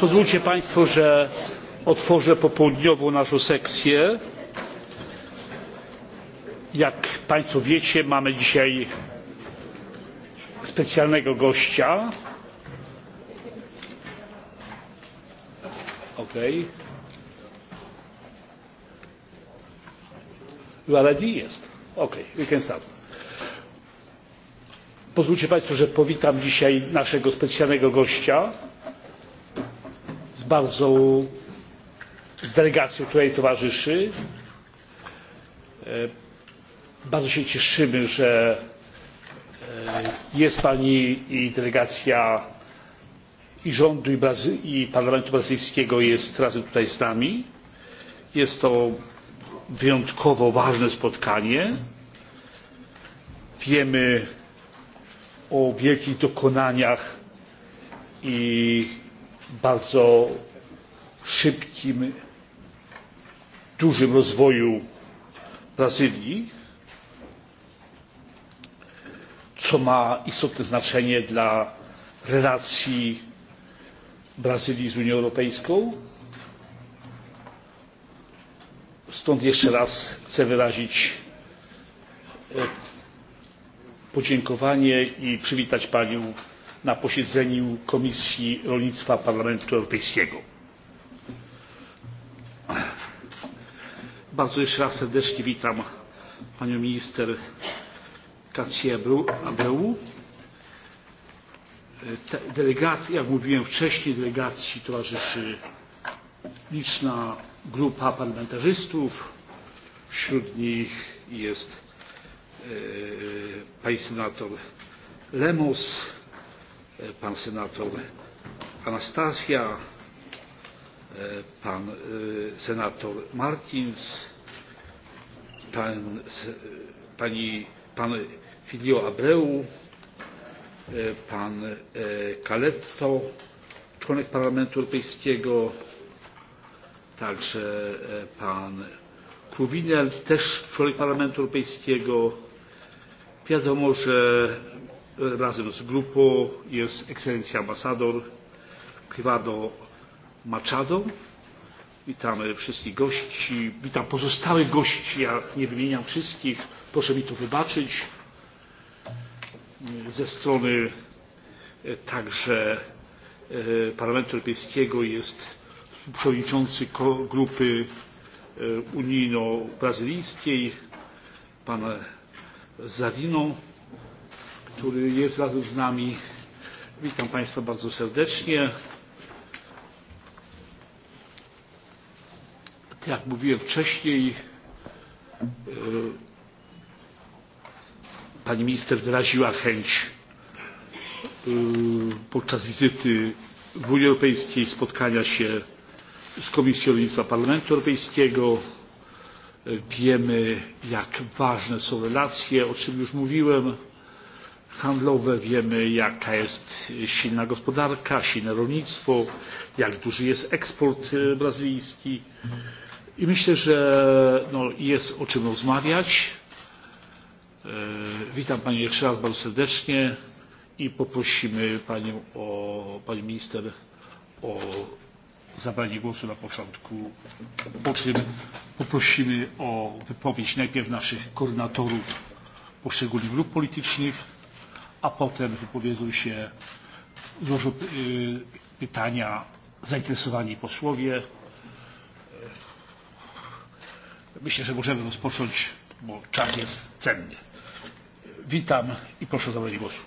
pozwólcie państwo że otworzę popołudniową naszą sekcję. jak państwo wiecie mamy dzisiaj specjalnego gościa okay. jest. Okay, we can start. Pozwólcie Państwo, że powitam dzisiaj naszego specjalnego gościa bardzo z delegacją której towarzyszy. E, bardzo się cieszymy że e, jest pani i delegacja i rządu i, Brazy i parlamentu brazylijskiego jest razem tutaj z nami. jest to wyjątkowo ważne spotkanie. wiemy o wielkich dokonaniach i bardzo szybkim, dużym rozwoju Brazylii, co ma istotne znaczenie dla relacji Brazylii z Unią Europejską. Stąd jeszcze raz chcę wyrazić e, podziękowanie i przywitać panią na posiedzeniu komisji rolnictwa parlamentu europejskiego. bardzo jeszcze raz serdecznie witam panią minister Kację Abreu. Delegacji, jak mówiłem wcześniej, delegacji towarzyszy liczna grupa parlamentarzystów. Wśród nich jest e, e, pani senator Lemos, pan senator Anastasia, e, pan e, senator Martins, pan, pani, Filio Abreu, e, pan Caletto, członek Parlamentu Europejskiego, także pan Kruwinel, też członek Parlamentu Europejskiego. Wiadomo, że razem z grupą jest ekscelencja ambasador Privado Machado. Witamy wszystkich gości. Witam pozostałych gości. Ja nie wymieniam wszystkich. Proszę mi to wybaczyć. Ze strony e, także e, Parlamentu Europejskiego jest przewodniczący grupy e, unijno-brazylijskiej, pan Zadino który jest razem z nami. Witam Państwa bardzo serdecznie. Tak jak mówiłem wcześniej, e, pani minister wyraziła chęć e, podczas wizyty w Unii Europejskiej spotkania się z Komisją Rolnictwa Parlamentu Europejskiego. E, wiemy, jak ważne są relacje, o czym już mówiłem handlowe, wiemy jaka jest silna gospodarka, silne rolnictwo, jak duży jest eksport e, brazylijski. I myślę, że no, jest o czym rozmawiać. E, witam Panią jeszcze raz bardzo serdecznie i poprosimy Panią, o, Pani Minister o zabranie głosu na początku, po czym poprosimy o wypowiedź najpierw naszych koordynatorów poszczególnych grup politycznych, a potem wypowiedzą się, złożą e, pytania zainteresowani posłowie. Myślę, że możemy rozpocząć, bo czas jest cenny. Witam i proszę o zabranie głosu.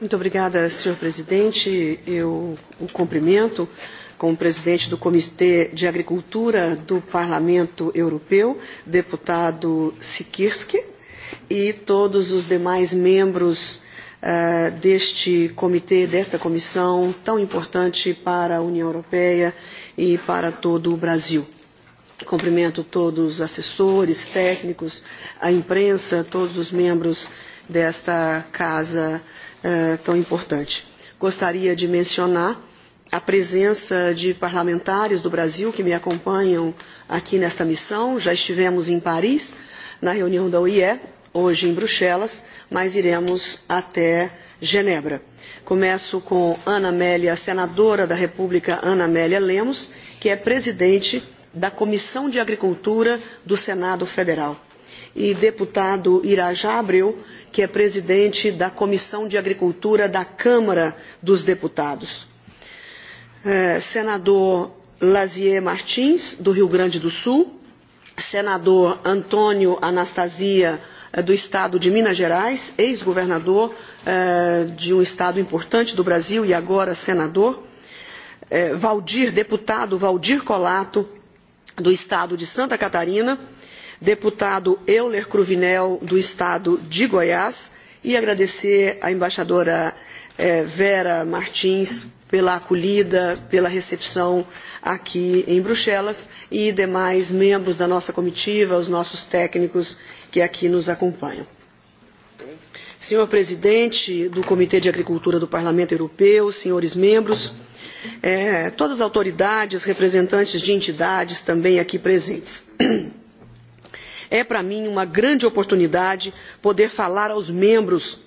Muito obrigada, senhor presidente. Eu o cumprimento como presidente do Comitê de Agricultura do Parlamento Europeu, deputado Sikirski e todos os demais membros uh, deste comitê, desta comissão tão importante para a União Europeia e para todo o Brasil. Cumprimento todos os assessores, técnicos, a imprensa, todos os membros desta casa uh, tão importante. Gostaria de mencionar a presença de parlamentares do Brasil que me acompanham aqui nesta missão. Já estivemos em Paris, na reunião da OIE, hoje em Bruxelas, mas iremos até Genebra. Começo com Ana Amélia, senadora da República Ana Amélia Lemos, que é presidente da Comissão de Agricultura do Senado Federal, e deputado Irajá Abreu, que é presidente da Comissão de Agricultura da Câmara dos Deputados. É, senador Lazier Martins, do Rio Grande do Sul, senador Antônio Anastasia Eh, do estado de Minas Gerais, ex-governador eh, de um estado importante do Brasil e agora senador, eh, Valdir, deputado Valdir Colato, do estado de Santa Catarina, deputado Euler Cruvinel, do estado de Goiás, e agradecer à embaixadora Vera Martins pela acolhida, pela recepção aqui em Bruxelas e demais membros da nossa comitiva, os nossos técnicos que aqui nos acompanham. Senhor presidente do Comitê de Agricultura do Parlamento Europeu, senhores membros, é, todas as autoridades, representantes de entidades também aqui presentes. É para mim uma grande oportunidade poder falar aos membros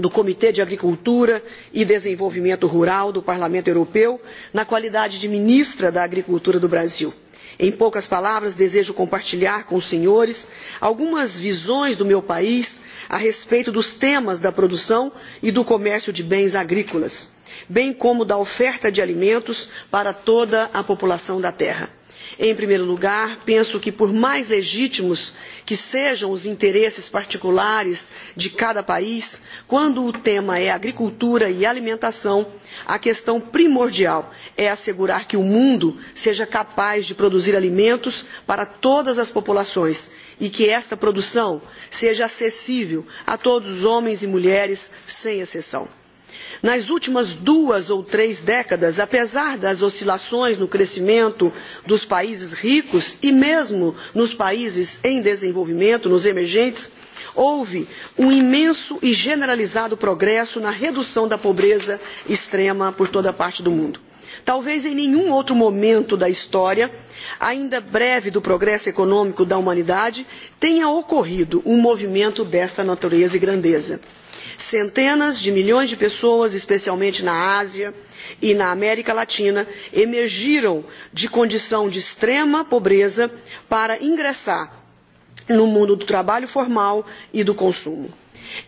do Comitê de Agricultura e Desenvolvimento Rural do Parlamento Europeu, na qualidade de ministra da Agricultura do Brasil. Em poucas palavras, desejo compartilhar com os senhores algumas visões do meu país a respeito dos temas da produção e do comércio de bens agrícolas, bem como da oferta de alimentos para toda a população da terra Em primeiro lugar, penso que, por mais legítimos que sejam os interesses particulares de cada país, quando o tema é agricultura e alimentação, a questão primordial é assegurar que o mundo seja capaz de produzir alimentos para todas as populações e que esta produção seja acessível a todos os homens e mulheres, sem exceção nas últimas duas ou três décadas apesar das oscilações no crescimento dos países ricos e mesmo nos países em desenvolvimento nos emergentes houve um imenso e generalizado progresso na redução da pobreza extrema por toda a parte do mundo. talvez em nenhum outro momento da história ainda breve do progresso econômico da humanidade tenha ocorrido um movimento desta natureza e grandeza. Centenas de milhões de pessoas, especialmente na Ásia e na América Latina, emergiram de condição de extrema pobreza para ingressar no mundo do trabalho formal e do consumo.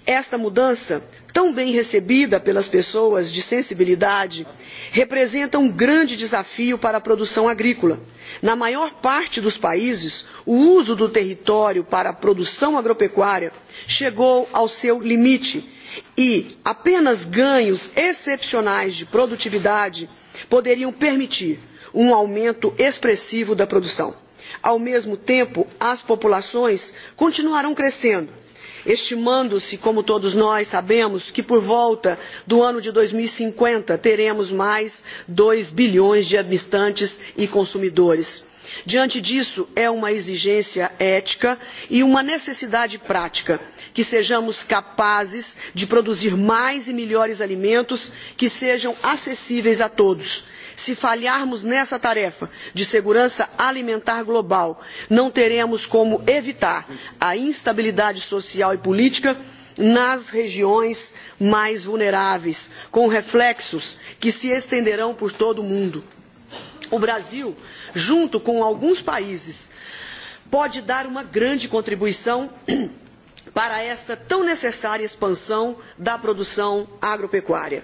Esta mudança tão bem recebida pelas pessoas de sensibilidade representa um grande desafio para a produção agrícola. na maior parte dos países o uso do território para a produção agropecuária chegou ao seu limite e apenas ganhos excepcionais de produtividade poderiam permitir um aumento expressivo da produção. ao mesmo tempo as populações continuarão crescendo estimando se como todos nós sabemos que por volta do ano de dois mil e cinquenta teremos mais dois bilhões de habitantes e consumidores. diante disso é uma exigência ética e uma necessidade prática que sejamos capazes de produzir mais e melhores alimentos que sejam acessíveis a todos se falharmos nessa tarefa de segurança alimentar global não teremos como evitar a instabilidade social e política nas regiões mais vulneráveis com reflexos que se estenderão por todo o mundo. o brasil junto com alguns países pode dar uma grande contribuição para esta tão necessária expansão da produção agropecuária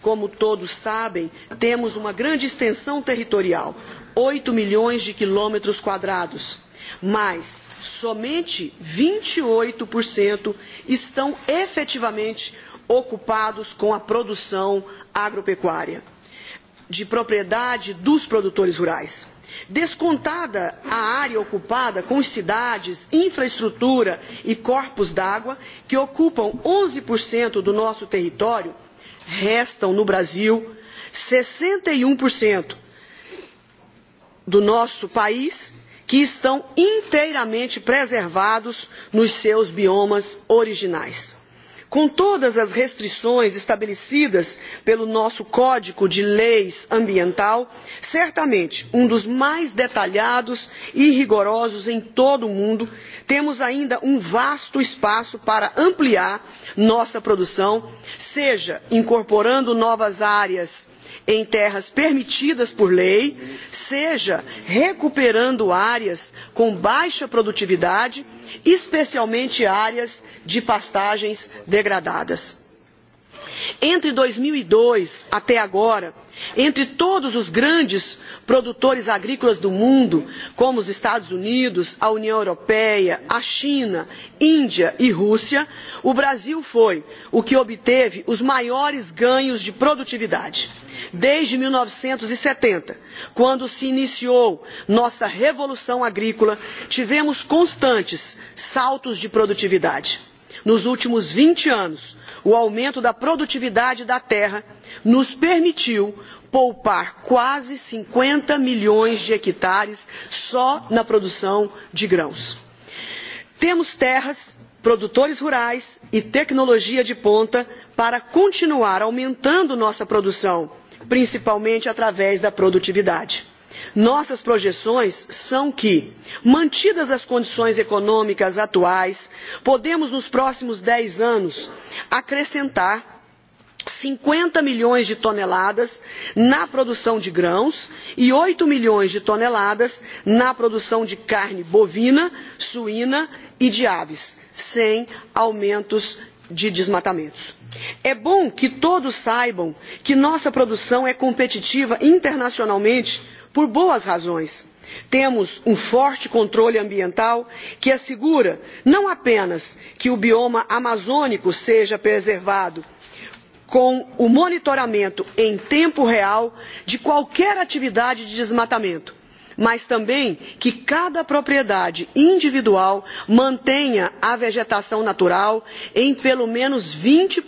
Como todos sabem, temos uma grande extensão territorial, 8 milhões de quilômetros quadrados, mas somente 28% e estão efetivamente ocupados com a produção agropecuária de propriedade dos produtores rurais. Descontada a área ocupada com cidades, infraestrutura e corpos d'água, que ocupam 11% do nosso território, restam no Brasil 61% e um do nosso país que estão inteiramente preservados nos seus biomas originais com todas as restrições estabelecidas pelo nosso código de leis ambiental certamente um dos mais detalhados e rigorosos em todo o mundo temos ainda um vasto espaço para ampliar nossa produção seja incorporando novas áreas em terras permitidas por lei, seja recuperando áreas com baixa produtividade, especialmente áreas de pastagens degradadas entre dois mil e dois até agora entre todos os grandes produtores agrícolas do mundo como os estados unidos a união europeia a china índia e rússia o brasil foi o que obteve os maiores ganhos de produtividade desde mil novecentos e setenta quando se iniciou nossa revolução agrícola tivemos constantes saltos de produtividade nos últimos vinte anos o aumento da produtividade da terra nos permitiu poupar quase cinquenta milhões de hectares só na produção de grãos. temos terras produtores rurais e tecnologia de ponta para continuar aumentando nossa produção principalmente através da produtividade nossas projeções são que mantidas as condições econômicas atuais podemos nos próximos dez anos acrescentar cinquenta milhões de toneladas na produção de grãos e oito milhões de toneladas na produção de carne bovina suína e de aves sem aumentos de desmatamentos. é bom que todos saibam que nossa produção é competitiva internacionalmente por boas razões temos um forte controle ambiental que assegura não apenas que o bioma amazônico seja preservado com o monitoramento em tempo real de qualquer atividade de desmatamento mas também que cada propriedade individual mantenha a vegetação natural em pelo menos vinte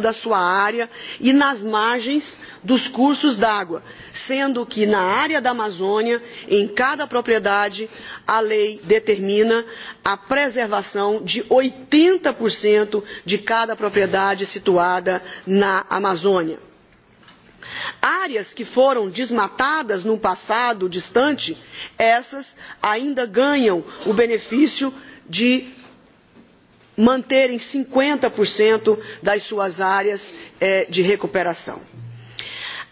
da sua área e nas margens dos cursos d'água sendo que na área da amazônia em cada propriedade a lei determina a preservação de oitenta de cada propriedade situada na amazônia áreas que foram desmatadas num passado distante essas ainda ganham o benefício de manterem cinquenta das suas áreas eh, de recuperação.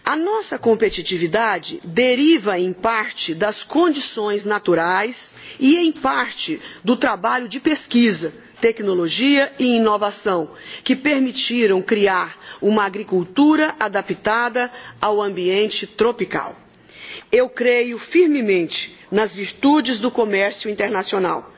a nossa competitividade deriva em parte das condições naturais e em parte do trabalho de pesquisa tecnologia e inovação que permitiram criar uma agricultura adaptada ao ambiente tropical. eu creio firmemente nas virtudes do comércio internacional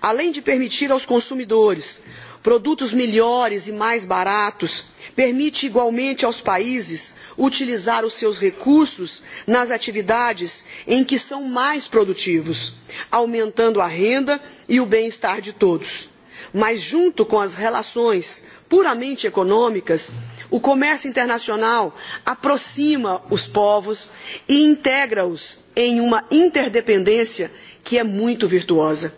além de permitir aos consumidores produtos melhores e mais baratos permite igualmente aos países utilizar os seus recursos nas atividades em que são mais produtivos aumentando a renda e o bem estar de todos mas junto com as relações puramente econômicas o comércio internacional aproxima os povos e integra os em uma interdependência que é muito virtuosa.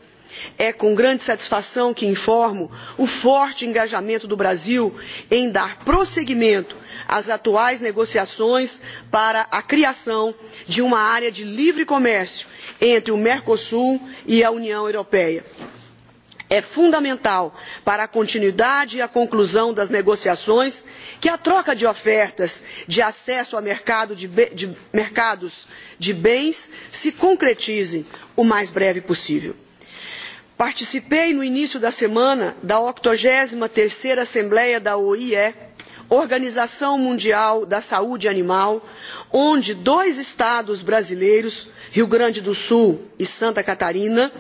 é com grande satisfação que informo o forte engajamento do brasil em dar prosseguimento às atuais negociações para a criação de uma área de livre comércio entre o mercosul e a união europeia é fundamental para a continuidade e a conclusão das negociações que a troca de ofertas de acesso a mercados de bens se concretize o mais breve possível. participei no início da semana da Octogésima ª assembleia da oie organização mundial da saúde animal onde dois estados brasileiros rio grande do sul e santa catarina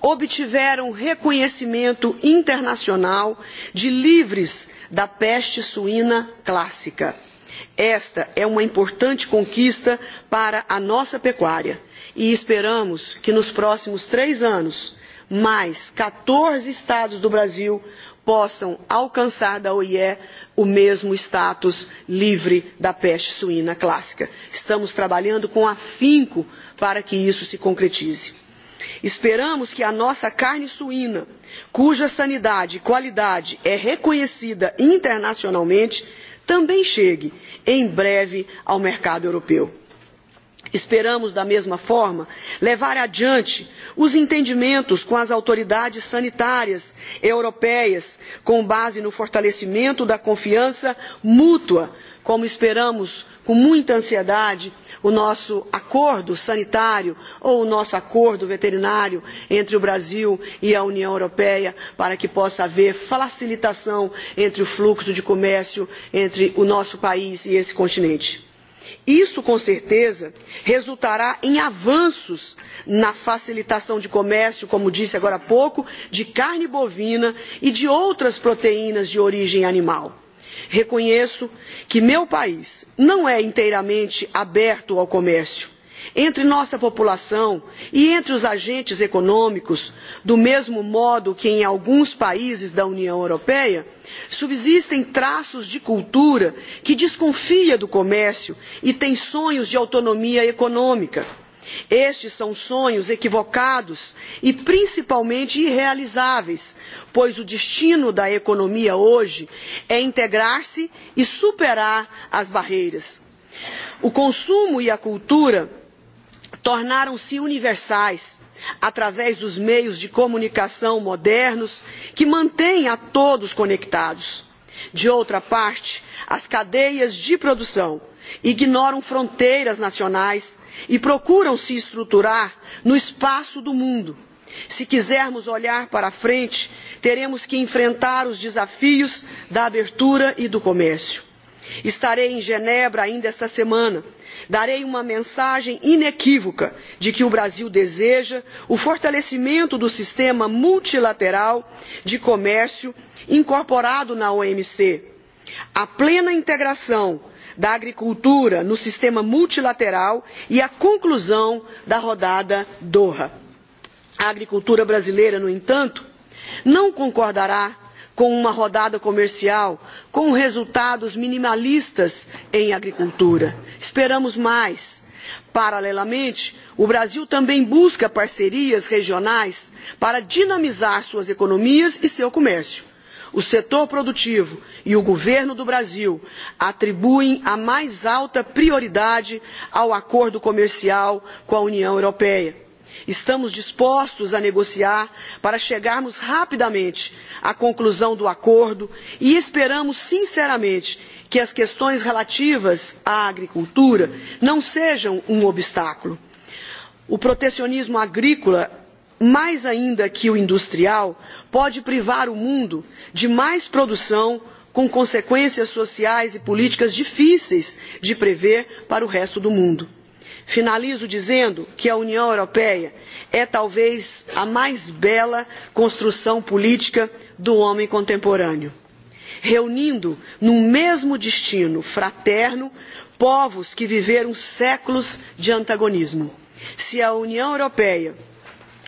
obtiveram reconhecimento internacional de livres da peste suína clássica. esta é uma importante conquista para a nossa pecuária e esperamos que nos próximos três anos mais quatorze estados do brasil possam alcançar da oie o mesmo status livre da peste suína clássica. estamos trabalhando com afinco para que isso se concretize. esperamos que a nossa carne suína cuja sanidade e qualidade é reconhecida internacionalmente também chegue em breve ao mercado europeu esperamos da mesma forma levar adiante os entendimentos com as autoridades sanitárias europeias com base no fortalecimento da confiança mútua como esperamos com muita ansiedade o nosso acordo sanitário ou o nosso acordo veterinário entre o brasil e a união europeia para que possa haver facilitação entre o fluxo de comércio entre o nosso país e esse continente isso com certeza resultará em avanços na facilitação de comércio como disse agora há pouco de carne bovina e de outras proteínas de origem animal. reconheço que meu país não é inteiramente aberto ao comércio entre nossa população e entre os agentes econômicos, do mesmo modo que em alguns países da União Europeia, subsistem traços de cultura que desconfia do comércio e tem sonhos de autonomia econômica. Estes são sonhos equivocados e principalmente irrealizáveis, pois o destino da economia hoje é integrar-se e superar as barreiras. O consumo e a cultura tornaram-se universais através dos meios de comunicação modernos que mantêm a todos conectados. de outra parte as cadeias de produção ignoram fronteiras nacionais e procuram se estruturar no espaço do mundo. se quisermos olhar para frente teremos que enfrentar os desafios da abertura e do comércio estarei em genebra ainda esta semana darei uma mensagem inequívoca de que o brasil deseja o fortalecimento do sistema multilateral de comércio incorporado na omc a plena integração da agricultura no sistema multilateral e a conclusão da rodada doha. a agricultura brasileira no entanto não concordará com uma rodada comercial com resultados minimalistas em agricultura. esperamos mais. paralelamente o brasil também busca parcerias regionais para dinamizar suas economias e seu comércio. o setor produtivo e o governo do brasil atribuem a mais alta prioridade ao acordo comercial com a união europeia estamos dispostos a negociar para chegarmos rapidamente à conclusão do acordo e esperamos sinceramente que as questões relativas à agricultura não sejam um obstáculo. o protecionismo agrícola mais ainda que o industrial pode privar o mundo de mais produção com consequências sociais e políticas difíceis de prever para o resto do mundo finalizo dizendo que a união europeia é talvez a mais bela construção política do homem contemporâneo reunindo num mesmo destino fraterno povos que viveram séculos de antagonismo. se a união europeia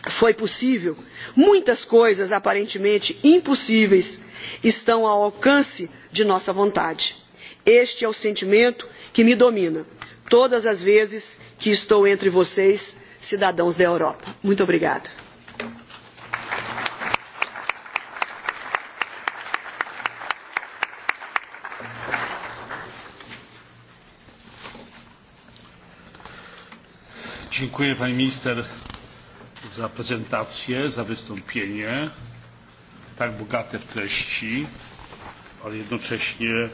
foi possível muitas coisas aparentemente impossíveis estão ao alcance de nossa vontade. este é o sentimento que me domina todas as vezes que estou entre vocês, cidadãos da Europa. Muito obrigada. Dziękuję pani minister za prezentację, za wystąpienie, tak bogate w treści, ale jednocześnie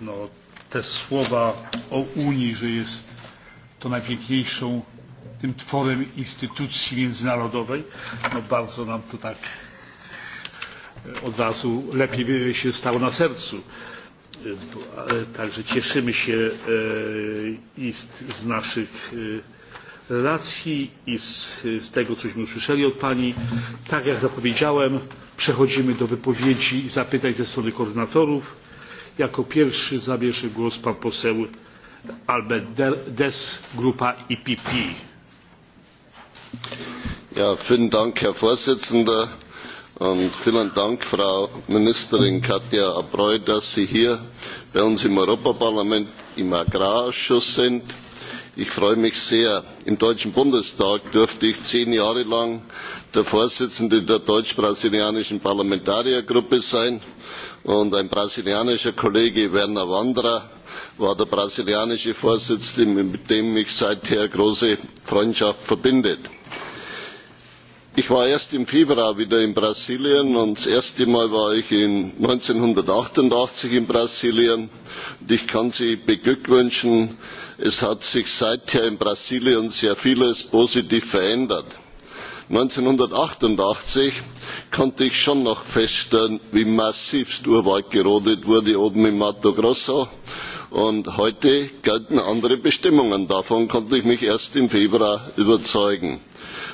no, te słowa o Unii, że jest to najpiękniejszą tym tworem instytucji międzynarodowej, no bardzo nam to tak e, od razu lepiej się stało na sercu. E, także cieszymy się e, i z naszych relacji i z, z tego, cośmy usłyszeli od Pani. Tak jak zapowiedziałem, przechodzimy do wypowiedzi i zapytań ze strony koordynatorów Jako pierwszy zabierze głos pan poseł Albert Des, grupa IPP. Ja, vielen Dank, Herr Vorsitzender. Und vielen Dank, Frau Ministerin Katja Abreu, dass Sie hier bei uns im Europaparlament im Agrarausschuss sind. Ich freue mich sehr. Im Deutschen Bundestag durfte ich zehn Jahre lang der Vorsitzende der deutsch-brasilianischen Parlamentariergruppe sein und ein brasilianischer kollege werner vondra war der brasilianische vorsitzende mit dem mich seither große freundschaft verbindet. ich war erst im februar wieder in brasilien und das erste mal war ich eintausendneunhundertachtundachtzig in brasilien und ich kann sie beglückwünschen es hat sich seither in brasilien sehr vieles positiv verändert eintausendneunhundertachtundachtzig konnte ich schon noch feststellen wie massivst urwald gerodet wurde oben im mato grosso und heute gelten andere bestimmungen. davon konnte ich mich erst im februar überzeugen.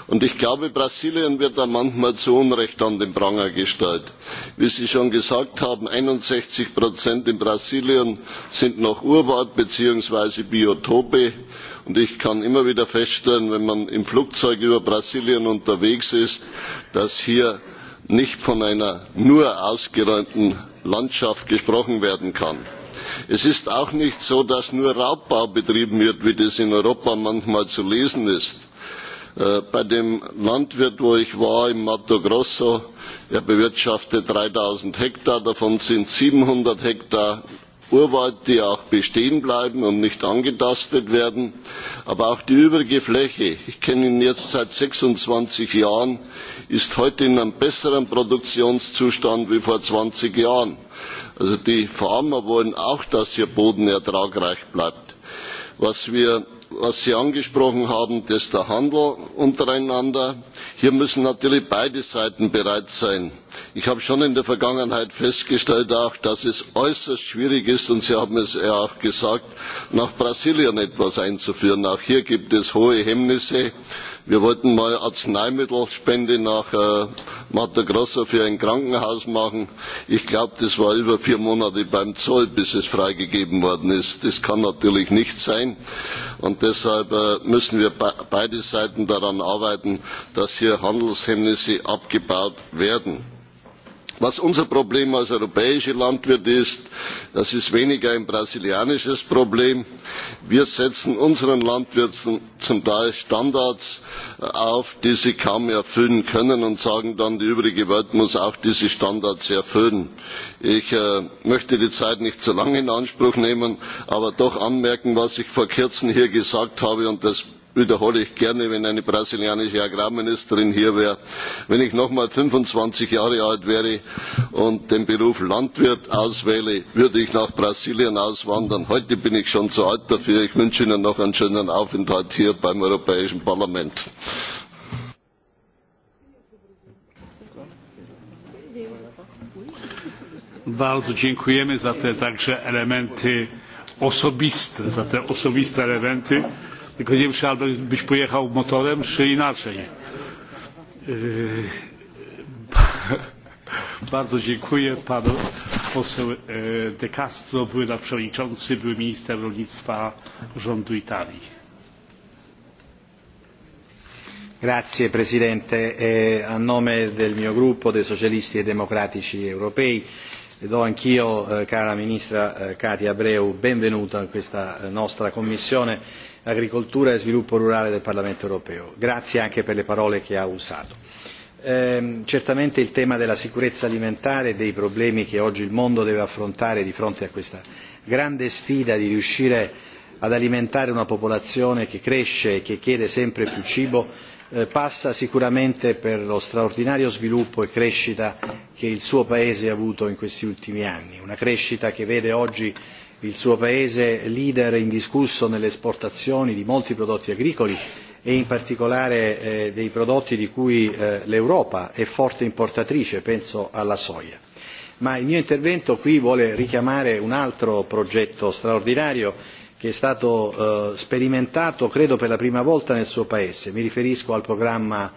Und ich glaube brasilien wird da manchmal zu unrecht an den pranger gestellt. wie sie schon gesagt haben einundsechzig in brasilien sind noch urwald beziehungsweise biotope und ich kann immer wieder feststellen wenn man im flugzeug über brasilien unterwegs ist dass hier nicht von einer nur ausgeräumten landschaft gesprochen werden kann. es ist auch nicht so dass nur raubbau betrieben wird wie das in europa manchmal zu lesen ist. Äh, bei dem landwirt wo ich war in mato grosso er bewirtschaftet drei null hektar davon sind siebenhundert hektar urwald die auch bestehen bleiben und nicht angetastet werden aber auch die übrige fläche ich kenne ihn jetzt seit sechsundzwanzig jahren ist heute in einem besseren produktionszustand als vor zwanzig jahren. also die farmer wollen auch dass ihr boden ertragreich bleibt. was sie angesprochen haben ist der handel untereinander hier müssen natürlich beide seiten bereit sein ich habe schon in der vergangenheit festgestellt dass es äußerst schwierig ist und sie haben es ja auch gesagt nach brasilien etwas einzuführen. auch hier gibt es hohe hemmnisse. wir wollten mal arzneimittelspende nach äh, mato grosso für ein krankenhaus machen. ich glaube das war über vier monate beim zoll bis es freigegeben worden ist. das kann natürlich nicht sein und deshalb äh, müssen wir beide seiten daran arbeiten dass hier handelshemmnisse abgebaut werden was unser problem als europäische landwirte ist das ist weniger ein brasilianisches problem. wir setzen unseren landwirten zum teil standards äh, auf die sie kaum erfüllen können und sagen dann die übrige welt muss auch diese standards erfüllen. ich äh, möchte die zeit nicht zu lange in anspruch nehmen aber doch anmerken was ich vor kurzem hier gesagt habe und das wiederhole ich gerne wenn eine brasilianische agrarministerin hier wäre wenn ich noch einmal fünfundzwanzig jahre alt wäre und den beruf landwirt auswähle würde ich nach brasilien auswandern. heute bin ich schon zu alt dafür. ich wünsche ihnen noch einen schönen aufenthalt hier beim europäischen parlament. bardzo dziękujemy za te także elementy osobiste za te osobiste elementy Tylko nie wiem, czy Albert byś pojechał motorem, czy inaczej. Bardzo dziękuję panu poseł De Castro, były nasz przewodniczący, były minister rolnictwa rządu Italii. Grazie Presidente, eh, a nome del mio gruppo, dei socialisti e democratici europei, do anch'io, eh, cara Ministra eh, Katia Abreu, benvenuta in questa eh, nostra Commissione agricoltura e sviluppo rurale del Parlamento europeo. Grazie anche per le parole che ha usato. Ehm, certamente il tema della sicurezza alimentare e dei problemi che oggi il mondo deve affrontare di fronte a questa grande sfida di riuscire ad alimentare una popolazione che cresce e che chiede sempre più cibo eh, passa sicuramente per lo straordinario sviluppo e crescita che il suo paese ha avuto in questi ultimi anni una crescita che vede oggi il suo paese leader e indiscusso nelle esportazioni di molti prodotti agricoli e in particolare eh, dei prodotti di cui eh, l'Europa è forte importatrice, penso alla soia. Ma il mio intervento qui vuole richiamare un altro progetto straordinario che è stato eh, sperimentato, credo, per la prima volta nel suo paese. Mi riferisco al programma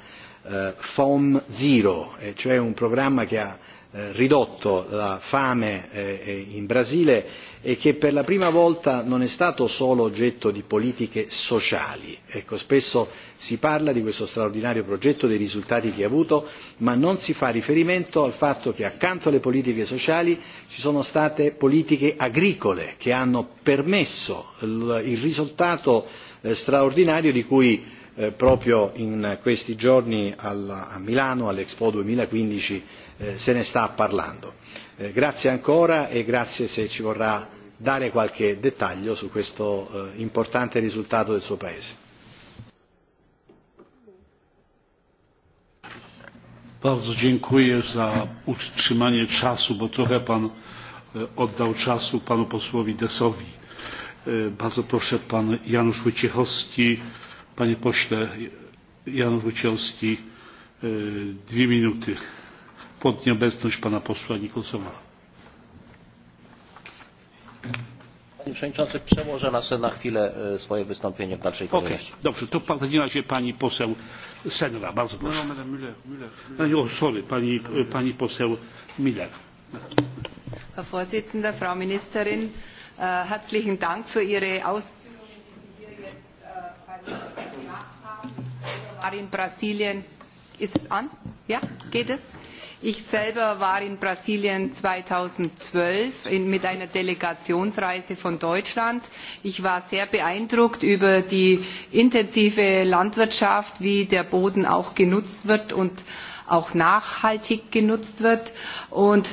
FOM Zero, e cioè un programma che ha Eh, ridotto la fame eh, eh, in Brasile e che per la prima volta non è stato solo oggetto di politiche sociali. Ecco, spesso si parla di questo straordinario progetto, dei risultati che ha avuto, ma non si fa riferimento al fatto che accanto alle politiche sociali ci sono state politiche agricole che hanno permesso il risultato straordinario di cui proprio in questi giorni a Milano all'Expo duemilaquindici Eh, se ne sta parlando. Eh, grazie ancora e grazie se ci vorrà dare qualche dettaglio su questo eh, importante risultato del suo Paese. Bardzo dziękuję za utrzymanie czasu, bo trochę Pan e, oddał czasu Panu posłowi Desowi. E, bardzo proszę Pan Janusz Wojciechowski. Panie pośle Janusz Wojciechowski, e, dwie minuty pod nieobecność pana posła Nikolsona. Panie Przewodniczący, przełożę na, na chwilę e, swoje wystąpienie w dalszej okay, kolejności. Dobrze, to w takim razie pani poseł Senra, bardzo proszę. No, no, Müller, Müller, Müller. No, sorry, pani, e, pani poseł Miller. Herr Vorsitzender, Frau Ministerin, äh, herzlichen Dank für Ihre Ausführungen, die Sie jetzt bei In Brasilien ist es an? Ja, geht es? ich selber war in brasilien zweitausendzwölf mit einer delegationsreise von deutschland. ich war sehr beeindruckt über die intensive landwirtschaft wie der boden auch genutzt wird und auch nachhaltig genutzt wird und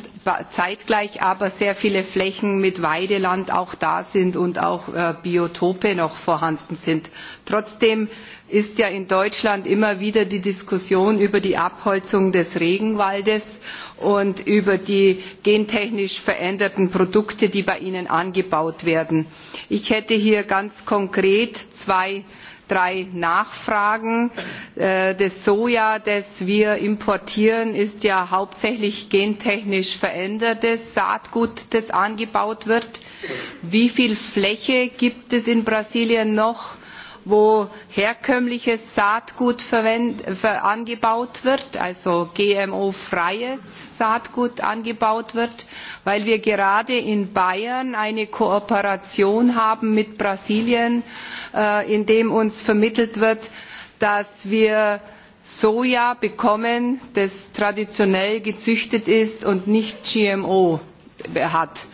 zeitgleich aber sehr viele flächen mit weideland auch da sind und auch äh, biotope noch vorhanden sind. trotzdem ist ja in deutschland immer wieder die diskussion über die abholzung des regenwaldes und über die gentechnisch veränderten produkte die bei ihnen angebaut werden. ich hätte hier ganz konkret zwei drei nachfragen äh, das soja das wir importieren ist ja hauptsächlich gentechnisch verändertes saatgut das angebaut wird. wie viel fläche gibt es in brasilien noch wo herkömmliches Saatgut angebaut wird, also GMO-freies Saatgut angebaut wird, weil wir gerade in Bayern eine Kooperation haben mit Brasilien, äh, in der uns vermittelt wird, dass wir Soja bekommen, das traditionell gezüchtet ist und nicht GMO hat.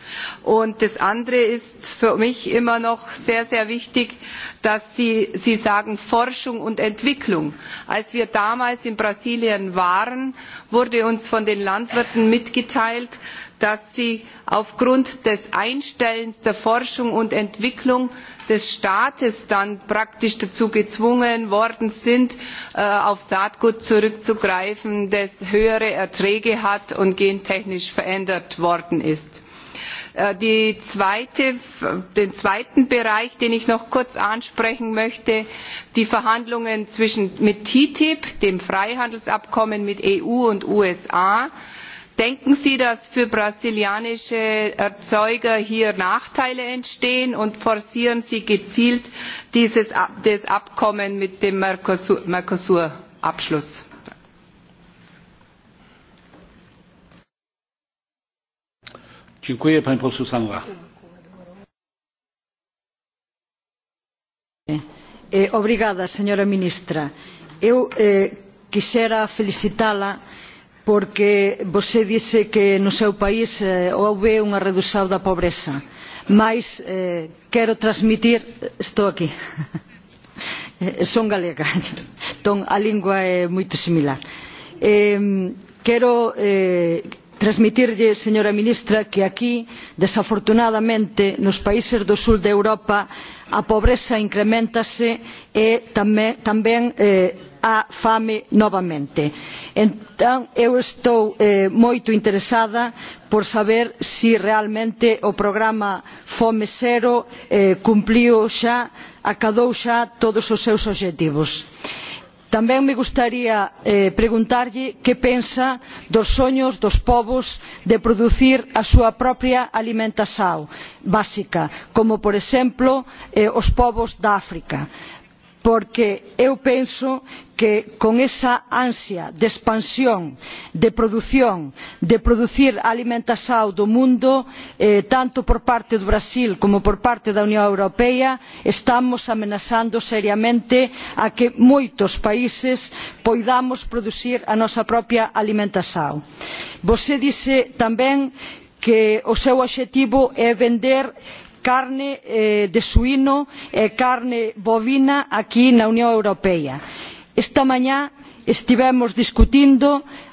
Und das andere ist für mich immer noch sehr, sehr wichtig, dass Sie, Sie sagen Forschung und Entwicklung. Als wir damals in Brasilien waren, wurde uns von den Landwirten mitgeteilt, dass sie aufgrund des einstellens der forschung und entwicklung des staates dann praktisch dazu gezwungen worden sind äh, auf saatgut zurückzugreifen das höhere erträge hat und gentechnisch verändert worden ist. Äh, den zweiten bereich den ich noch kurz ansprechen möchte die verhandlungen mit ttip dem freihandelsabkommen mit eu und usa denken sie dass für brasilianische erzeuger hier nachteile entstehen und forcieren sie gezielt dieses, das abkommen mit dem mercosur, abschluss? Eh, eh, señora ministra. Eu eh, porque vosté dise que no seu país houbo eh, unha redución da pobreza mais eh, quero transmitir estou aquí son galega entón a lingua é moito similar eh, quero transmitirlle señora ministra que aquí desafortunadamente nos países do sur de europa a pobreza increméntase e tamén, tamén a fame novamente. entón eu estou eh, moito interesada por saber se si realmente o programa fome cero eh, cumpriu xa acadou xa todos os seus obxectivos tamén me gustaría eh, preguntarlle que pensa dos soños dos pobos de producir a súa propia alimentación básica como por exemplo eh, os pobos de áfrica porque eu penso que con esa ansia de expansión de produción de producir alimentos saúde do mundo eh, tanto por parte do brasil como por parte da unión europea estamos amenazando seriamente a que moitos países poidamos producir a nosa propia alimentación. você dise tamén que o seu obxectivo é vender carne eh, de suino e eh, carne bovina aquí na unión europea. esta mañá estivemos discutindo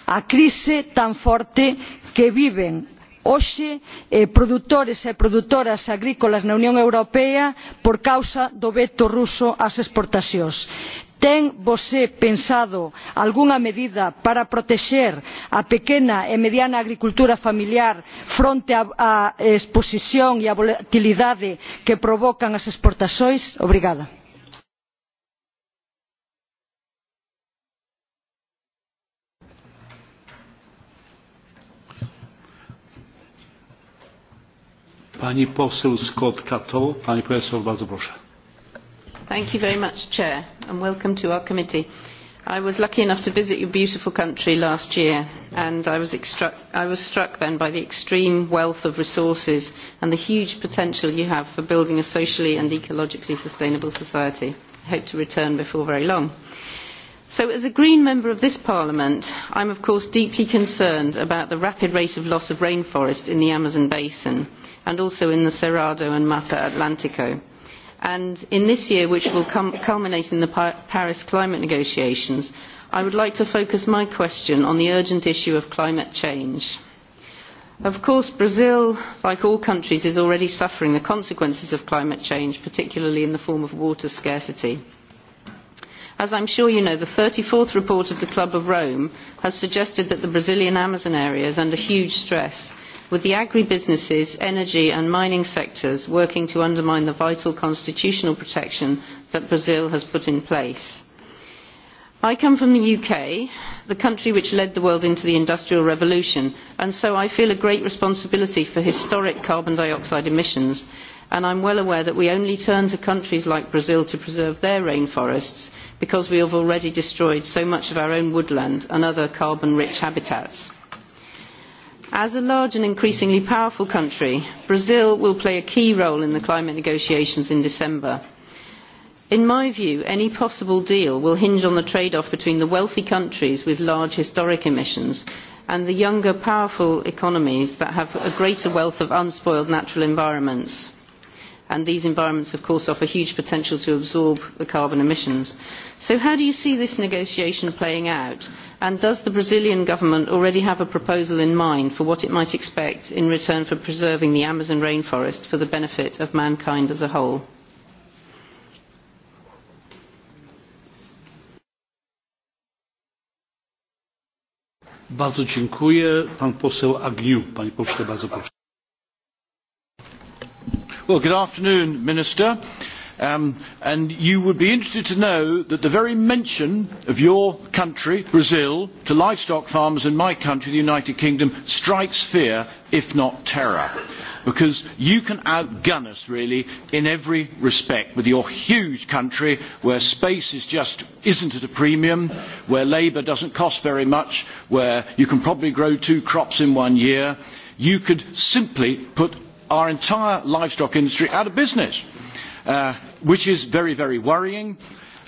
a crise tan forte que viven hoxe eh, produtores e produtoras agrícolas na unión europea por causa do veto ruso ás exportacións ten vosté pensado algunha medida para protexer a pequena e mediana agricultura familiar fronte á exposición e á volatilidade que provocan as exportacións? obrigada. Thank you very much, Chair, and welcome to our committee. I was lucky enough to visit your beautiful country last year, and I was, I was struck then by the extreme wealth of resources and the huge potential you have for building a socially and ecologically sustainable society. I hope to return before very long. So as a Green member of this Parliament, I am of course deeply concerned about the rapid rate of loss of rainforest in the Amazon basin and also in the Cerrado and Mata Atlantico and in this year which will culminate in the paris climate negotiations i would like to focus my question on the urgent issue of climate change. of course brazil like all countries is already suffering the consequences of climate change particularly in the form of water scarcity. as i am sure you know the thirty fourth report of the club of rome has suggested that the brazilian amazon area is under huge stress with the agribusinesses, energy and mining sectors working to undermine the vital constitutional protection that Brazil has put in place. I come from the UK, the country which led the world into the Industrial Revolution, and so I feel a great responsibility for historic carbon dioxide emissions, and I am well aware that we only turn to countries like Brazil to preserve their rainforests because we have already destroyed so much of our own woodland and other carbon-rich habitats. As a large and increasingly powerful country, Brazil will play a key role in the climate negotiations in December. In my view, any possible deal will hinge on the trade-off between the wealthy countries with large historic emissions and the younger, powerful economies that have a greater wealth of unspoiled natural environments and these environments of course offer huge potential to absorb the carbon emissions. So how do you see this negotiation playing out and does the Brazilian government already have a proposal in mind for what it might expect in return for preserving the Amazon rainforest for the benefit of mankind as a whole? Bardzo dziękuję. Pan poseł Agniu. Panie pośle, bardzo proszę. Well, good afternoon, Minister. Um, and you would be interested to know that the very mention of your country, Brazil, to livestock farmers in my country, the United Kingdom, strikes fear, if not terror. Because you can outgun us, really, in every respect, with your huge country, where space is just isn't at a premium, where labour doesn't cost very much, where you can probably grow two crops in one year. You could simply put our entire livestock industry out of business, uh, which is very, very worrying.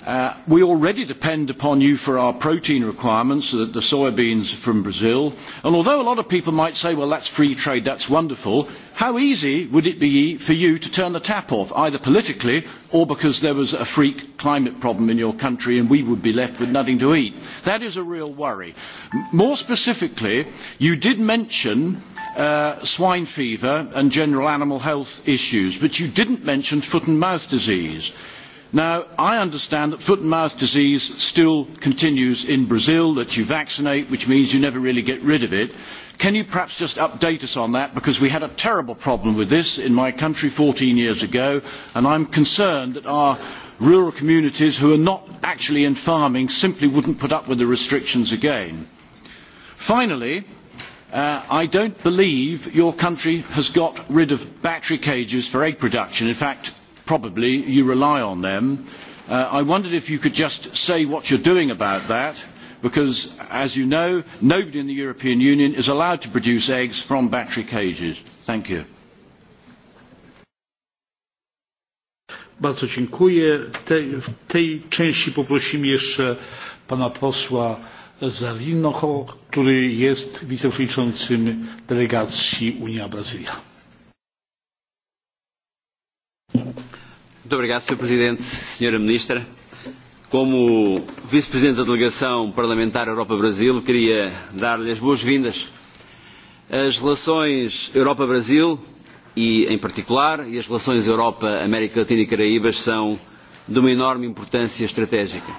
Uh, we already depend upon you for our protein requirements, the, the soybeans from Brazil. And although a lot of people might say, well, that's free trade, that's wonderful, how easy would it be for you to turn the tap off, either politically or because there was a freak climate problem in your country and we would be left with nothing to eat? That is a real worry. M more specifically, you did mention uh, swine fever and general animal health issues, but you didn't mention foot and mouth disease. Now, I understand that foot and mouth disease still continues in Brazil, that you vaccinate, which means you never really get rid of it. Can you perhaps just update us on that? Because we had a terrible problem with this in my country fourteen years ago, and I am concerned that our rural communities who are not actually in farming simply would not put up with the restrictions again. Finally, uh, i do not believe your country has got rid of battery cages for egg production in fact probably you rely on them. Uh, I wondered if you could just say what you're doing about that, because, as you know, nobody in the European Union is allowed to produce eggs from battery cages. Thank you. Bardzo dziękuję. Te, w tej części poprosimy jeszcze pana posła Zarinoho, który jest wiceprzewodniczącym delegacji Unia Brazylia. Sr. Presidente, Sra. Ministra. Como Vice-Presidente da Delegação Parlamentar Europa-Brasil, queria dar-lhe as boas-vindas. As relações Europa-Brasil, e em particular, e as relações Europa-América Latina e Caraíbas são de uma enorme importância estratégica.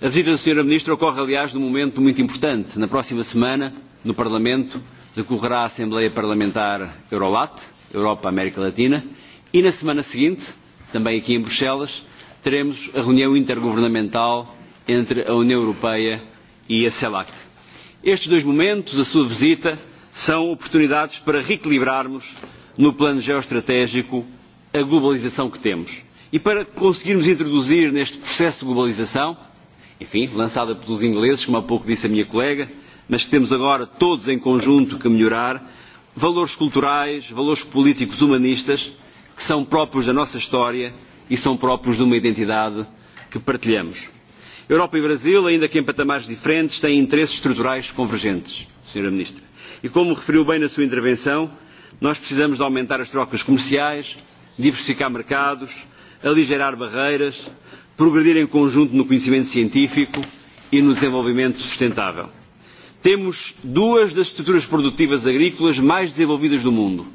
A visita da Sra. Ministra ocorre, aliás, num momento muito importante. Na próxima semana, no Parlamento, decorrerá a Assembleia Parlamentar Eurolat, Europa-América Latina, e na semana seguinte, também aqui em Bruxelas, teremos a reunião intergovernamental entre a União Europeia e a CELAC. Estes dois momentos, a sua visita, são oportunidades para reequilibrarmos no plano geoestratégico a globalização que temos. E para conseguirmos introduzir neste processo de globalização, enfim, lançada pelos ingleses, como há pouco disse a minha colega, mas que temos agora todos em conjunto que melhorar, valores culturais, valores políticos humanistas, que são próprios da nossa história e são próprios de uma identidade que partilhamos. Europa e Brasil, ainda que em patamares diferentes, têm interesses estruturais convergentes, Sra. Ministra. E como referiu bem na sua intervenção, nós precisamos de aumentar as trocas comerciais, diversificar mercados, aligerar barreiras, progredir em conjunto no conhecimento científico e no desenvolvimento sustentável. Temos duas das estruturas produtivas agrícolas mais desenvolvidas do mundo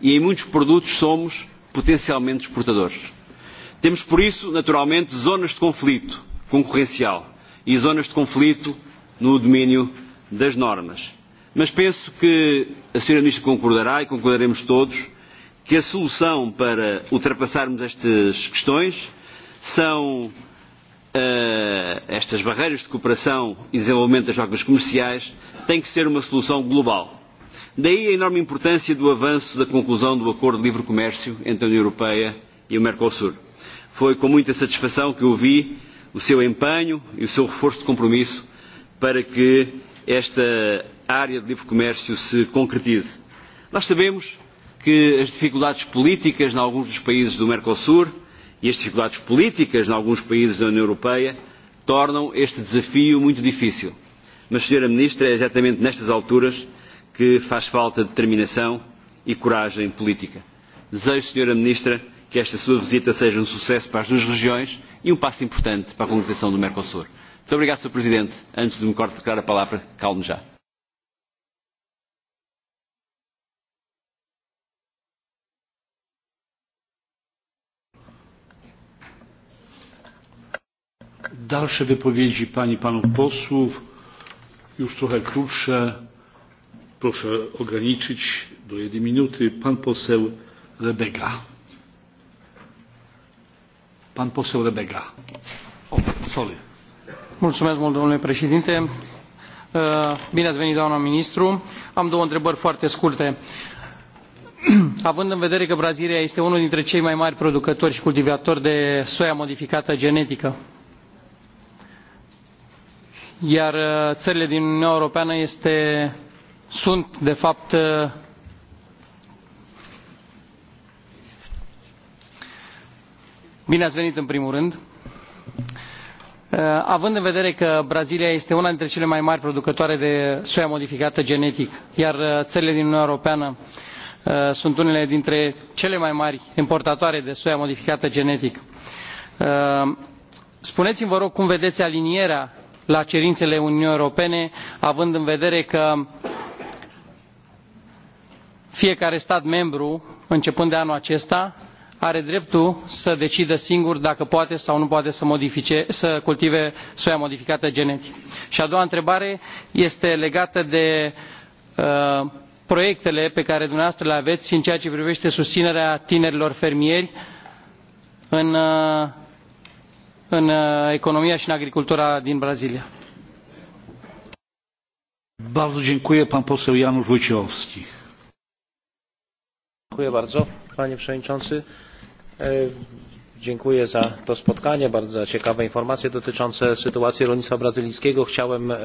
e em muitos produtos somos potencialmente exportadores. Temos, por isso, naturalmente, zonas de conflito concorrencial e zonas de conflito no domínio das normas. Mas penso que a Sra. Ministra concordará, e concordaremos todos, que a solução para ultrapassarmos estas questões são uh, estas barreiras de cooperação e desenvolvimento das trocas comerciais, tem que ser uma solução global Daí a enorme importância do avanço da conclusão do Acordo de Livre Comércio entre a União Europeia e o Mercosul. Foi com muita satisfação que ouvi o seu empenho e o seu reforço de compromisso para que esta área de livre comércio se concretize. Nós sabemos que as dificuldades políticas em alguns dos países do Mercosul e as dificuldades políticas em alguns países da União Europeia tornam este desafio muito difícil. Mas, Sra. Ministra, é exatamente nestas alturas que faz falta determinação e coragem política. Desejo, Sra. Ministra, que esta sua visita seja um sucesso para as duas regiões e um passo importante para a concretização do Mercosul. Muito obrigado, Sr. Presidente. Antes de me cortar a palavra, calmo já. Dalsze wypowiedzi pani panów posłów, już trochę krótsze Proszę ograniczyć do jednej minuty. Pan poseł Rebega. Pan poseł Rebega. O, sorry. Mulțumesc mult, domnule președinte. Uh, bine ați venit, doamna ministru. Am două întrebări foarte scurte având în vedere că brazilia este unul dintre cei mai mari producători și cultivatori de soia modificată genetică. iar uh, țările din uniunea europeană este sunt de fapt uh, bine ați venit în primul rând uh, având în vedere că brazilia este una dintre cele mai mari producătoare de soia modificată genetic iar uh, țările din uniunea europeană sunt unele dintre cele mai mari importatoare de soia modificată genetic spuneți mi vă rog cum vedeți alinierea la cerințele uniunii europene având în vedere că fiecare stat membru începând de anul acesta are dreptul să decidă singur dacă poate sau nu poate să, cultive soia modificată genetic. Și a doua întrebare este legată de uh, proiectele pe care dumneavoastră le aveți în ceea ce privește susținerea tinerilor fermieri în, uh, uh, economia și în agricultura din Brazilia. Bardzo dziękuję pan poseł Janusz Wojciechowski. Dziękuję bardzo, panie przewodniczący. E, dziękuję za to spotkanie, bardzo ciekawe informacje dotyczące sytuacji rolnictwa brazylijskiego. Chciałem e,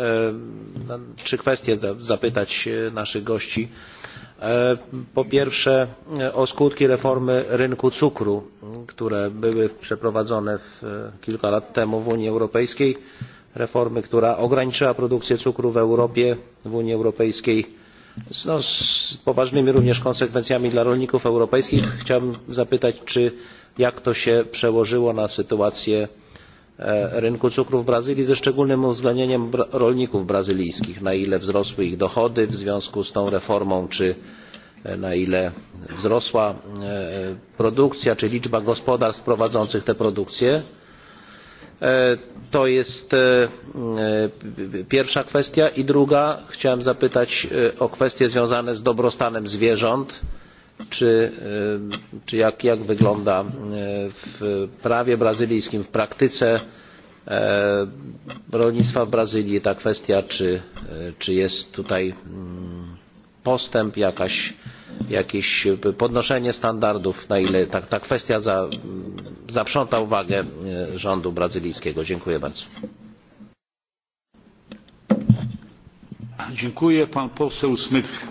trzy kwestie zapytać e, naszych gości. Po pierwsze o skutki reformy rynku cukru, które były przeprowadzone kilka lat temu w Unii Europejskiej. Reformy, która ograniczyła produkcję cukru w Europie, w Unii Europejskiej no, z poważnymi również konsekwencjami dla rolników europejskich. Chciałbym zapytać, czy jak to się przełożyło na sytuację e, rynku cukru w Brazylii, ze szczególnym uwzględnieniem rolników brazylijskich, na ile wzrosły ich dochody w związku z tą reformą, czy e, na ile wzrosła e, produkcja, czy liczba gospodarstw prowadzących tę produkcję E, to jest e, e, pierwsza kwestia i druga chciałem zapytać o kwestie związane z dobrostanem zwierząt czy, jak, wygląda w prawie brazylijskim w praktyce rolnictwa w brazylii ta kwestia czy, czy jest tutaj mm, postęp, jakaś, jakieś podnoszenie standardów, na ile ta, ta kwestia za, mm, zaprząta uwagę rządu brazylijskiego. Dziękuję bardzo. Dziękuję pan poseł Smith.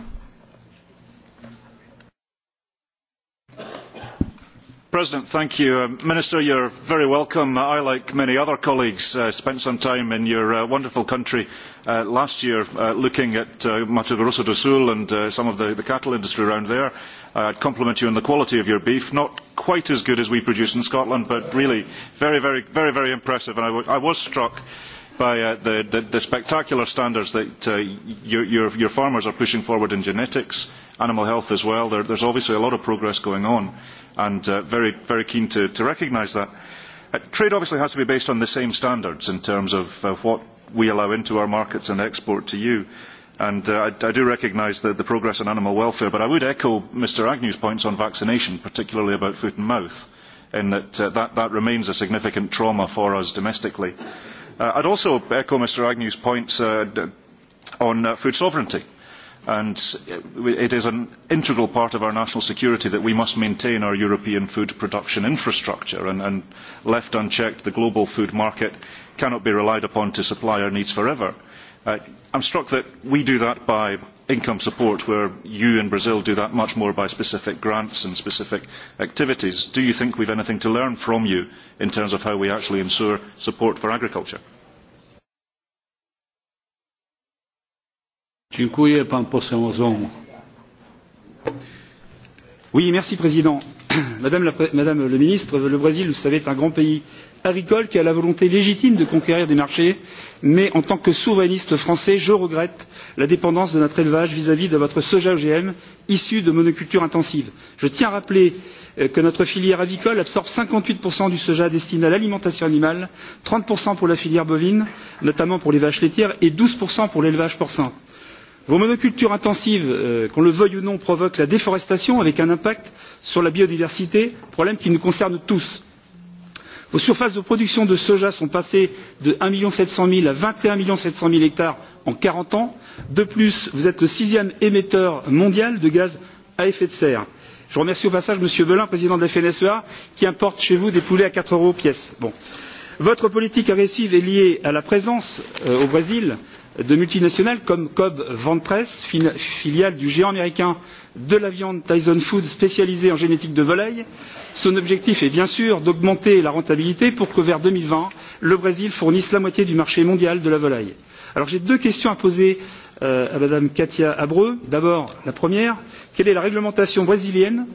president uh, minister you are very welcome. i like many other colleagues uh, spent some time in your uh, wonderful country last year looking at mato grosso do sul and some of the, cattle industry around there. i would compliment you on the quality of your beef not quite as good as we produce in scotland but really very very impressive and I, was struck by the, spectacular standards that your, your farmers are pushing forward in genetics animal health as well. there is obviously a lot of progress going on and uh, very, very keen to, to recognise that. Uh, trade obviously has to be based on the same standards in terms of uh, what we allow into our markets and export to you. And uh, I, I do recognise the, the progress in animal welfare, but I would echo Mr Agnew's points on vaccination, particularly about foot and mouth, in that uh, that, that remains a significant trauma for us domestically. Uh, I'd also echo Mr Agnew's points uh, on uh, food sovereignty and it is an integral part of our national security that we must maintain our European food production infrastructure and, and left unchecked the global food market cannot be relied upon to supply our needs forever. Uh, I am struck that we do that by income support where you in Brazil do that much more by specific grants and specific activities. Do you think we have anything to learn from you in terms of how we actually ensure support for agriculture? monsieur le merci, président. Madame, la, ministre, le Brésil, vous le savez, est un grand pays agricole qui a la volonté légitime de conquérir des marchés mais en tant que souverainiste français je regrette la dépendance de notre élevage vis à vis de votre soja ogm issu de monocultures intensives. je tiens à rappeler euh, que notre filière avicole absorbe cinquante huit du soja destiné à l'alimentation animale trente pour la filière bovine notamment pour les vaches laitières et douze pour l'élevage porcin vos monocultures intensives euh, qu'on le veuille ou non provoquent la déforestation avec un impact sur la biodiversité problème qui nous concerne tous. vos surfaces de production de soja sont passées de un sept cent à vingt et un sept cent hectares en quarante ans. de plus vous êtes le sixième émetteur mondial de gaz à effet de serre. je remercie au passage m. belin président de la fnsea qui importe chez vous des poulets à quatre euros pièce. Bon. votre politique agressive est liée à la présence euh, au brésil de multinationales comme cobb ventress filiale du géant américain de la viande tyson foods spécialisée en génétique de volaille. son objectif est bien sûr d'augmenter la rentabilité pour que vers deux mille vingt le brésil fournisse la moitié du marché mondial de la volaille. j'ai deux questions à poser euh, à mme katia abreu. d'abord la première quelle est la réglementation brésilienne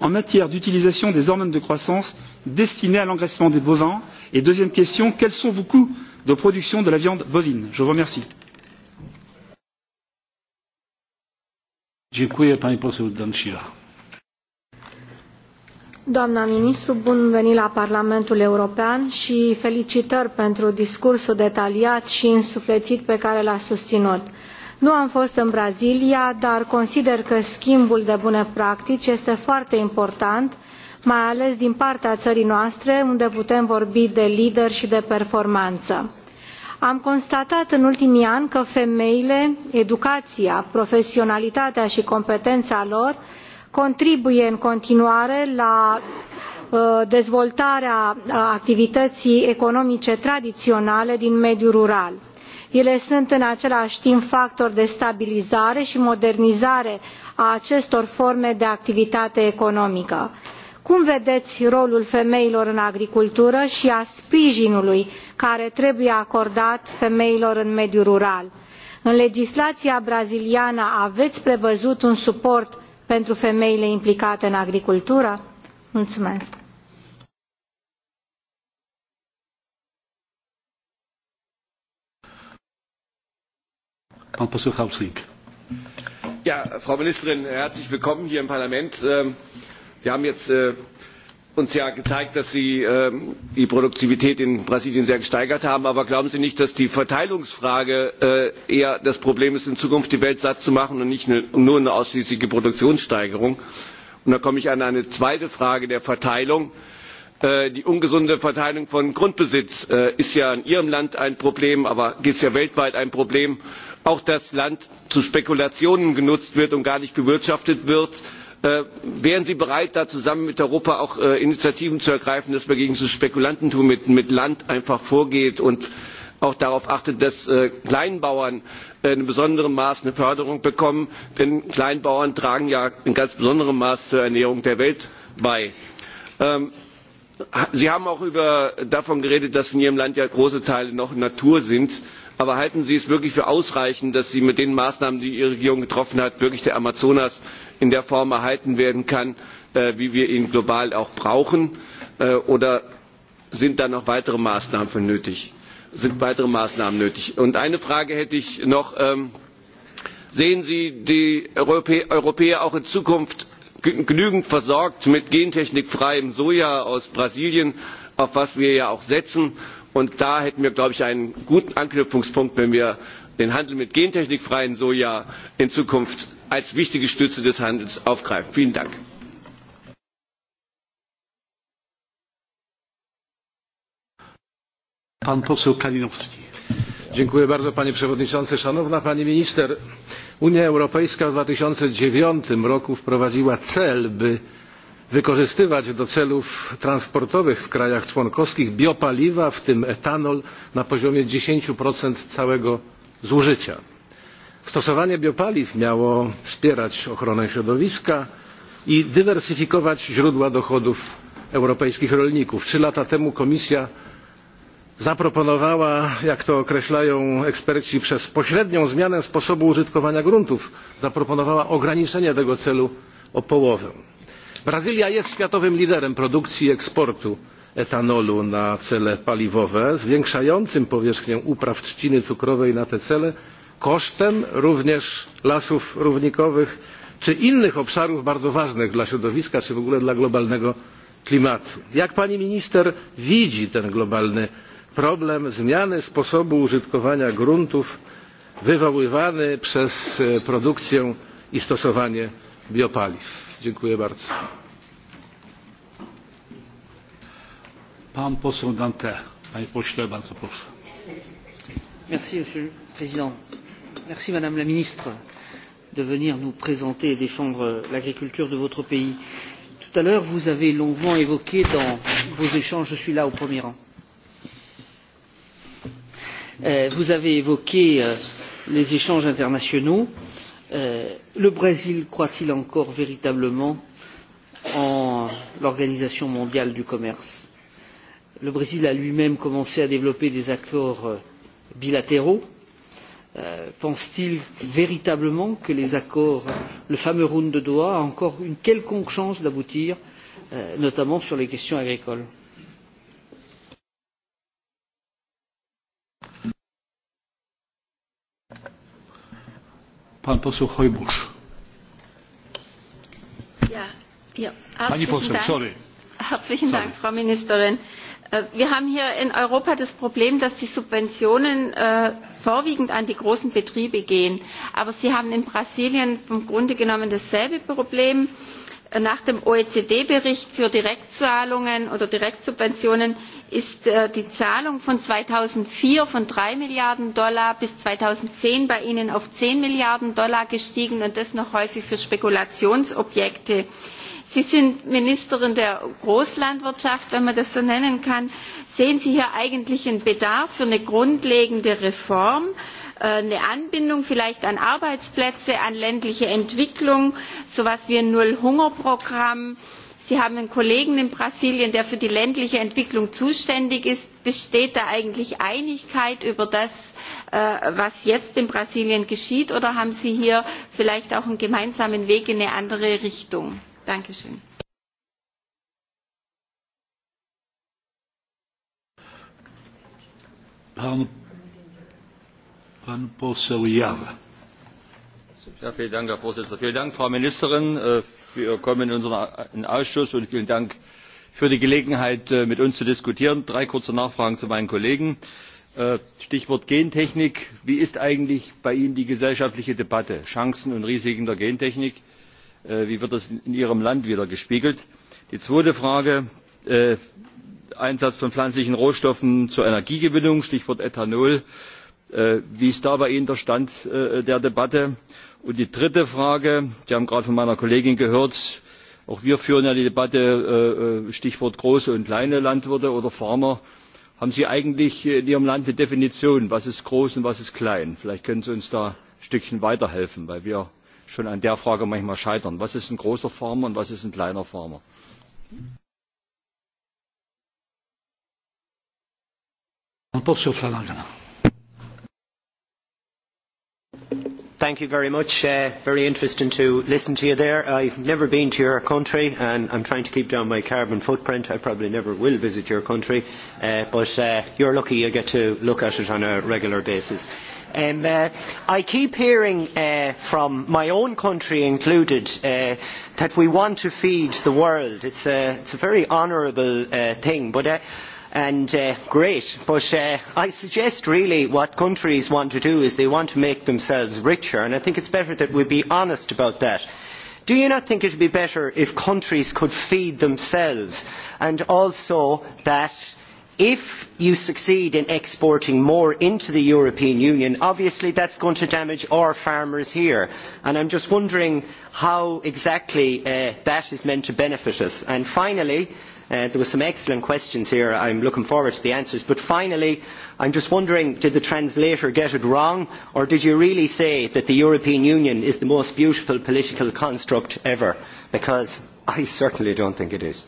en matière d'utilisation des hormones de croissance destinées à l'engraissement des bovins? et deuxième question quels sont vos coûts de production de la viande bovine. je vous remercie. Dziękuję, pani poseł Doamna ministru, bun venit la Parlamentul European și felicitări pentru discursul detaliat și însuflețit pe care l-a susținut. Nu am fost în Brazilia, dar consider că schimbul de bune practici este foarte important mai ales din partea țării noastre, unde putem vorbi de lider și de performanță. Am constatat în ultimii ani că femeile, educația, profesionalitatea și competența lor contribuie în continuare la uh, dezvoltarea uh, activității economice tradiționale din mediul rural. ele sunt în același timp factori de stabilizare și modernizare a acestor forme de activitate economică cum vedeți rolul femeilor în agricultură și al sprijinului care trebuie acordat femeilor în mediul rural? în legislația braziliană aveți prevăzut un suport pentru femeile implicate în agricultură? mulțumesc. frau ministerin herzlich willkommen hier im parlament! Ähm, sie haben äh, uns ja gezeigt dass sie ähm, die produktivität in brasilien sehr gesteigert haben aber glauben sie nicht dass die verteilungsfrage äh, eher das problem ist in zukunft die welt satt zu machen und nicht nur eine ausschließliche produktionssteigerung? da komme ich an eine zweite frage der verteilung äh, die ungesunde verteilung von grundbesitz ist ja in ihrem land ein problem aber es ist ja weltweit ein problem auch dass land zu spekulationen genutzt wird und gar nicht bewirtschaftet wird Äh, wären sie bereit da zusammen mit europa auch äh, initiativen zu ergreifen dass man gegen dieses spekulantentum mit land einfach vorgeht und auch darauf achtet dass äh, kleinbauern in besonderem maß eine förderung bekommen denn kleinbauern tragen ja in ganz besonderem maß zur ernährung der welt bei. Ähm, sie haben auch davon geredet dass in ihrem land ja große teile noch natur sind aber halten sie es wirklich für ausreichend dass mit den maßnahmen die ihre regierung getroffen hat wirklich der amazonas in der form erhalten werden kann äh, wie wir ihn global auch brauchen äh, oder sind da noch weitere maßnahmen nötig? sind weitere maßnahmen nötig? und eine frage hätte ich noch ähm, sehen sie die europäer auch in zukunft genügend versorgt mit gentechnikfreiem soja aus brasilien auf das wir ja auch setzen? und da hätten wir glaube ich einen guten anknüpfungspunkt wenn wir den handel mit gentechnikfreiem soja in zukunft als wichtige stütze des handels aufgreifen. panie przewodniczący! szanowna pani minister! unia europejska w dwa tysiące dziewięć roku wprowadziła cel by wykorzystywać do celów transportowych w krajach członkowskich biopaliwa w tym etanol na poziomie dziesięć całego zużycia. stosowanie biopaliw miało wspierać ochronę środowiska i dywersyfikować źródła dochodów europejskich rolników. trzy lata temu komisja zaproponowała jak to określają eksperci przez pośrednią zmianę sposobu użytkowania gruntów zaproponowała ograniczenie tego celu o połowę brazylia jest światowym liderem produkcji i eksportu etanolu na cele paliwowe zwiększającym powierzchnię upraw trzciny cukrowej na te cele kosztem również lasów równikowych czy innych obszarów bardzo ważnych dla środowiska czy w ogóle dla globalnego klimatu. jak pani minister widzi ten globalny problem zmiany sposobu użytkowania gruntów wywoływany przez produkcję i stosowanie biopaliw? Dziękuję bardzo. Pan poseł Dante. Panie pośle, bardzo proszę. Merci, Monsieur le Président. Merci, Madame la Ministre, de venir nous présenter et défendre l'agriculture de votre pays. Tout à l'heure, vous avez longuement évoqué dans vos échanges, je suis là au premier rang, euh, vous avez évoqué euh, les échanges internationaux. Euh, le brésil croit il encore véritablement en l'organisation mondiale du commerce? le brésil a lui même commencé à développer des accords euh, bilatéraux. Euh, pense t il véritablement que les accords le fameux round de doha a encore une quelconque chance d'aboutir notamment sur les questions agricoles? Pán posol Hojbuš. Ja, ja. sorry. Herzlichen sorry. Dank, Frau Ministerin. Äh, wir haben hier in Europa das Problem, dass die Subventionen äh, vorwiegend an die großen Betriebe gehen. Aber Sie haben in Brasilien im Grunde genommen dasselbe Problem nach dem oecd bericht für direktzahlungen oder direktsubventionen ist äh, die zahlung von zweitausendvier von drei milliarden dollar bis zweitausendzehn bei ihnen auf zehn milliarden dollar gestiegen und das noch häufig für spekulationsobjekte. sie sind ministerin der großlandwirtschaft wenn man das so nennen kann. sehen sie hier eigentlich einen bedarf für eine grundlegende reform? Äh, eine anbindung vielleicht an arbeitsplätze an ländliche entwicklung so etwas wie ein null hunger programm sie haben einen kollegen in brasilien der für die ländliche entwicklung zuständig ist besteht da eigentlich einigkeit über das äh, was jetzt in brasilien geschieht oder haben sie hier vielleicht auch einen gemeinsamen weg in eine andere richtung? danke schön. ja, vielen Dank, herr präsident! vielen dank frau ministerin für äh, für ihr kommen in unseren ausschuss und vielen dank für die gelegenheit äh, mit uns zu diskutieren. drei kurze nachfragen zu meinen kollegen äh, stichwort gentechnik wie ist eigentlich bei ihnen die gesellschaftliche debatte chancen und risiken der gentechnik? Äh, wie wird das in ihrem land widergespiegelt? die zweite frage einsatz von pflanzlichen rohstoffen zur energiegewinnung stichwort ethanol wie ist da bei ihnen der stand der debatte? und die dritte frage sie haben gerade von meiner kollegin gehört auch wir führen ja die debatte äh, äh, stichwort große und kleine landwirte oder farmer haben sie eigentlich in ihrem land eine definition was ist groß und was ist klein? vielleicht können sie uns da ein stückchen weiterhelfen weil wir schon an der frage manchmal scheitern was ist ein großer farmer und was ist ein kleiner farmer? Thank you very much. Uh, very interesting to listen to you there. I've never been to your country and I'm trying to keep down my carbon footprint. I probably never will visit your country, uh, but uh, you're lucky you get to look at it on a regular basis. Um, uh, I keep hearing uh, from my own country included uh, that we want to feed the world. It's a, it's a very honourable uh, thing, but uh, and uh, great but uh, i suggest really what countries want to do is they want to make themselves richer and i think it is better that we be honest about that. do you not think it would be better if countries could feed themselves and also that if you succeed in exporting more into the european union obviously that is going to damage our farmers here and i am just wondering how exactly uh, that is meant to benefit us. finally Uh, there were some excellent questions here. I am looking forward to the answers. But finally, I am just wondering, did the translator get it wrong? Or did you really say that the European Union is the most beautiful political construct ever? Because I certainly do not think it is.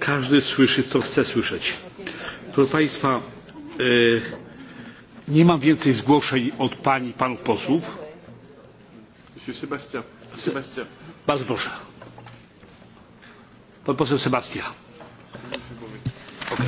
każdy słyszy co chce słyszeć. Proszę Państwa, e, nie mam więcej zgłoszeń od pań i panów posłów. Bardzo proszę. Pan poseł Sebastian. Okay.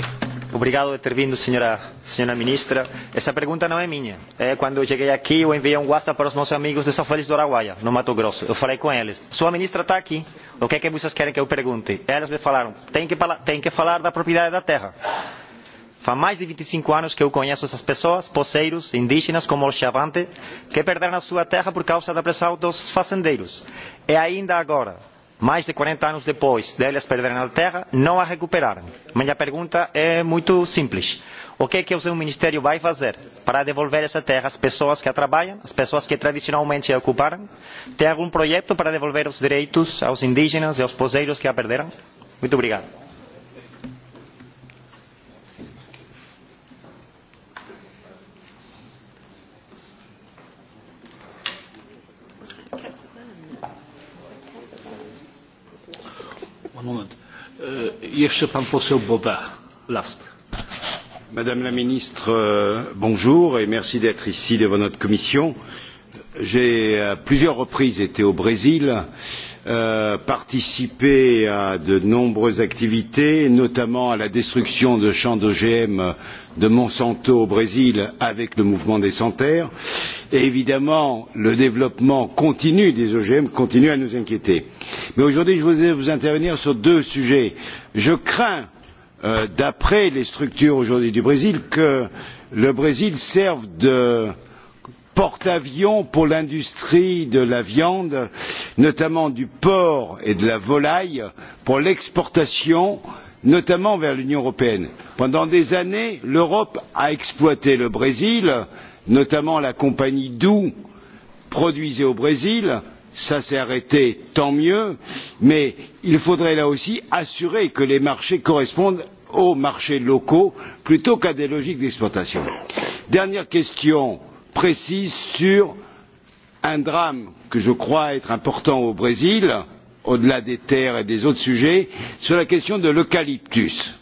Obrigado, vindo, senhora, senhora ministra. Essa pergunta não é minha. É eh, quando eu cheguei aqui, eu enviei um WhatsApp para os meus amigos de São Félix do Araguaia, no Mato Grosso. Eu falei com eles, sua ministra está aqui, o que é que vocês querem que eu pergunte? Elas me falaram, tem que, tem que falar da propriedade da terra Faz mais de 25 e anos que eu conheço essas pessoas, poceiros, indígenas, como o Xavante, que perderam a sua terra por causa da pressão dos fazendeiros. E ainda agora, mais de 40 anos depois deles perderem a terra, não a recuperaram. Minha pergunta é muito simples. O que é que o seu ministério vai fazer para devolver essa terra às pessoas que a trabalham, às pessoas que tradicionalmente a ocuparam? Tem algum projeto para devolver os direitos aos indígenas e aos poseiros que a perderam? Muito obrigado. E, Madame la ministre, euh, bonjour et merci d'être ici devant notre commission. J'ai à plusieurs reprises été au Brésil. Euh, Euh, participé à de nombreuses activités notamment à la destruction de champs d'ogm de monsanto au brésil avec le mouvement des sans terre et évidemment le développement continu des ogm continue à nous inquiéter. mais aujourd'hui je voudrais vous intervenir sur deux sujets. je crains euh, d'après les structures aujourd'hui du brésil que le brésil serve de porte avions pour l'industrie de la viande notamment du porc et de la volaille pour l'exportation notamment vers l'union européenne. pendant des années l'europe a exploité le brésil notamment la compagnie doux produisait au brésil cela s'est arrêté tant mieux mais il faudrait là aussi assurer que les marchés correspondent aux marchés locaux plutôt qu'à des logiques d'exportation. dernière question précise sur un drame que je crois être important au brésil au delà des terres et des autres sujets sur la question de l'eucalyptus.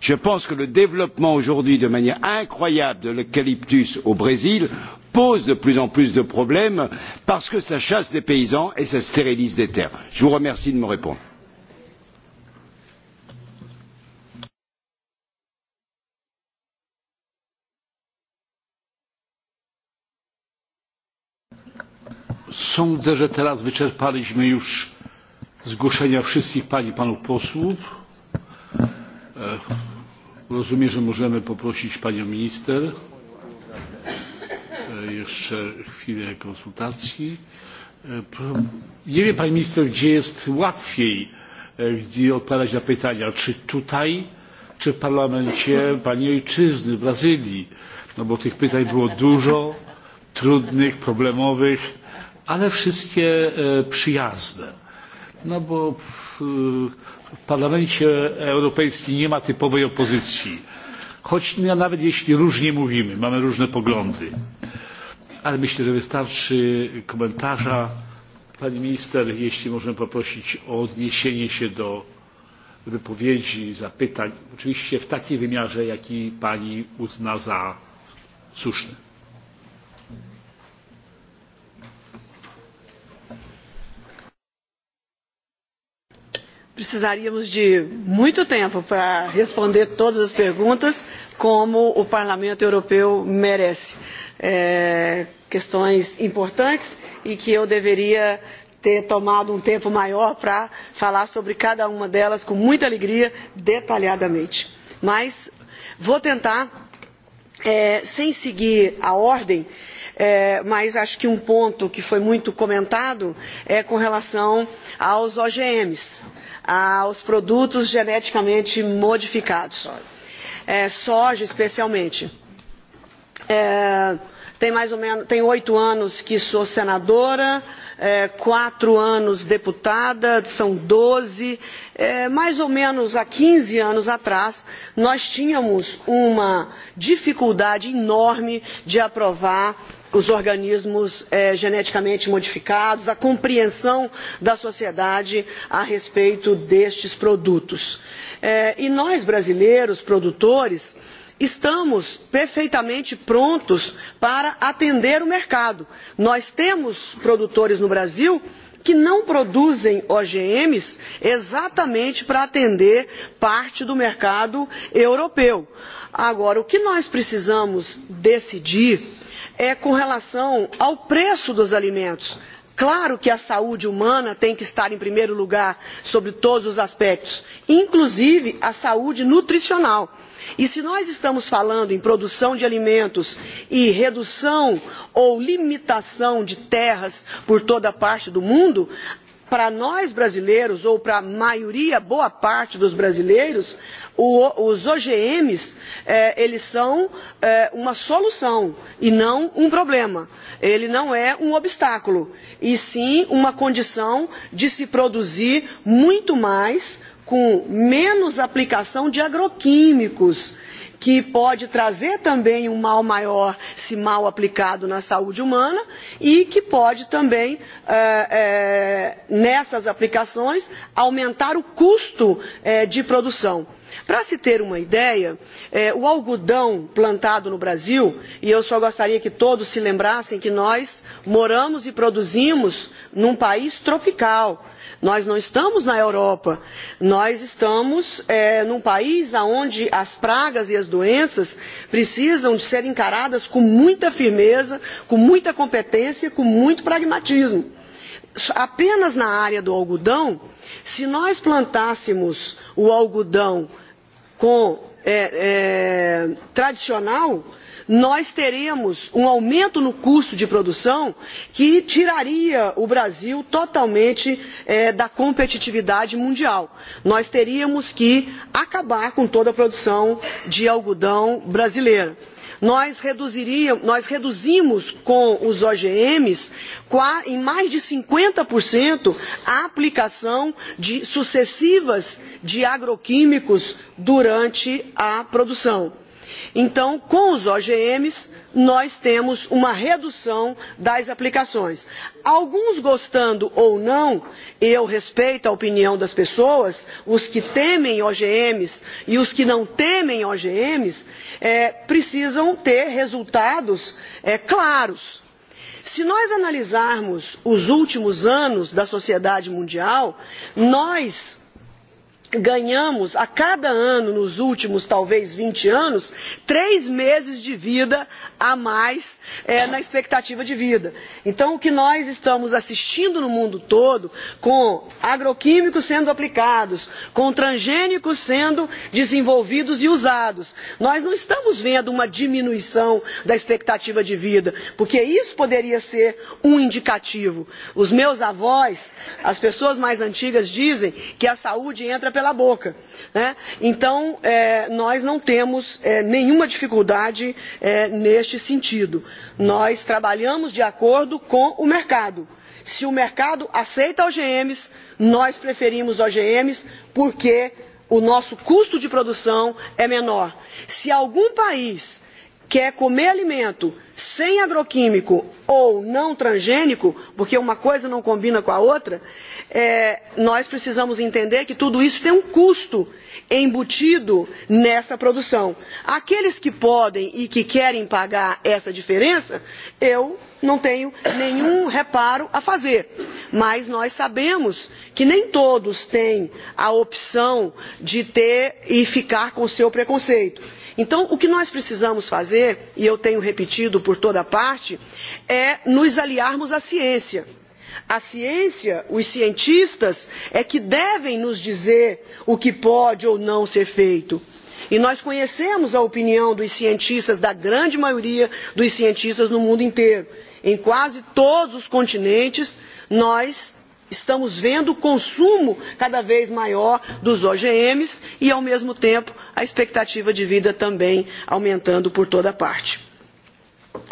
je pense que le développement aujourd'hui de manière incroyable de l'eucalyptus au brésil pose de plus en plus de problèmes parce que cela chasse les paysans et stérilise les terres. je vous remercie de me répondre. Sądzę, że teraz wyczerpaliśmy już zgłoszenia wszystkich pań i panów posłów. E, rozumiem, że możemy poprosić panią minister e, jeszcze chwilę konsultacji. E, nie wiem pani minister, gdzie jest łatwiej odpowiadać na pytania, czy tutaj, czy w parlamencie pani ojczyzny w Brazylii, no bo tych pytań było dużo, trudnych, problemowych ale wszystkie e, przyjazne. No bo w, e, w Parlamencie Europejskim nie ma typowej opozycji. Choć no, nawet jeśli różnie mówimy, mamy różne poglądy. Ale myślę, że wystarczy komentarza. Pani minister, jeśli możemy poprosić o odniesienie się do wypowiedzi, zapytań, oczywiście w takim wymiarze, jaki pani uzna za słuszny. precisaríamos de muito tempo para responder todas as perguntas, como o Parlamento Europeu merece. É, questões importantes e que eu deveria ter tomado um tempo maior para falar sobre cada uma delas com muita alegria, detalhadamente. Mas vou tentar, é, sem seguir a ordem, É, mas acho que um ponto que foi muito comentado é com relação aos OGMs aos produtos geneticamente modificados, é, soja especialmente. É, tem mais ou menos tem oito anos que sou senadora, quatro anos deputada, são doze. mais ou menos há quinze anos atrás, nós tínhamos uma dificuldade enorme de aprovar os organismos geneticamente modificados, a compreensão da sociedade a respeito destes produtos. e nós, brasileiros, produtores, estamos perfeitamente prontos para atender o mercado. Nós temos produtores no Brasil que não produzem OGMs exatamente para atender parte do mercado europeu. Agora, o que nós precisamos decidir é com relação ao preço dos alimentos. Claro que a saúde humana tem que estar em primeiro lugar sobre todos os aspectos, inclusive a saúde nutricional. E se nós estamos falando em produção de alimentos e redução ou limitação de terras por toda parte do mundo, para nós brasileiros ou para a maioria boa parte dos brasileiros o, os ogms é, eles são é, uma solução e não um problema ele não é um obstáculo e sim uma condição de se produzir muito mais com menos aplicação de agroquímicos que pode trazer também um mal maior se mal aplicado na saúde humana e que pode também é, eh, é, eh, nessas aplicações aumentar o custo é, eh, de produção. Para se ter uma ideia, o algodão plantado no Brasil, e eu só gostaria que todos se lembrassem que nós moramos e produzimos num país tropical, nós não estamos na europa nós estamos é, num país onde as pragas e as doenças precisam de ser encaradas com muita firmeza com muita competência com muito pragmatismo. apenas na área do algodão se nós plantássemos o algodão com, é, é, tradicional nós teremos um aumento no custo de produção que tiraria o Brasil totalmente é, da competitividade mundial. Nós teríamos que acabar com toda a produção de algodão brasileira. Nós, nós reduzimos com os OGMs em mais de 50% a aplicação de sucessivas de agroquímicos durante a produção Então, com os OGMs, nós temos uma redução das aplicações. Alguns gostando ou não, eu respeito a opinião das pessoas, os que temem OGMs e os que não temem OGMs, é, precisam ter resultados é, claros. Se nós analisarmos os últimos anos da sociedade mundial, nós ganhamos a cada ano nos últimos talvez vinte anos três meses de vida a mais é, na expectativa de vida. Então, o que nós estamos assistindo no mundo todo, com agroquímicos sendo aplicados, com transgênicos sendo desenvolvidos e usados, nós não estamos vendo uma diminuição da expectativa de vida, porque isso poderia ser um indicativo. Os meus avós, as pessoas mais antigas dizem que a saúde entra pela boca. Né? Então, é, nós não temos é, nenhuma dificuldade é, neste sentido. Nós trabalhamos de acordo com o mercado. Se o mercado aceita OGMs, nós preferimos OGMs porque o nosso custo de produção é menor. Se algum país quer comer alimento sem agroquímico ou não transgênico, porque uma coisa não combina com a outra, é, nós precisamos entender que tudo isso tem um custo embutido nessa produção. Aqueles que podem e que querem pagar essa diferença, eu não tenho nenhum reparo a fazer. Mas nós sabemos que nem todos têm a opção de ter e ficar com o seu preconceito. Então, o que nós precisamos fazer, e eu tenho repetido por toda parte, é nos aliarmos à ciência a ciência, os cientistas, é que devem nos dizer o que pode ou não ser feito. E nós conhecemos a opinião dos cientistas, da grande maioria dos cientistas no mundo inteiro. Em quase todos os continentes, nós estamos vendo o consumo cada vez maior dos OGMs e, ao mesmo tempo, a expectativa de vida também aumentando por toda parte.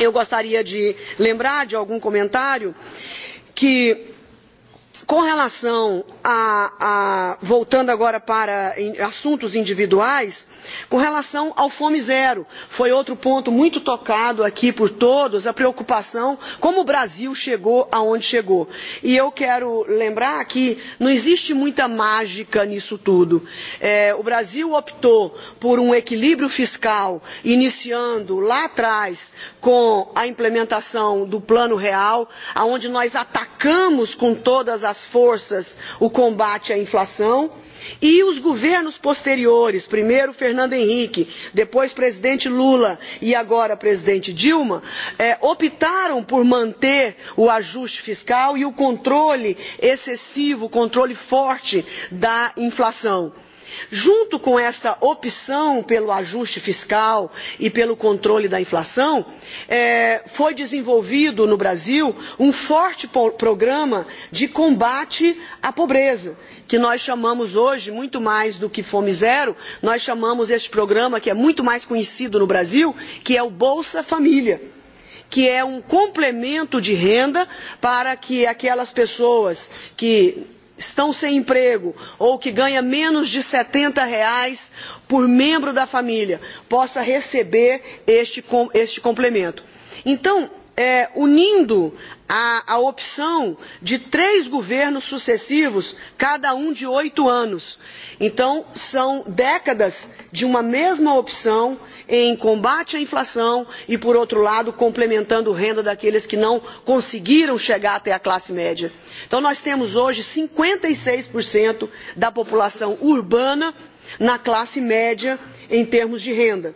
Eu gostaria de lembrar de algum comentário est com relação a, a voltando agora para assuntos individuais com relação ao fome zero foi outro ponto muito tocado aqui por todos a preocupação como o brasil chegou aonde chegou e eu quero lembrar que não existe muita mágica nisso tudo é, o brasil optou por um equilíbrio fiscal iniciando lá atrás com a implementação do plano real aonde nós atacamos com todas as as forças o combate à inflação e os governos posteriores primeiro fernando henrique depois presidente lula e agora presidente dilma optaram por manter o ajuste fiscal e o controle excessivo o controle forte da inflação junto com essa opção pelo ajuste fiscal e pelo controle da inflação foi desenvolvido no brasil um forte programa de combate à pobreza que nós chamamos hoje muito mais do que fome zero nós chamamos este programa que é muito mais conhecido no brasil que é o bolsa família que é um complemento de renda para que aquelas pessoas que estão sem emprego ou que ganha menos de R$ 70 reais por membro da família possa receber este, este complemento. Então, é, unindo a, a opção de três governos sucessivos, cada um de oito anos. Então, são décadas de uma mesma opção em combate à inflação e, por outro lado, complementando renda daqueles que não conseguiram chegar até a classe média. Então, nós temos hoje 56% e da população urbana na classe média em termos de renda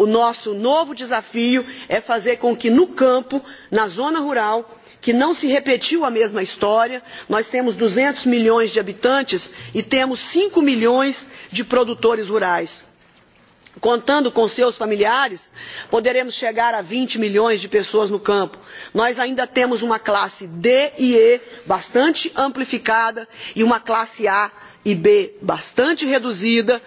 o nosso novo desafio é fazer com que no campo na zona rural que não se repetiu a mesma história nós temos duzentos milhões de habitantes e temos cinco milhões de produtores rurais contando com seus familiares poderemos chegar a vinte milhões de pessoas no campo. nós ainda temos uma classe d e e bastante amplificada e uma classe a e B bastante reduzida,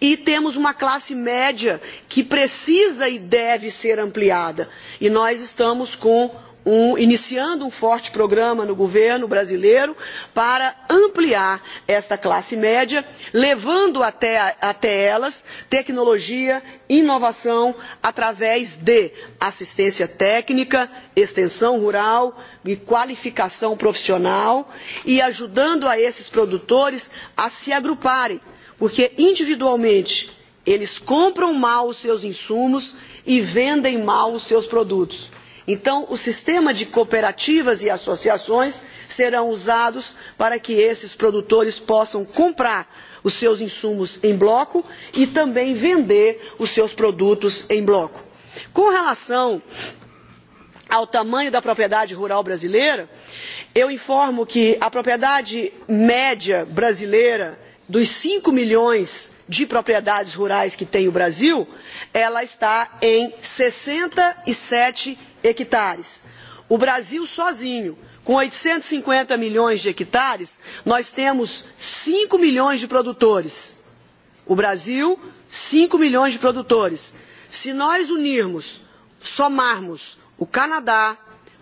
e temos uma classe média que precisa e deve ser ampliada. E nós estamos com um, iniciando um forte programa no governo brasileiro para ampliar esta classe média, levando até, até elas tecnologia, inovação, através de assistência técnica, extensão rural e qualificação profissional, e ajudando a esses produtores a se agruparem, porque individualmente eles compram mal os seus insumos e vendem mal os seus produtos então o sistema de cooperativas e associações serão usados para que esses produtores possam comprar os seus insumos em bloco e também vender os seus produtos em bloco. com relação ao tamanho da propriedade rural brasileira eu informo que a propriedade média brasileira dos cinco milhões de propriedades rurais que tem o Brasil, ela está em sessenta e sete hectares. O Brasil sozinho, com e cinquenta milhões de hectares, nós temos cinco milhões de produtores. O Brasil, cinco milhões de produtores. Se nós unirmos, somarmos o Canadá,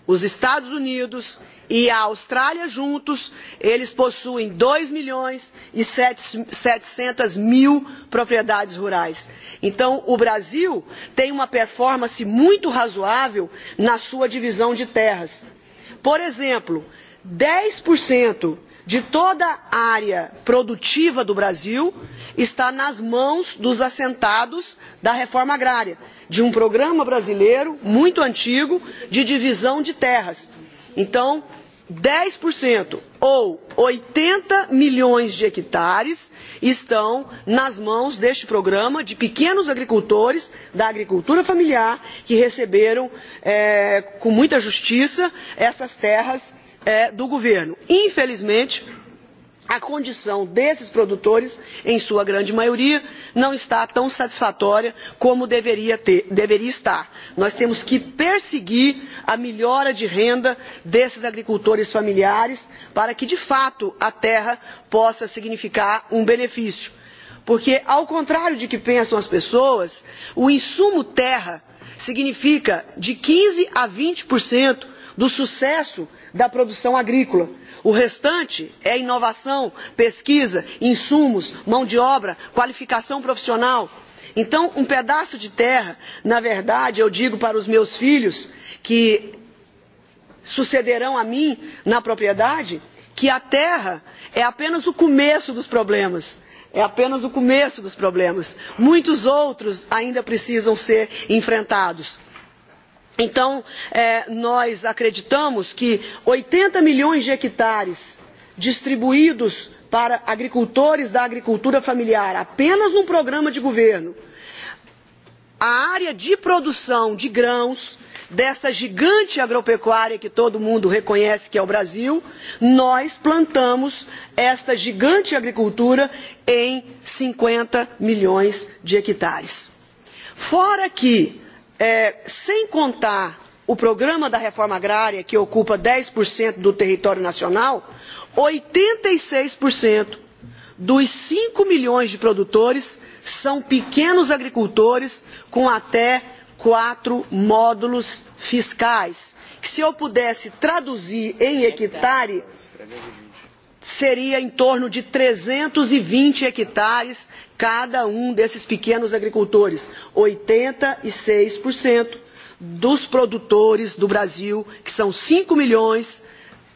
os Estados Unidos e a Austrália juntos, eles possuem dois milhões e setecentos mil propriedades rurais. Então, o Brasil tem uma performance muito razoável na sua divisão de terras. Por exemplo, cento de toda a área produtiva do Brasil está nas mãos dos assentados da reforma agrária, de um programa brasileiro muito antigo de divisão de terras. Então, dez por cento ou oitenta milhões de hectares estão nas mãos deste programa de pequenos agricultores da agricultura familiar que receberam é, com muita justiça essas terras é, do governo. infelizmente a condição desses produtores em sua grande maioria não está tão satisfatória como deveria, ter, deveria estar. nós temos que perseguir a melhora de renda desses agricultores familiares para que de fato a terra possa significar um benefício porque ao contrário do que pensam as pessoas o insumo terra significa de quinze a vinte por cento do sucesso da produção agrícola. O restante é inovação, pesquisa, insumos, mão de obra, qualificação profissional. Então, um pedaço de terra, na verdade, eu digo para os meus filhos que sucederão a mim na propriedade, que a terra é apenas o começo dos problemas é apenas o começo dos problemas. Muitos outros ainda precisam ser enfrentados então nós acreditamos que oitenta milhões de hectares distribuídos para agricultores da agricultura familiar apenas num programa de governo a área de produção de grãos desta gigante agropecuária que todo mundo reconhece que é o Brasil, nós plantamos esta gigante agricultura em cinquenta milhões de hectares. Fora que sem contar o programa da reforma agrária que ocupa dez do território nacional oitenta e seis dos cinco milhões de produtores são pequenos agricultores com até quatro módulos fiscais que se eu pudesse traduzir em hectare seria em torno de trezentos e vinte hectares cada um desses pequenos agricultores, 86% e dos produtores do Brasil, que são 5 milhões,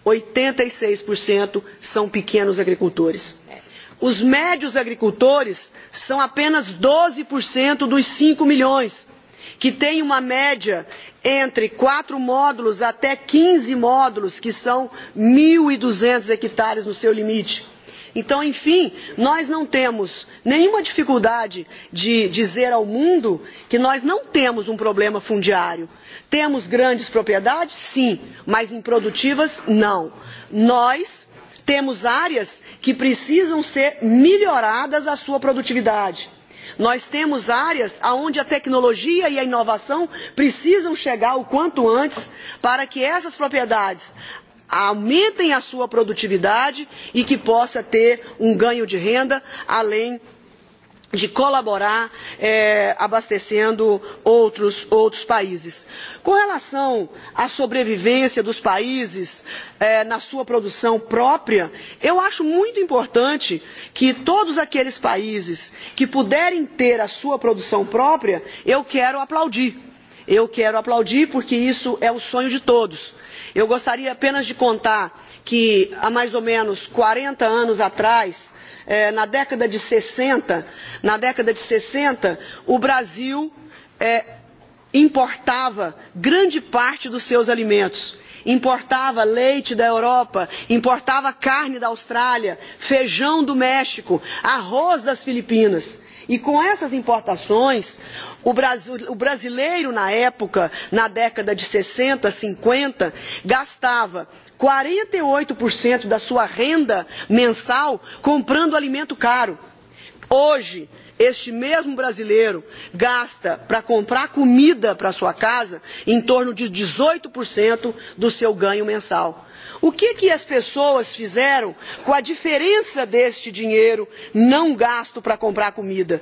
86% e são pequenos agricultores. Os médios agricultores são apenas 12% dos 5 milhões, que têm uma média entre quatro módulos até 15 módulos, que são 1.200 e hectares no seu limite. Então, enfim, nós não temos nenhuma dificuldade de dizer ao mundo que nós não temos um problema fundiário. Temos grandes propriedades, sim, mas improdutivas, não. Nós temos áreas que precisam ser melhoradas a sua produtividade. Nós temos áreas onde a tecnologia e a inovação precisam chegar o quanto antes para que essas propriedades, aumentem a sua produtividade e que possa ter um ganho de renda além de colaborar é, eh, abastecendo outros, outros países. Com relação à sobrevivência dos países é, eh, na sua produção própria, eu acho muito importante que todos aqueles países que puderem ter a sua produção própria, eu quero aplaudir. Eu quero aplaudir porque isso é o sonho de todos eu gostaria apenas de contar que há mais ou menos quarenta anos atrás na década de sessenta na década de sessenta o brasil importava grande parte dos seus alimentos importava leite da Europa, importava carne da Austrália, feijão do México, arroz das Filipinas. E com essas importações, O, brasileiro, na época, na década de sessenta, cinquenta, gastava quarenta e cento da sua renda mensal comprando alimento caro. Hoje, este mesmo brasileiro gasta para comprar comida para sua casa em torno de 18% do seu ganho mensal. O que, que as pessoas fizeram com a diferença deste dinheiro não gasto para comprar comida?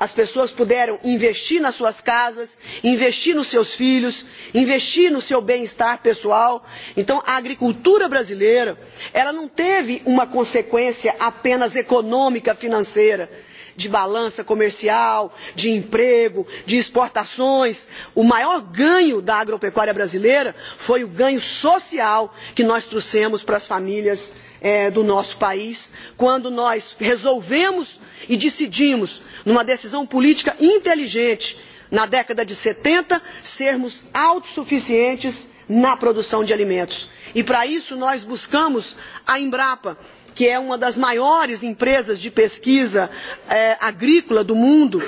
as pessoas puderam investir nas suas casas investir nos seus filhos investir no seu bem estar pessoal. então a agricultura brasileira ela não teve uma consequência apenas econômica financeira de balança comercial de emprego de exportações o maior ganho da agropecuária brasileira foi o ganho social que nós trouxemos para as famílias brasileiras do nosso país, quando nós resolvemos e decidimos, numa decisão política inteligente, na década de setenta, sermos autossuficientes na produção de alimentos. E para isso nós buscamos a Embrapa, que é uma das maiores empresas de pesquisa é, agrícola do mundo,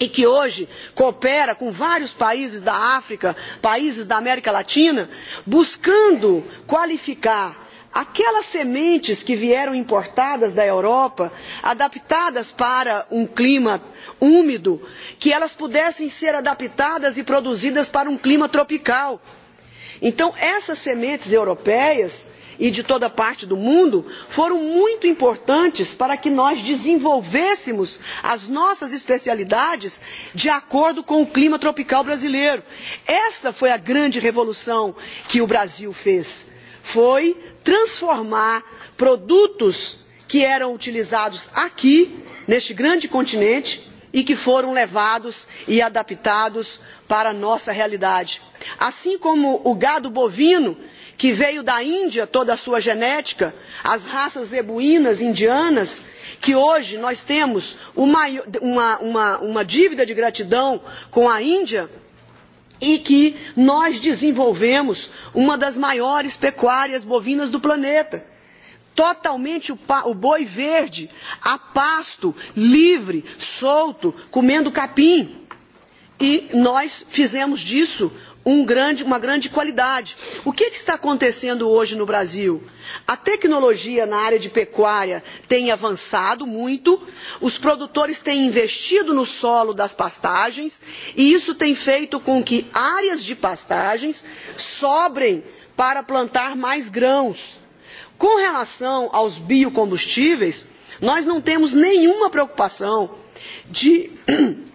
e que hoje coopera com vários países da África, países da América Latina, buscando qualificar aquelas sementes que vieram importadas da Europa, adaptadas para um clima úmido, que elas pudessem ser adaptadas e produzidas para um clima tropical. Então, essas sementes europeias e de toda parte do mundo foram muito importantes para que nós desenvolvêssemos as nossas especialidades de acordo com o clima tropical brasileiro. Esta foi a grande revolução que o Brasil fez. Foi transformar produtos que eram utilizados aqui neste grande continente e que foram levados e adaptados para a nossa realidade assim como o gado bovino que veio da índia toda a sua genética as raças zebuínas indianas que hoje nós temos uma, uma, uma dívida de gratidão com a índia e que nós desenvolvemos uma das maiores pecuárias bovinas do planeta. Totalmente o, o boi verde, a pasto, livre, solto, comendo capim. E nós fizemos disso um grande, uma grande qualidade. O que, que está acontecendo hoje no Brasil? A tecnologia na área de pecuária tem avançado muito, os produtores têm investido no solo das pastagens e isso tem feito com que áreas de pastagens sobrem para plantar mais grãos. Com relação aos biocombustíveis, nós não temos nenhuma preocupação de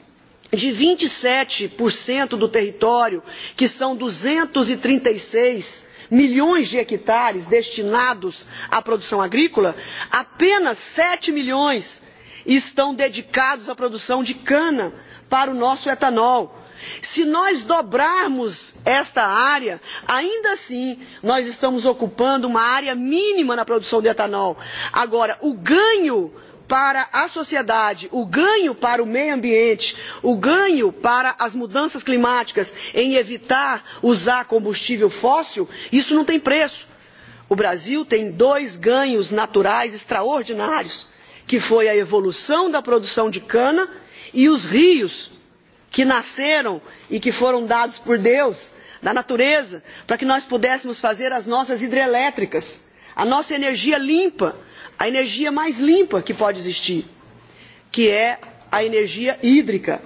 de 27% e do território, que são 236 e e milhões de hectares destinados à produção agrícola, apenas 7 milhões estão dedicados à produção de cana para o nosso etanol. Se nós dobrarmos esta área, ainda assim nós estamos ocupando uma área mínima na produção de etanol. Agora, o ganho para a sociedade o ganho para o meio ambiente o ganho para as mudanças climáticas em evitar usar combustível fóssil isso não tem preço. o brasil tem dois ganhos naturais extraordinários que foi a evolução da produção de cana e os rios que nasceram e que foram dados por deus da natureza para que nós pudéssemos fazer as nossas hidrelétricas a nossa energia limpa a energia mais limpa que pode existir, que é a energia hídrica.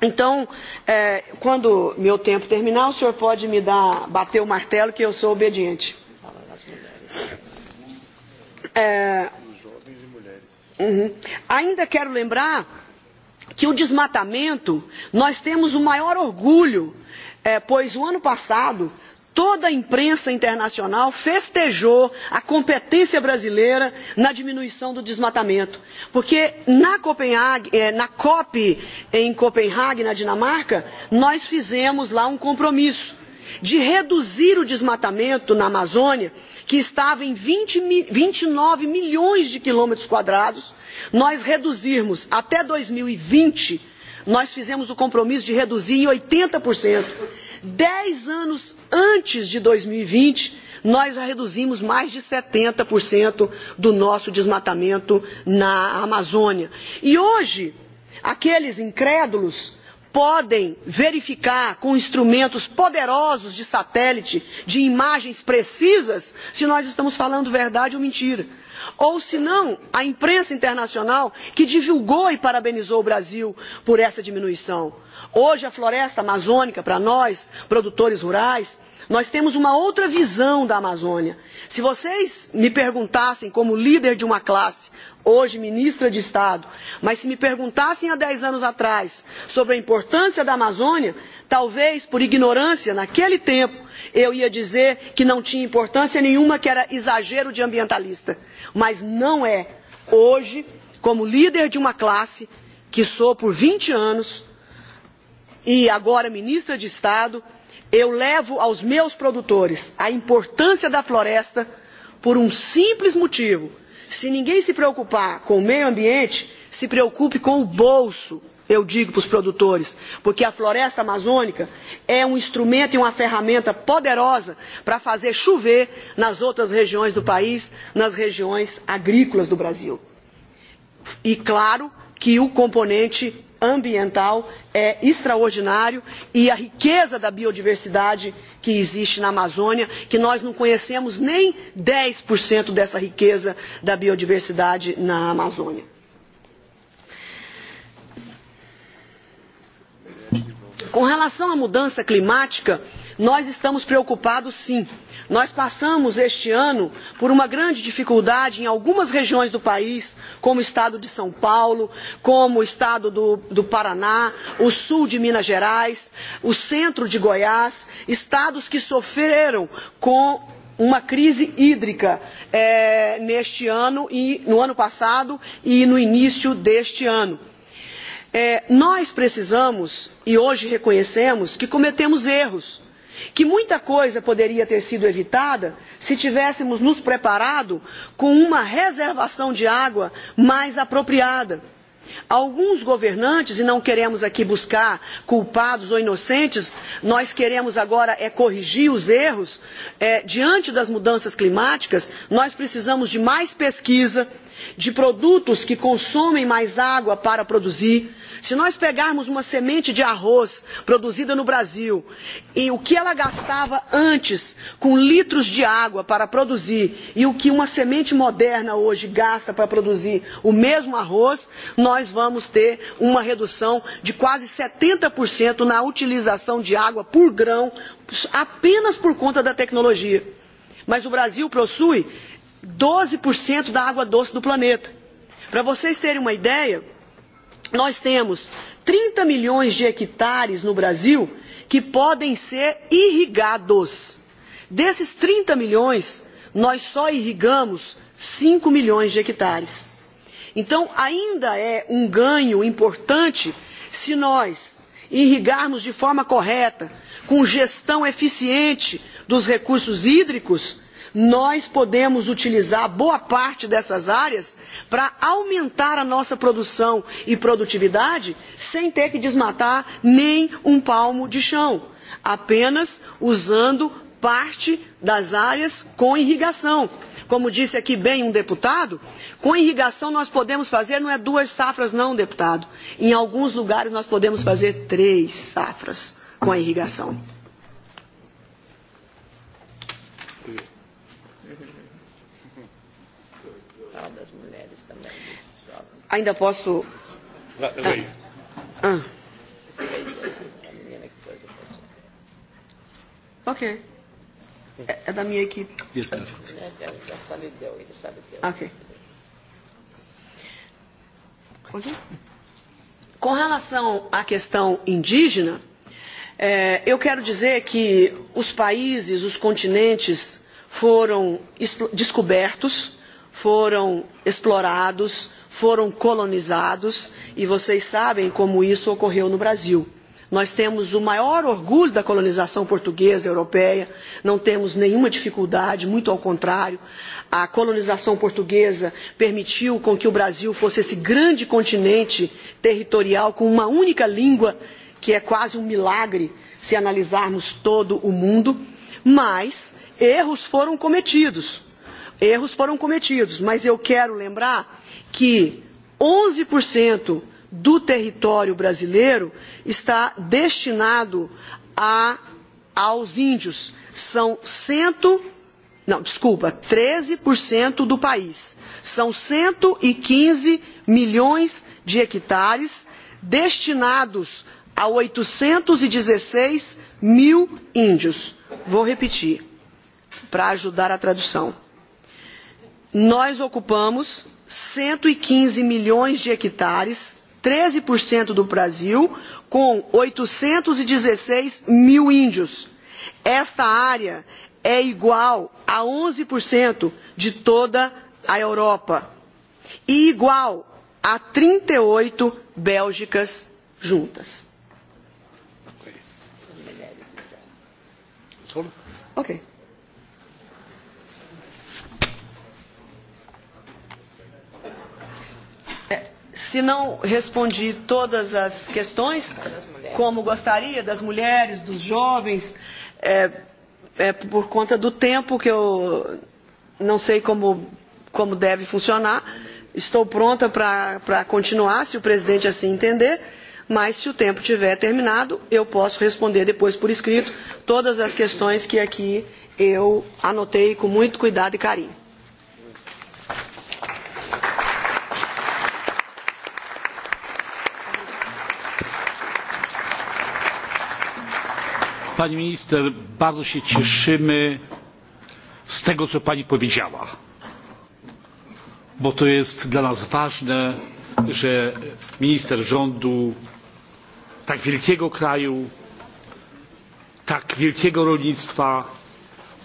Então, é, quando meu tempo terminar, o senhor pode me dar, bater o martelo que eu sou obediente. É, uhum. Ainda quero lembrar que o desmatamento, nós temos o maior orgulho, é, pois o ano passado toda a imprensa internacional festejou a competência brasileira na diminuição do desmatamento porque na, eh, na cop em copenhague na dinamarca nós fizemos lá um compromisso de reduzir o desmatamento na amazônia que estava em vinte e nove milhões de quilômetros quadrados nós reduzirmos até dois mil e vinte nós fizemos o compromisso de reduzir em oitenta dez anos antes de dois mil e nós já reduzimos mais de 70% do nosso desmatamento na Amazônia. E hoje, aqueles incrédulos podem verificar com instrumentos poderosos de satélite, de imagens precisas, se nós estamos falando verdade ou mentira. Ou se não, a imprensa internacional que divulgou e parabenizou o Brasil por essa diminuição hoje a floresta amazônica para nós produtores rurais nós temos uma outra visão da amazônia. se vocês me perguntassem como líder de uma classe hoje ministra de estado mas se me perguntassem há dez anos atrás sobre a importância da amazônia talvez por ignorância naquele tempo eu ia dizer que não tinha importância nenhuma que era exagero de ambientalista mas não é hoje como líder de uma classe que sou por vinte anos e agora ministra de estado eu levo aos meus produtores a importância da floresta por um simples motivo se ninguém se preocupar com o meio ambiente se preocupe com o bolso eu digo para os produtores porque a floresta amazônica é um instrumento e uma ferramenta poderosa para fazer chover nas outras regiões do país nas regiões agrícolas do brasil e claro que o componente ambiental é extraordinário e a riqueza da biodiversidade que existe na Amazônia, que nós não conhecemos nem 10% dessa riqueza da biodiversidade na Amazônia. Com relação à mudança climática, nós estamos preocupados sim nós passamos este ano por uma grande dificuldade em algumas regiões do país como o estado de são paulo como o estado do, do paraná o sul de minas gerais o centro de goiás estados que sofreram com uma crise hídrica é, eh, neste ano e no ano passado e no início deste ano. É, eh, nós precisamos e hoje reconhecemos que cometemos erros que muita coisa poderia ter sido evitada se tivéssemos nos preparado com uma reservação de água mais apropriada. Alguns governantes, e não queremos aqui buscar culpados ou inocentes, nós queremos agora é corrigir os erros. É, diante das mudanças climáticas, nós precisamos de mais pesquisa, de produtos que consomem mais água para produzir. Se nós pegarmos uma semente de arroz produzida no Brasil e o que ela gastava antes com litros de água para produzir e o que uma semente moderna hoje gasta para produzir o mesmo arroz, nós vamos ter uma redução de quase 70% na utilização de água por grão apenas por conta da tecnologia. Mas o Brasil possui 12% da água doce do planeta. Para vocês terem uma ideia, nós temos 30 milhões de hectares no Brasil que podem ser irrigados. Desses 30 milhões, nós só irrigamos 5 milhões de hectares. Então, ainda é um ganho importante se nós irrigarmos de forma correta, com gestão eficiente dos recursos hídricos, nós podemos utilizar boa parte dessas áreas para aumentar a nossa produção e produtividade sem ter que desmatar nem um palmo de chão, apenas usando parte das áreas com irrigação. Como disse aqui bem um deputado, com irrigação nós podemos fazer, não é duas safras não, deputado. Em alguns lugares nós podemos fazer três safras com a irrigação. Ainda posso. Ah. Ok. É e, e, da minha equipe. Ok. Com relação à questão indígena, é, eu quero dizer que os países, os continentes foram descobertos, foram explorados, foram colonizados e vocês sabem como isso ocorreu no Brasil. Nós temos o maior orgulho da colonização portuguesa europeia, não temos nenhuma dificuldade, muito ao contrário. A colonização portuguesa permitiu com que o Brasil fosse esse grande continente territorial com uma única língua, que é quase um milagre se analisarmos todo o mundo, mas erros foram cometidos. Erros foram cometidos, mas eu quero lembrar que onze do território brasileiro está destinado a, aos índios. São cento não, desculpa, 13% do país. São 115 e milhões de hectares destinados a 816 e mil índios. Vou repetir para ajudar a tradução. Nós ocupamos 115 e milhões de hectares, 13% do Brasil, com 816 e mil índios. Esta área é igual a 11% de toda a Europa e igual a 38 e Bélgicas juntas. Okay. se não respondi todas as questões, como gostaria, das mulheres, dos jovens, é, é por conta do tempo que eu não sei como, como deve funcionar. Estou pronta para continuar, se o presidente assim entender, mas se o tempo tiver terminado, eu posso responder depois por escrito todas as questões que aqui eu anotei com muito cuidado e carinho. pani minister bardzo się cieszymy z tego co pani powiedziała bo to jest dla nas ważne że minister rządu tak wielkiego kraju tak wielkiego rolnictwa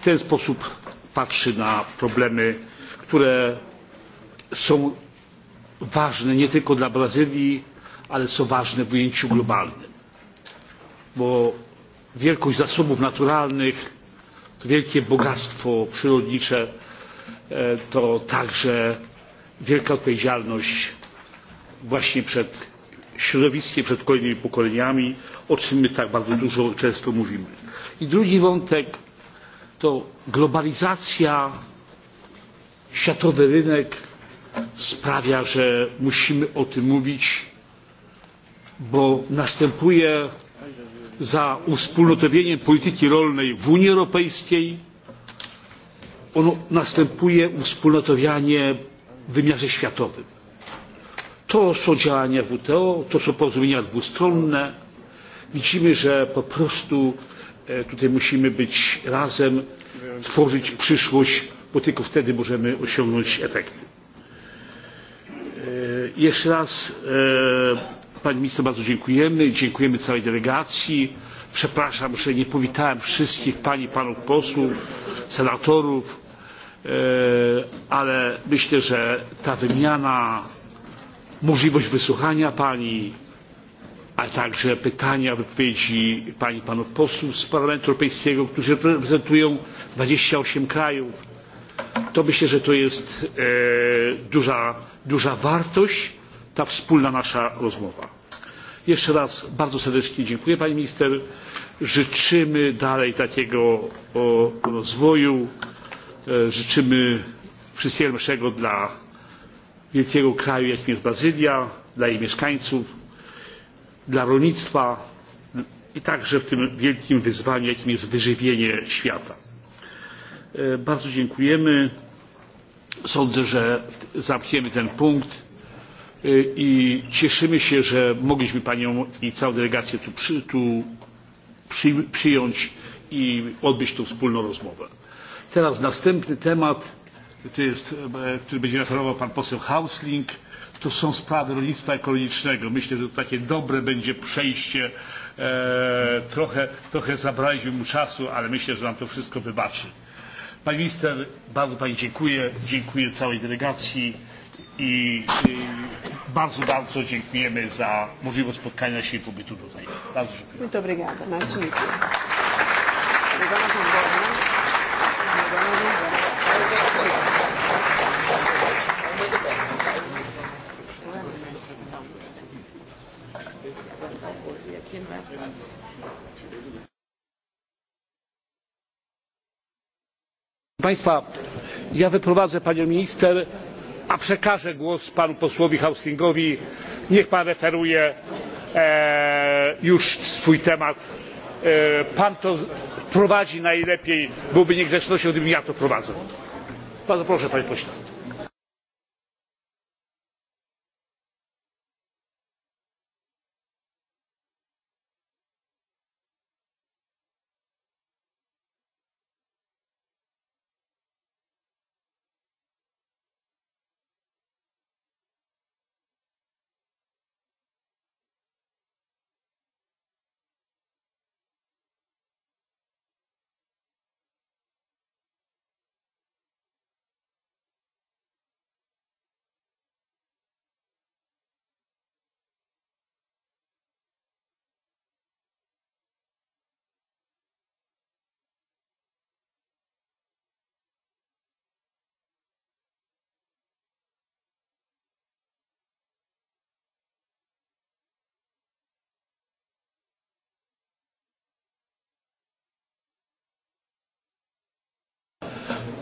w ten sposób patrzy na problemy które są ważne nie tylko dla brazylii ale są ważne w ujęciu globalnym bo wielkość zasobów naturalnych to wielkie bogactwo przyrodnicze e, to także wielka odpowiedzialność właśnie przed środowiskiem przed kolejnymi pokoleniami o czym my tak bardzo dużo często mówimy. i drugi wątek to globalizacja światowy rynek sprawia że musimy o tym mówić bo następuje za uwspólnotowieniem polityki rolnej w unii europejskiej ono następuje uwspólnotowianie w wymiarze światowym. to są działania wto to są porozumienia dwustronne. widzimy że po prostu e, tutaj musimy być razem tworzyć przyszłość bo tylko wtedy możemy osiągnąć efekty. E, jeszcze raz e, pani minister bardzo dziękujemy dziękujemy całej delegacji przepraszam że nie powitałem wszystkich pań i panów posłów senatorów e, ale myślę że ta wymiana możliwość wysłuchania pani a także pytania wypowiedzi pań i panów posłów z parlamentu europejskiego którzy reprezentują dwadzieścia osiem krajów to myślę że to jest e, duża, duża wartość ta wspólna nasza rozmowa. jeszcze raz bardzo serdecznie dziękuję pani minister życzymy dalej takiego o, rozwoju e, życzymy wszystkiego najlepszego dla wielkiego kraju jakim jest brazylia dla jej mieszkańców dla rolnictwa i także w tym wielkim wyzwaniu jakim jest wyżywienie świata. E, bardzo dziękujemy. sądzę że zamkniemy ten punkt i cieszymy się że mogliśmy panią i całą delegację tu, przyjąć i odbyć tę wspólną rozmowę. teraz następny temat jest, e, który będzie referował pan poseł husling to są sprawy rolnictwa ekologicznego. myślę że to takie dobre będzie przejście e, trochę, trochę zabraliśmy mu czasu ale myślę że nam to wszystko wybaczy. pani minister bardzo pani dziękuję dziękuję całej delegacji i bardzo, bardzo dziękujemy za możliwość spotkania się i pobytu tutaj. Bardzo dziękuję. Muito obrigada. Nice Państwa, ja wyprowadzę panią minister a przekażę głos panu posłowi hustingowi niech pan referuje e, już swój temat e, pan to prowadzi najlepiej byłoby niegrzecznością gdybym ja to prowadził. bardzo proszę panie pośle.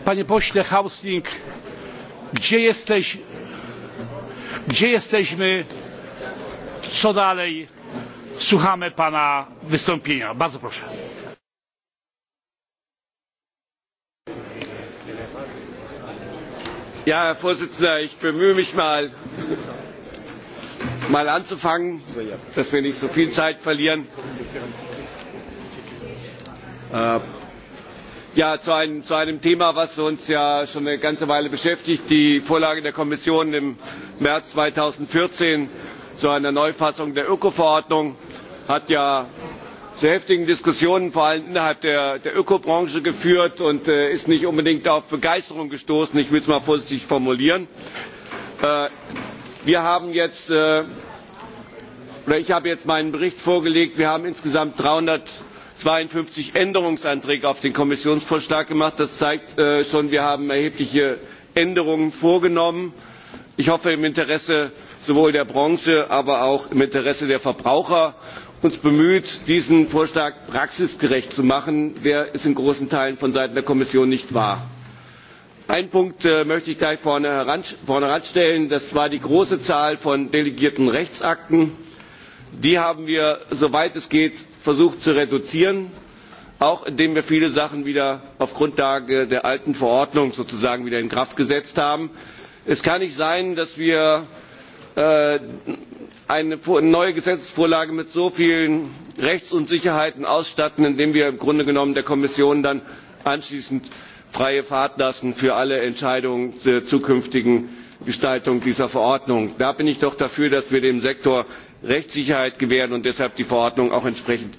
panie pośle husling gdzie, jesteś, gdzie jesteśmy co dalej? słuchamy pana wystąpienia. bardzo proszę. Ja, herr Vorsitzender, ich bemühe mich mal, mal anzufangen dass wir nicht so viel zeit verlieren. Äh, ja, zu, einem, thema das uns ja schon eine ganze weile beschäftigt die vorlage der kommission im märz zweitausendvierzehn zu einer neufassung der ökoverordnung hat ja zu heftigen diskussionen vor allem innerhalb der, ökobranche geführt und äh, ist nicht unbedingt auf begeisterung gestoßen ich will es mal vorsichtig formulieren. Äh, wir haben jetzt äh, oder ich habe jetzt meinen bericht vorgelegt wir haben insgesamt dreihundert zweiundfünfzig änderungsanträge auf den kommissionsvorschlag gemacht. das zeigt äh, schon wir haben erhebliche änderungen vorgenommen. ich hoffe im interesse sowohl der branche aber auch im interesse der verbraucher uns bemüht diesen vorschlag praxisgerecht zu machen der es in großen teilen von seiten der kommission nicht war. einen punkt äh, möchte ich gleich vorne das war die große zahl von delegierten rechtsakten. die haben wir soweit es geht versucht zu reduzieren auch indem wir viele sachen wieder auf grundlage der alten verordnung sozusagen wieder in kraft gesetzt haben. es kann nicht sein dass wir äh, eine neue gesetzesvorlage mit so vielen rechtsunsicherheiten ausstatten indem wir im grunde genommen der kommission dann anschließend freie fahrt lassen für alle entscheidungen zur zukünftigen gestaltung dieser verordnung. da bin ich doch dafür dass wir dem sektor rechtssicherheit gewähren und deshalb die verordnung auch entsprechend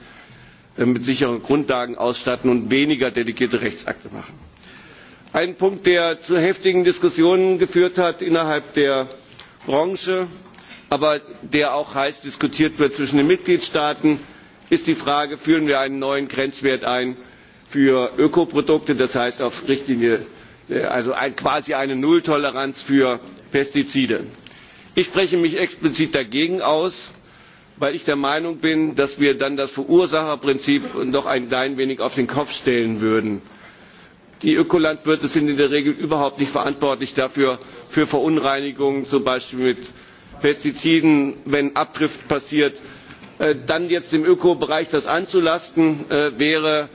äh, mit sicheren grundlagen ausstatten und weniger delegierte rechtsakte machen. ein punkt der zu heftigen diskussionen geführt hat innerhalb der branche aber der auch heiß diskutiert wird zwischen den mitgliedstaaten ist die frage führen wir einen neuen grenzwert ein für ökoprodukte das heißt auf richtlinie äh, also quasi eine nulltoleranz für pestizide? ich spreche mich explizit dagegen aus weil ich der meinung bin dass wir dann das verursacherprinzip noch ein klein wenig auf den kopf stellen würden. die ökolandwirte sind in der regel überhaupt nicht verantwortlich dafür für verunreinigungen zum beispiel mit pestiziden wenn abdrift passiert. Äh, dann jetzt dem ökobereich das anzulasten äh, wäre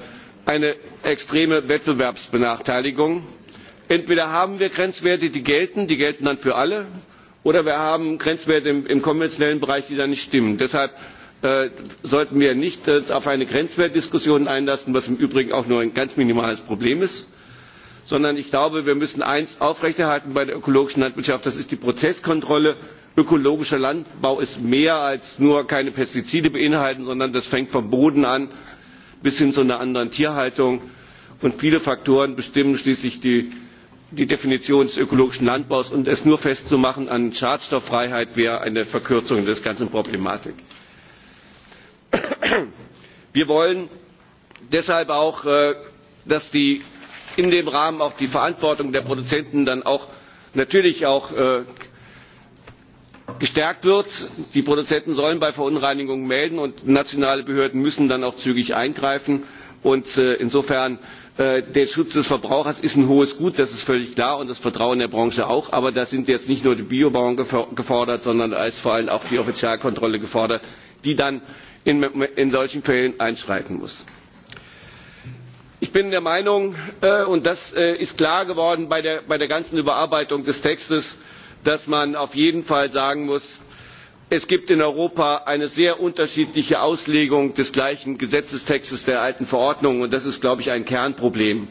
eine extreme wettbewerbsbenachteiligung. entweder haben wir grenzwerte die gelten die gelten dann für alle oder wir haben grenzwerte im, konventionellen bereich die dann nicht stimmen. deshalb äh, sollten wir uns nicht auf eine grenzwertdiskussion einlassen was im übrigen auch nur ein ganz minimales problem ist sondern ich glaube wir müssen eines aufrechterhalten bei der ökologischen landwirtschaft das ist die prozesskontrolle. ökologischer landbau ist mehr als nur keine pestizide beinhalten sondern das fängt vom boden an bis hin zu einer anderen tierhaltung und viele faktoren bestimmen schließlich die die definition des ökologischen landbaus und es nur festzumachen an schadstofffreiheit wäre eine verkürzung der ganzen problematik. wir wollen deshalb auch äh, dass in dem rahmen auch die verantwortung der produzenten dann auch natürlich auch äh, gestärkt wird. die produzenten sollen bei verunreinigungen melden und nationale behörden müssen dann auch zügig eingreifen. und äh, insofern Äh, der schutz des verbrauchers ist ein hohes gut das ist völlig klar und das vertrauen der branche auch aber da sind jetzt nicht nur die biobauern gefordert sondern da ist vor allem auch die offizialkontrolle gefordert die dann in, solchen fällen einschreiten muss. ich bin der meinung äh, und das äh, ist klar geworden bei der ganzen überarbeitung des textes dass man auf jeden fall sagen muss es gibt in europa eine sehr unterschiedliche auslegung des gleichen gesetzestextes der alten verordnung und das ist glaube ich ein kernproblem.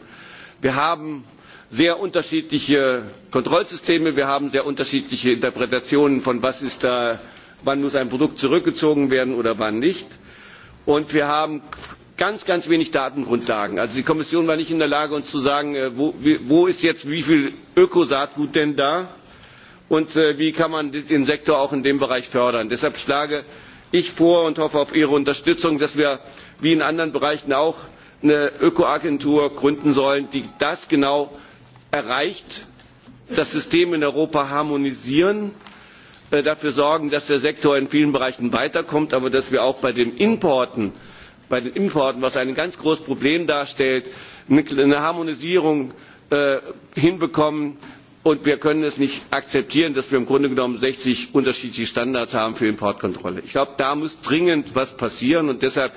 wir haben sehr unterschiedliche kontrollsysteme wir haben sehr unterschiedliche interpretationen von wann muss ein produkt zurückgezogen werden oder wann nicht und wir haben ganz ganz wenig datengrundlagen. also die kommission war nicht in der lage uns zu sagen äh, wo, wo ist jetzt wie viel ökosaatgut denn da? und äh, wie kann man den sektor auch in dem bereich fördern? deshalb schlage ich vor und hoffe auf ihre unterstützung dass wir wie in anderen bereichen auch eine ökoagentur gründen sollen die das genau erreicht das system in europa harmonisieren äh, dafür sorgen dass der sektor in vielen bereichen weiterkommt aber dass wir auch bei den importen bei den importen was ein ganz großes problem darstellt eine harmonisierung äh, hinbekommen und wir können es nicht akzeptieren dass wir im grunde genommen sechzig unterschiedliche standards für importkontrolle. ich glaube da muss dringend etwas passieren und deshalb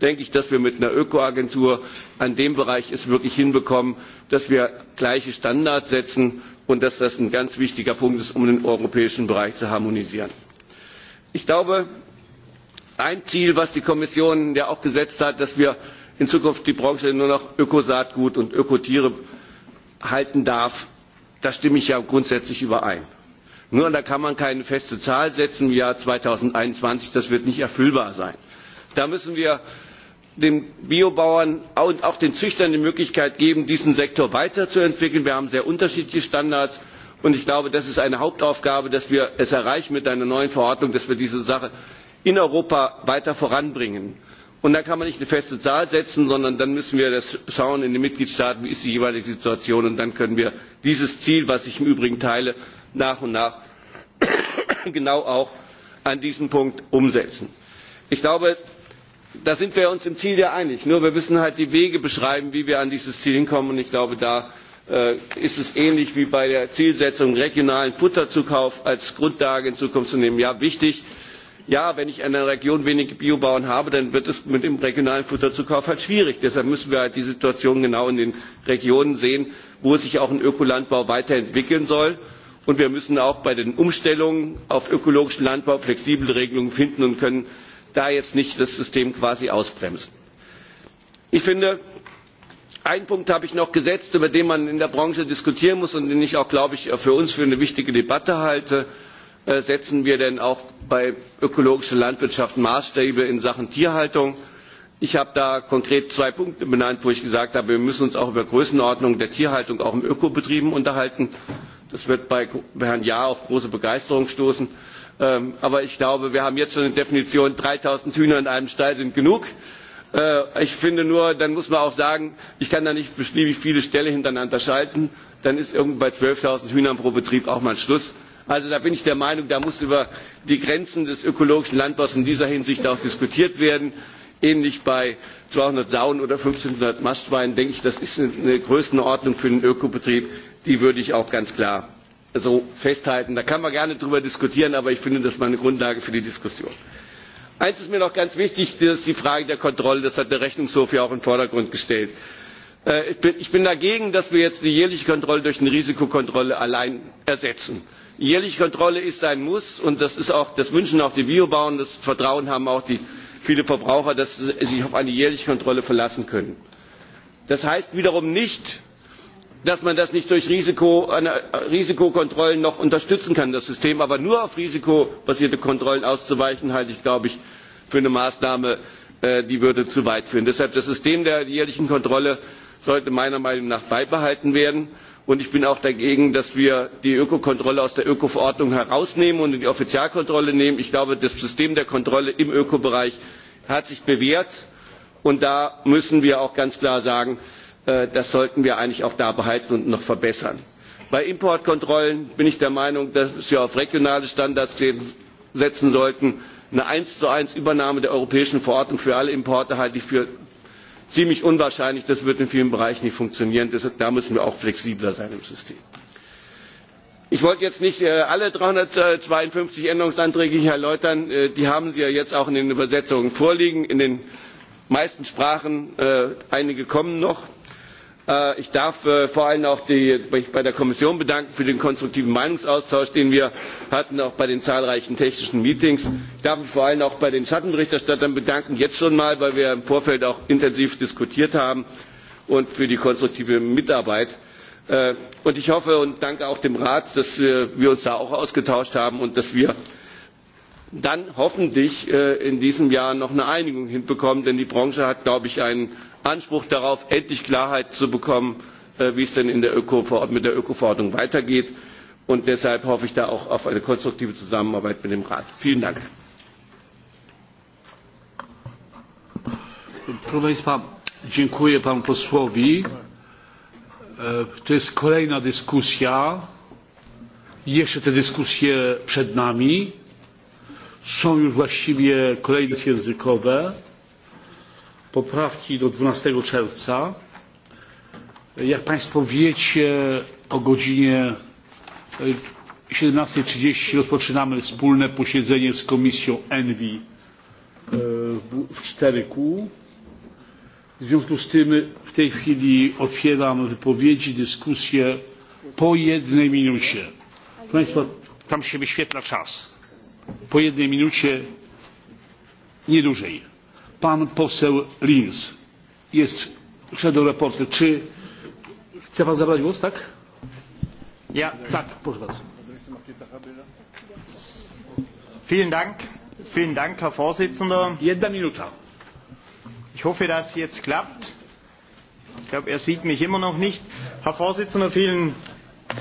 denke ich dass wir es mit einer öko agentur in dem bereich wirklich hinbekommen dass wir gleiche standards setzen und dass das ein ganz wichtiger punkt ist um den europäischen bereich zu harmonisieren. ich glaube ein ziel das die kommission ja auch gesetzt hat dass wir in zukunft die branche nur noch öko saatgut und ökotiere halten darf da stimme ich ja grundsätzlich überein. nur da kann man keine feste zahl setzen im jahr zweitausendeinundzwanzig das wird nicht erfüllbar sein. da müssen wir den biobauern und auch den züchtern die möglichkeit geben diesen sektor weiterzuentwickeln. wir haben sehr unterschiedliche standards und ich glaube das ist eine hauptaufgabe dass wir es erreichen mit einer neuen verordnung dass wir diese sache in europa weiter voranbringen und da kann man nicht eine feste zahl setzen sondern dann müssen wir schauen in den mitgliedstaaten wie ist die jeweilige situation und dann können wir dieses ziel das ich im übrigen teile nach und nach genau auch an diesem punkt umsetzen. ich glaube da sind wir uns im ziel ja einig nur wir müssen halt die wege beschreiben wie wir an dieses ziel hinkommen und ich glaube da äh, ist es ähnlich wie bei der zielsetzung regionalen futterzukauf als grundlage in zukunft zu nehmen ja wichtig ja wenn ich in einer region wenige biobauern habe dann wird es mit dem regionalen futterzukauf halt schwierig. deshalb müssen wir die situation genau in den regionen sehen wo sich auch ein ökolandbau weiterentwickeln soll und wir müssen auch bei den umstellungen auf ökologischen landbau flexible regelungen finden und können da jetzt nicht das system quasi ausbremsen. ich finde einen punkt habe ich noch gesetzt über den man in der branche diskutieren muss und den ich auch glaube ich, für uns für eine wichtige debatte halte Äh, setzen wir denn auch bei ökologischer landwirtschaft maßstäbe in sachen tierhaltung? ich habe da konkret zwei punkte benannt wo ich gesagt habe wir müssen uns auch über größenordnungen der tierhaltung auch in ökobetrieben unterhalten. das wird bei herrn jahr auf große begeisterung stoßen. Ähm, aber ich glaube wir haben jetzt schon eine definition drei null hühner in einem stall sind genug. Äh, ich finde nur dann muss man auch sagen ich kann da nicht beliebig viele ställe hintereinander schalten dann ist irgendwann bei zwölf null hühnern pro betrieb auch mal schluss also da bin ich der meinung da muss über die grenzen des ökologischen landbaus in dieser hinsicht auch diskutiert werden ähnlich bei zweihundert sauen oder fünfhundert mastweinen denke ich das ist eine größenordnung für den ökobetrieb die würde ich auch ganz klar so festhalten. da kann man gerne darüber diskutieren aber ich finde das mal eine grundlage für die diskussion. eines ist mir noch ganz wichtig das ist die frage der kontrolle das hat der rechnungshof ja auch in den vordergrund gestellt. Äh, ich bin dagegen dass wir jetzt die jährliche kontrolle durch eine risikokontrolle allein ersetzen Die jährliche kontrolle ist ein muss und das, auch, das wünschen auch die biobauern das vertrauen haben auch viele verbraucher dass sie sich auf eine jährliche kontrolle verlassen können. das heißt wiederum nicht dass man das nicht durch risikokontrollen noch unterstützen kann das system aber nur auf risikobasierte kontrollen auszuweichen halte ich glaube ich für eine maßnahme äh, die würde zu weit führen. deshalb das system der jährlichen kontrolle sollte meiner meinung nach beibehalten werden und ich bin auch dagegen dass wir die ökokontrolle aus der ökoverordnung herausnehmen und in die offizialkontrolle nehmen. ich glaube das system der kontrolle im ökobereich hat sich bewährt und da müssen wir auch ganz klar sagen äh, das sollten wir eigentlich auch da behalten und noch verbessern. bei importkontrollen bin ich der meinung dass wir auf regionale standards setzen sollten. eine eins zu eins übernahme der europäischen verordnung für alle importe halte ich für ziemlich unwahrscheinlich das wird in vielen bereichen nicht funktionieren. Deshalb, da müssen wir auch flexibler sein im system. ich wollte jetzt nicht äh, alle dreihundertzweiundfünfzig änderungsanträge hier erläutern äh, die haben sie ja jetzt auch in den übersetzungen vorliegen in den meisten sprachen äh, einige kommen noch. Äh, ich darf äh, vor allem auch mich bei der kommission bedanken für den konstruktiven meinungsaustausch den wir hatten auch bei den zahlreichen technischen meetings. ich darf mich vor allem auch bei den schattenberichterstattern bedanken jetzt schon einmal weil wir im vorfeld auch intensiv diskutiert haben und für die konstruktive mitarbeit. Äh, und ich hoffe und danke auch dem rat dass wir uns da auch ausgetauscht haben und dass wir dann hoffentlich in diesem jahr noch eine einigung hinbekommen denn die branche hat glaube ich einen anspruch darauf endlich klarheit zu bekommen äh, wie es denn mit der öko verordnung weitergeht. Und deshalb hoffe ich da auch auf eine konstruktive zusammenarbeit mit dem rat. vielen dank! dziękuję panu posłowi e, to jest kolejna dyskusja jeszcze te dyskusje przed nami są już właściwie kolejne językowe poprawki do 12 czerwca. Jak Państwo wiecie, o godzinie 17.30 e, rozpoczynamy wspólne posiedzenie z Komisją ENVI w Czteryku. W związku z tym w tej chwili otwieram wypowiedzi, dyskusję po jednej minucie. Proszę Państwa, tam się wyświetla czas. Po jednej minucie, nie dłużej Pan poseł Linz jest shadow reporter. Czy chce Pan zabrać głos, tak? Ja. Tak, proszę bardzo. Vielen Dank. Vielen Dank, Herr Vorsitzender. Jedna minuta. Ich hoffe, dass jetzt klappt. Ich glaube, er sieht mich immer noch nicht. Herr Vorsitzender, vielen,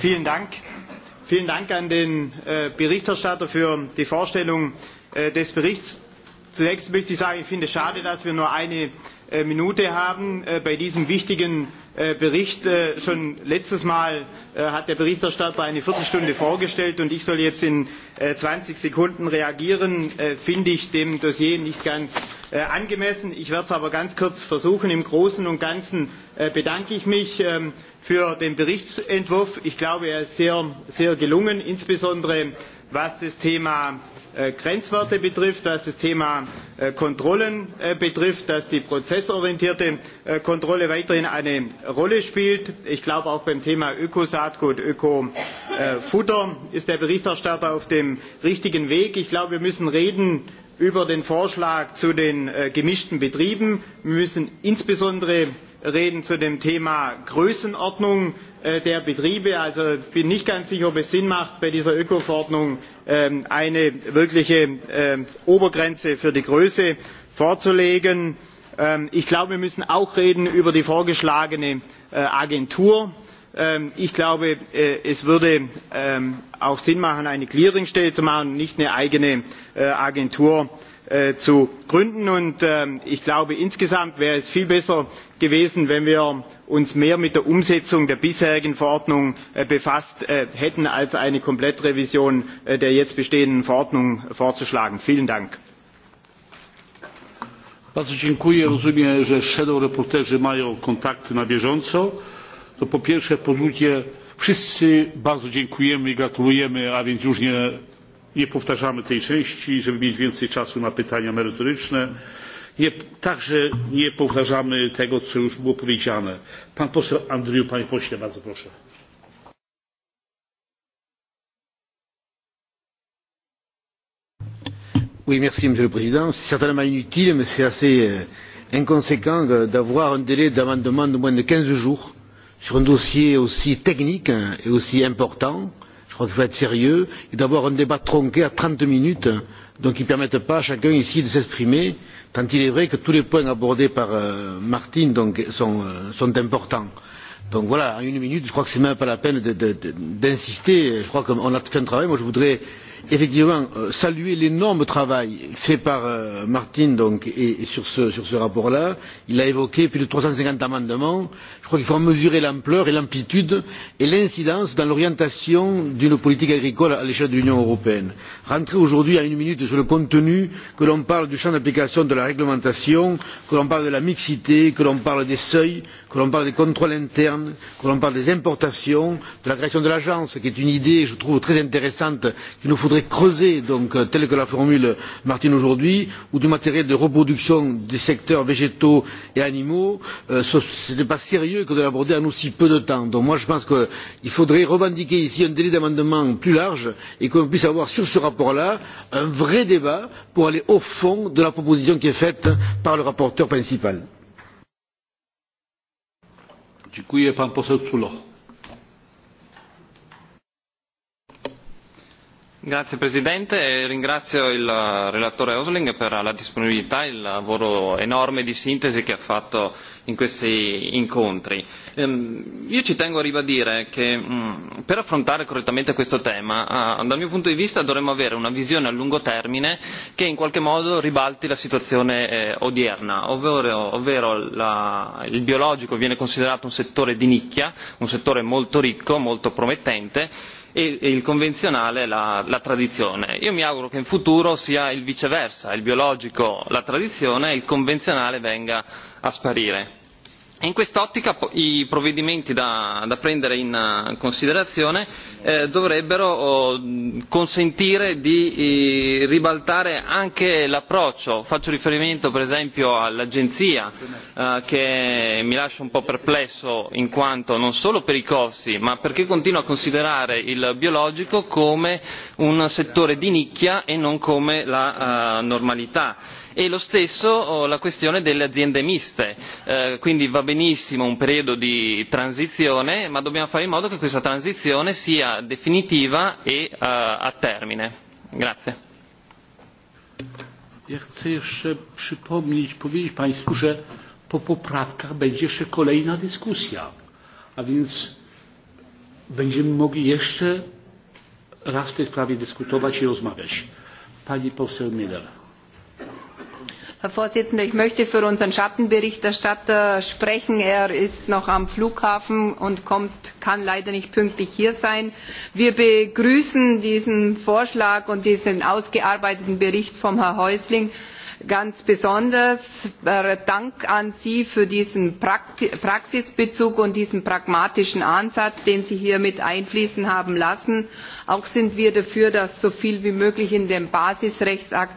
vielen Dank. Vielen Dank an den äh, Berichterstatter für die Vorstellung äh, des Berichts zunächst möchte ich sagen ich finde es schade dass wir nur eine äh, minute haben äh, bei diesem wichtigen äh, bericht. schon letztes mal hat der berichterstatter eine viertelstunde vorgestellt und ich soll jetzt in zwanzig sekunden reagieren finde ich dem dossier nicht ganz angemessen. ich werde es aber ganz kurz versuchen. im großen und ganzen bedanke ich mich ähm, für den berichtsentwurf. ich glaube er ist sehr, sehr gelungen insbesondere was das thema Äh, grenzwerte betrifft was das thema äh, kontrollen äh, betrifft dass die prozessorientierte kontrolle weiterhin eine rolle spielt. ich glaube auch beim thema ökosaatgut ökofutter ist der berichterstatter auf dem richtigen weg. ich glaube wir müssen reden über den vorschlag zu den gemischten betrieben. wir müssen insbesondere reden zu dem thema größenordnung äh, der betriebe. also ich bin nicht ganz sicher ob es sinn macht bei dieser öko verordnung ähm, eine wirkliche ähm, obergrenze für die größe vorzulegen. Ähm, ich glaube wir müssen auch reden über die vorgeschlagene äh, agentur ich glaube äh, es würde auch sinn machen eine clearingstelle zu machen und nicht eine eigene agentur Äh, zu gründen. Und ähm, ich glaube, insgesamt wäre es viel besser gewesen, wenn wir uns mehr mit der Umsetzung der bisherigen Verordnung äh, befasst äh, hätten, als eine Komplettrevision der jetzt bestehenden Verordnung vorzuschlagen. Vielen Dank. Rozumiem, że mają kontakty na bieżąco. po pierwsze, po drugie, wszyscy bardzo dziękujemy i gratulujemy, a więc już nie nie powtarzamy tej części żeby mieć więcej czasu na pytania merytoryczne także nie powtarzamy tego co już było powiedziane. pan poseł andrieu panie pośle bardzo proszę. monsieur le président c'est certainement inutile mais c'est assez euh, inconséquent euh, d'avoir un délai d'amendement de moins de quinze jours sur un dossier aussi technique et aussi important crois qu'il faut être sérieux et d'avoir un débat tronqué à trente minutes donc qui ne permette pas à chacun ici de s'exprimer tant il est vrai que tous les points abordés par euh, martin euh, sont, importants. donc voilà en une minute je crois que ce n'est même pas la peine d'insister je crois qu'on a fait un travail. Moi, je voudrais effectivement euh, saluer l'énorme travail fait par martin sur ce rapport là. il a évoqué plus de trois cent cinquante amendements crois qu'il faut mesurer l'ampleur et l'amplitude et l'incidence dans l'orientation d'une politique agricole à l'échelle de l'union européenne. rentrer aujourd'hui en une minute sur le contenu que l'on parle du champ d'application de la réglementation que l'on parle de la mixité que l'on parle des seuils que l'on parle des contrôles internes que l'on parle des importations de la création de l'agence qui est une idée je trouve très intéressante qu'il nous faudrait creuser donc euh, telle que la formule martin aujourd'hui ou du matériel de reproduction des secteurs végétaux et animaux euh, ce n'est pas sérieux mieux que de l'aborder en aussi peu de temps. par conséquent je pense qu'il faudrait revendiquer ici un délai d'amendement plus large et qu'on puisse avoir sur ce rapport là un vrai débat pour aller au fond de la proposition qui est faite par le rapporteur principal. signor presidente onorevoli colleghi ringrazio il eh, relatore husling per la disponibilità e il lavoro enorme di sintesi che ha fatto in questi incontri. Ehm, io ci tengo a ribadire che mm, per affrontare correttamente questo tema eh, dal mio punto di vista dovremmo avere una visione a lungo termine che in qualche modo ribalti la situazione eh, odierna ovvero, il biologico viene considerato un settore di nicchia un settore molto ricco molto promettente E, e, il convenzionale la, la tradizione. io mi auguro che in futuro sia il viceversa il biologico la tradizione e il convenzionale venga a sparire. E in quest'ottica i provvedimenti da, da prendere in eh, considerazione eh, dovrebbero oh, consentire di ribaltare anche l'approccio faccio riferimento per esempio all'agenzia eh, che mi lascia un po' perplesso in quanto non solo per i costi ma perché continua a considerare il biologico come un settore di nicchia e non come la eh, normalità e lo stesso oh, la questione delle aziende miste eh, quindi va benissimo un periodo di transizione ma dobbiamo fare in modo che questa transizione sia definitiva e eh, a termine. Ja chcę jeszcze przypomnieć, powiedzieć Państwu, że po poprawkach będzie jeszcze kolejna dyskusja, a więc będziemy mogli jeszcze raz w tej sprawie dyskutować i rozmawiać. Pani poseł Miller herr präsident! ich möchte für unseren schattenberichterstatter sprechen. er ist noch am flughafen und kommt, kann leider nicht pünktlich hier sein. wir begrüßen diesen vorschlag und diesen ausgearbeiteten bericht von herrn häusling ganz besonders äh, dank an sie für diesen praxisbezug und diesen pragmatischen ansatz den sie hier mit einfließen haben lassen. auch sind wir dafür dass so viel wie möglich in dem basisrechtsakt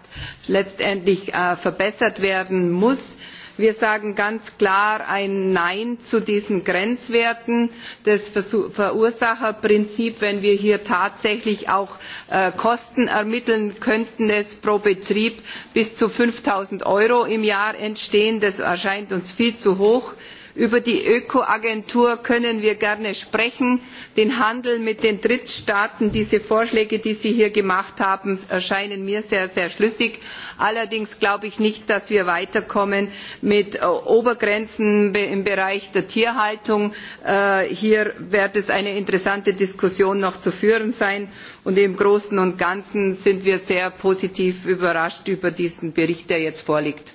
letztendlich äh, verbessert werden muss wir sagen ganz klar ein nein zu diesen grenzwerten das verursacherprinzip wenn wir hier tatsächlich auch äh, kosten ermitteln könnten es pro betrieb bis zu fünf null euro im jahr entstehen das erscheint uns viel zu hoch über die öko agentur können wir gerne sprechen den handel mit den drittstaaten diese vorschläge die sie hier gemacht haben erscheinen mir sehr sehr schlüssig. allerdings glaube ich nicht dass wir weiterkommen mit äh, obergrenzen im bereich der tierhaltung. Äh, hier wird es eine interessante diskussion noch zu führen sein und im großen und ganzen sind wir sehr positiv überrascht über diesen bericht der jetzt vorliegt.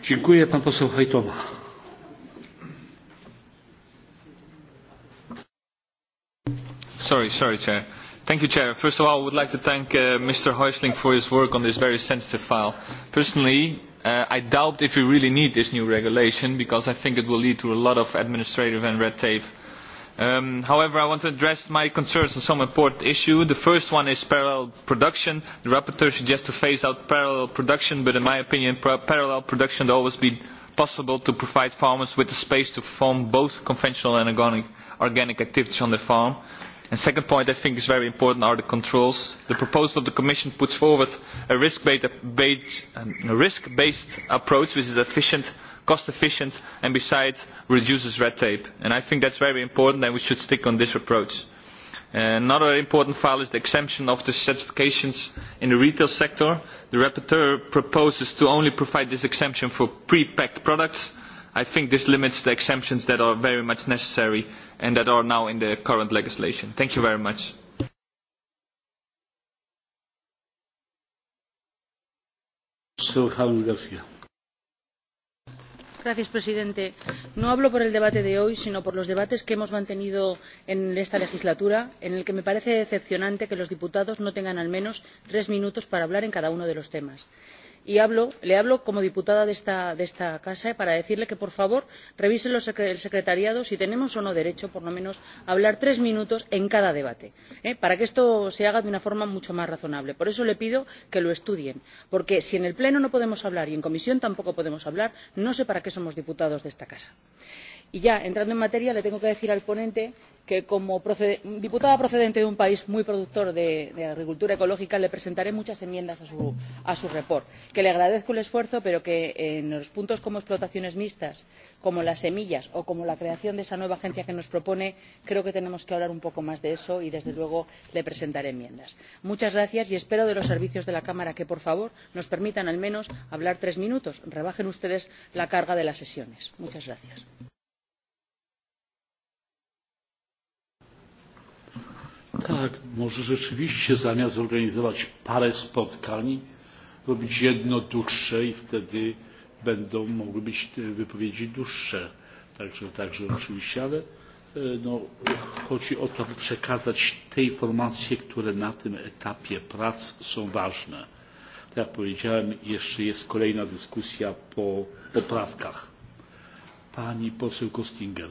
Ďakujem, pán posol Hajtoma. Sorry, sorry, Chair. Thank you, Chair. First of all, I would like to thank uh, Mr. Heusling for his work on this very sensitive file. Personally, uh, I doubt if we really need this new regulation because I think it will lead to a lot of administrative and red tape Um, however i want to address my concerns on some important issues. the first one is parallel production. the rapporteur suggests to phase out parallel production but in my opinion parallel production should always be possible to provide farmers with the space to perform both conventional and organic, activities on their farm. The second point i think is very important are the controls. the proposal of the commission puts forward a risk um, -based approach which is efficient cost efficient and besides reduces red tape and i think that is very important and we should stick on this approach. Uh, another important file is the exemption of the certifications in the retail sector. the rapporteur proposes to only provide this exemption for pre packed products. i think this limits the exemptions that are very much necessary and that are now in the current legislation. thank you very much. So, señor presidente no hablo por el debate de hoy sino por los debates que hemos mantenido en esta legislatura en los que me parece decepcionante que los diputados no tengan al menos tres minutos para hablar en cada uno de los temas y le hablo como diputada de esta, casa eh, para decirle que por favor revise el secretariado si tenemos o no derecho por lo menos a hablar tres minutos en cada debate eh, para que esto se haga de una forma mucho más razonable. por eso le pido que lo estudien porque si en el pleno no podemos hablar y en comisión tampoco podemos hablar no sé para qué somos diputados de esta casa. en y ya entrando en materia le tengo que decir al ponente que como diputada procedente de un país muy productor de agricultura ecológica le presentaré muchas enmiendas a su informe que le agradezco el esfuerzo pero que en los puntos como explotaciones mixtas como las semillas o como la creación de esa nueva agencia que nos propone creo que tenemos que hablar un poco más de eso y desde luego le presentaré enmiendas. muchas gracias y espero de los servicios de la cámara que por favor nos permitan al menos hablar tres minutos rebajen ustedes la carga de las sesiones. muchas gracias. Tak, może rzeczywiście zamiast organizować parę spotkań, robić jedno dłuższe i wtedy będą mogły być e, wypowiedzi dłuższe. Także, także oczywiście, ale e, no, chodzi o to, aby przekazać te informacje, które na tym etapie prac są ważne. Tak jak powiedziałem, jeszcze jest kolejna dyskusja po poprawkach. Pani poseł Kostinger.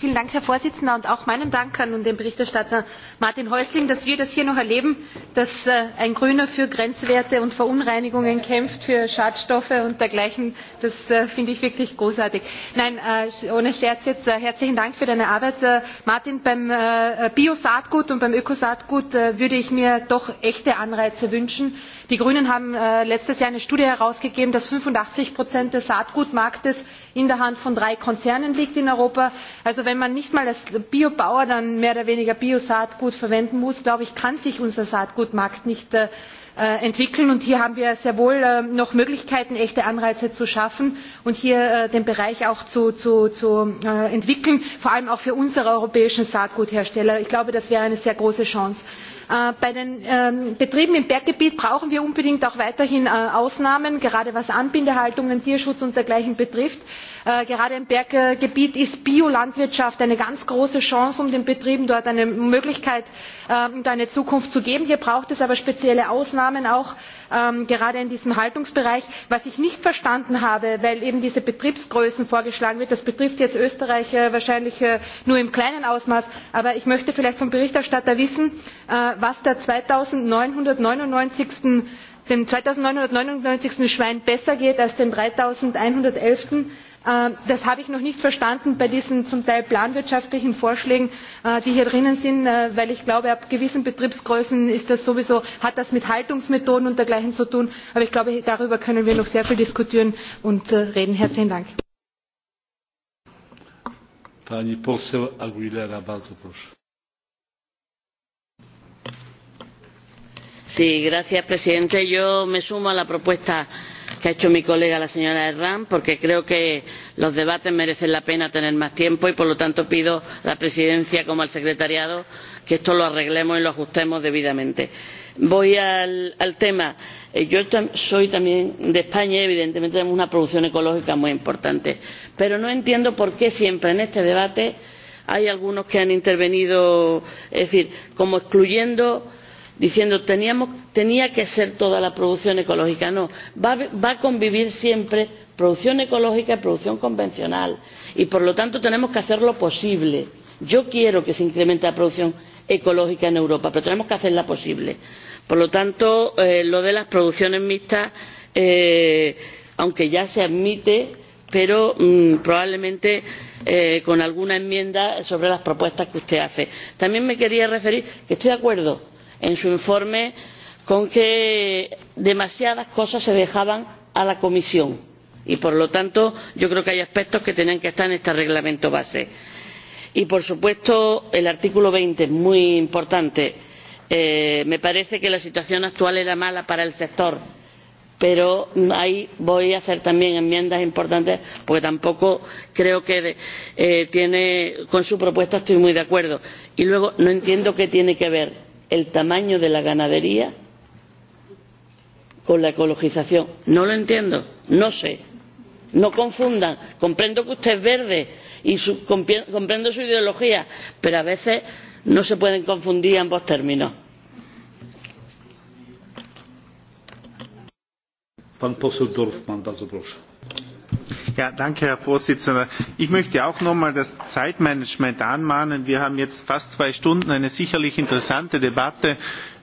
Vielen Dank, Herr Vorsitzender, und auch meinen Dank an den Berichterstatter Martin Häusling, dass wir das hier noch erleben, dass äh, ein Grüner für Grenzwerte und Verunreinigungen kämpft, für Schadstoffe und dergleichen. Das äh, finde ich wirklich großartig. Nein, äh, ohne Scherz jetzt, herzlichen Dank für deine Arbeit. Martin, beim Bio-Saatgut und beim Ökosaatgut würde ich mir doch echte Anreize wünschen die grünen haben äh, letztes jahr eine studie herausgegeben dass fünfundachtzig des saatgutmarktes in der hand von drei konzernen liegt in europa. also wenn man nicht einmal als biobauer dann mehr oder weniger biosaatgut verwenden muss kann sich unser saatgutmarkt nicht äh, äh, entwickeln und hier haben wir sehr wohl noch möglichkeiten echte anreize zu schaffen und hier den bereich auch zu entwickeln vor allem auch für unsere europäischen saatguthersteller. ich glaube das wäre eine sehr große chance. Äh, bei den ähm, betrieben im berggebiet brauchen wir unbedingt auch weiterhin äh, ausnahmen gerade was anbindehaltungen tierschutz und dergleichen betrifft. Äh, gerade im berggebiet ist biolandwirtschaft eine ganz große chance um den betrieben dort eine möglichkeit ähm, und eine zukunft zu geben. hier braucht es aber spezielle ausnahmen auch ähm, gerade in diesem haltungsbereich. was ich nicht verstanden habe weil eben diese betriebsgrößen vorgeschlagen werden das betrifft jetzt österreich äh, wahrscheinlich äh, nur im kleinen ausmaß aber ich möchte vielleicht vom berichterstatter wissen was der zweitausendneunhundertneunundneunzig dem zweitausendneunhundertneunundneunzig schwein besser geht als dem dreitausendeinhundertelf Ähm, das habe ich noch nicht verstanden bei diesen zum teil planwirtschaftlichen vorschlägen äh, die hier drinnen sind äh, weil ich glaube ab gewissen betriebsgrößen hat das mit haltungsmethoden und dergleichen zu tun. aber ich glaube darüber können wir noch sehr viel diskutieren und äh, reden. herzlichen dank! señor presidente yo me sumo a la propuesta que ha hecho mi colega la señora herranz porque creo que los debates merecen la pena tener más tiempo y por lo tanto pido a la presidencia como al secretariado que esto lo arreglemos y lo ajustemos debidamente. voy al, al tema. Eh, yo soy también de españa y evidentemente tenemos una producción ecológica muy importante pero no entiendo por qué siempre en este debate hay algunos que han intervenido es decir como excluyendo diciendo que tenía que ser toda la producción ecológica. No, va, va a convivir siempre producción ecológica y producción convencional y por lo tanto tenemos que hacer lo posible. Yo quiero que se incremente la producción ecológica en Europa, pero tenemos que hacer lo posible. Por lo tanto, eh, lo de las producciones mixtas, eh, aunque ya se admite, pero mm, probablemente eh, con alguna enmienda sobre las propuestas que usted hace. También me quería referir que estoy de acuerdo en su informe con que demasiadas cosas se dejaban a la comisión y por lo tanto yo creo que hay aspectos que tenían que estar en este reglamento base. y por supuesto el artículo veinte es muy importante. Eh, me parece que la situación actual era mala para el sector pero ahí voy a hacer también enmiendas importantes porque tampoco creo que eh, tiene con su propuesta estoy muy de acuerdo. y luego no entiendo qué tiene que ver el tamaño de la ganadería con la ecologización. No lo entiendo, no sé. No confundan. Comprendo que usted es verde y su, comprendo su ideología, pero a veces no se pueden confundir ambos términos. Pan poseł Dorfman, bardzo proszę herr präsident! ich möchte auch noch einmal das zeitmanagement anmahnen. wir haben jetzt fast zwei stunden eine sicherlich interessante debatte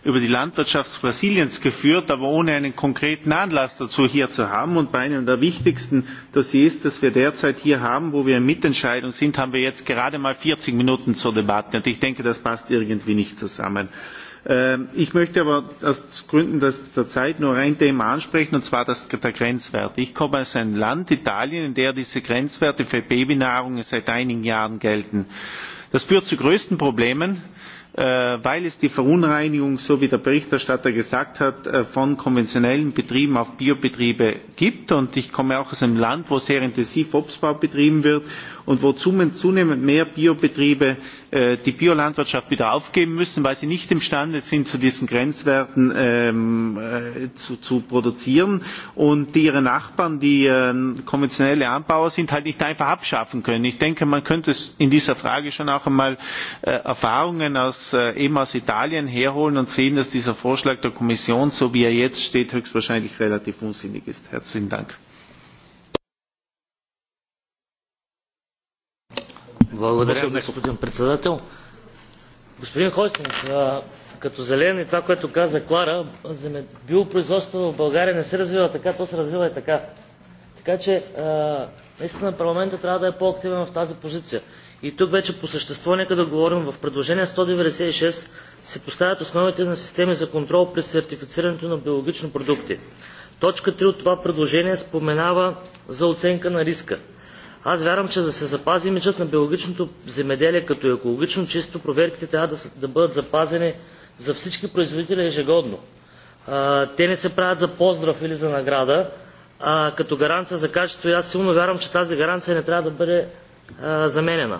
über die landwirtschaft brasiliens geführt aber ohne einen konkreten anlass dazu hier zu haben. und bei einem der wichtigsten dossiers das wir derzeit hier haben wo wir in mitentscheidung sind haben wir jetzt gerade mal vierzig minuten zur debatte. Und ich denke das passt irgendwie nicht zusammen. Ähm, ich möchte aber aus Gründen der Zeit nur ein Thema ansprechen, und zwar das, der Grenzwert. Ich komme aus einem Land, Italien, in dem diese Grenzwerte für Babynahrung seit einigen Jahren gelten. Das führt zu größten Problemen, äh, weil es die Verunreinigung, so wie der Berichterstatter gesagt hat, äh, von konventionellen Betrieben auf Biobetriebe gibt. Und ich komme auch aus einem Land, wo sehr intensiv Obstbau betrieben wird und wo zunehmend mehr biobetriebe äh, die biolandwirtschaft wieder aufgeben müssen weil sie nicht imstande sind zu diesen grenzwerten ähm, äh, zu, produzieren und die ihre nachbarn die ähm, konventionelle anbauer sind halt nicht einfach abschaffen können. ich denke man könnte in dieser frage schon auch einmal äh, erfahrungen eben aus italien herholen und sehen dass dieser vorschlag der kommission so wie er jetzt steht höchstwahrscheinlich relativ unsinnig ist. herzlichen dank! Благодаря, господин председател. Господин Хостинг, като зелен и това, което каза Клара, биопроизводството в България не се развива така, то се развива и така. Така че наистина парламентът трябва да е по-активен в тази позиция. И тук вече по същество нека да говорим. В предложение 196 се поставят основите на системи за контрол при сертифицирането на биологични продукти. Точка 3 от това предложение споменава за оценка на риска. Аз вярвам, че за да се запази имиджът на биологичното земеделие като екологично чисто, проверките трябва да, да бъдат запазени за всички производители ежегодно. А, те не се правят за поздрав или за награда, а, като гаранция за качество. И аз силно вярвам, че тази гаранция не трябва да бъде а, заменена.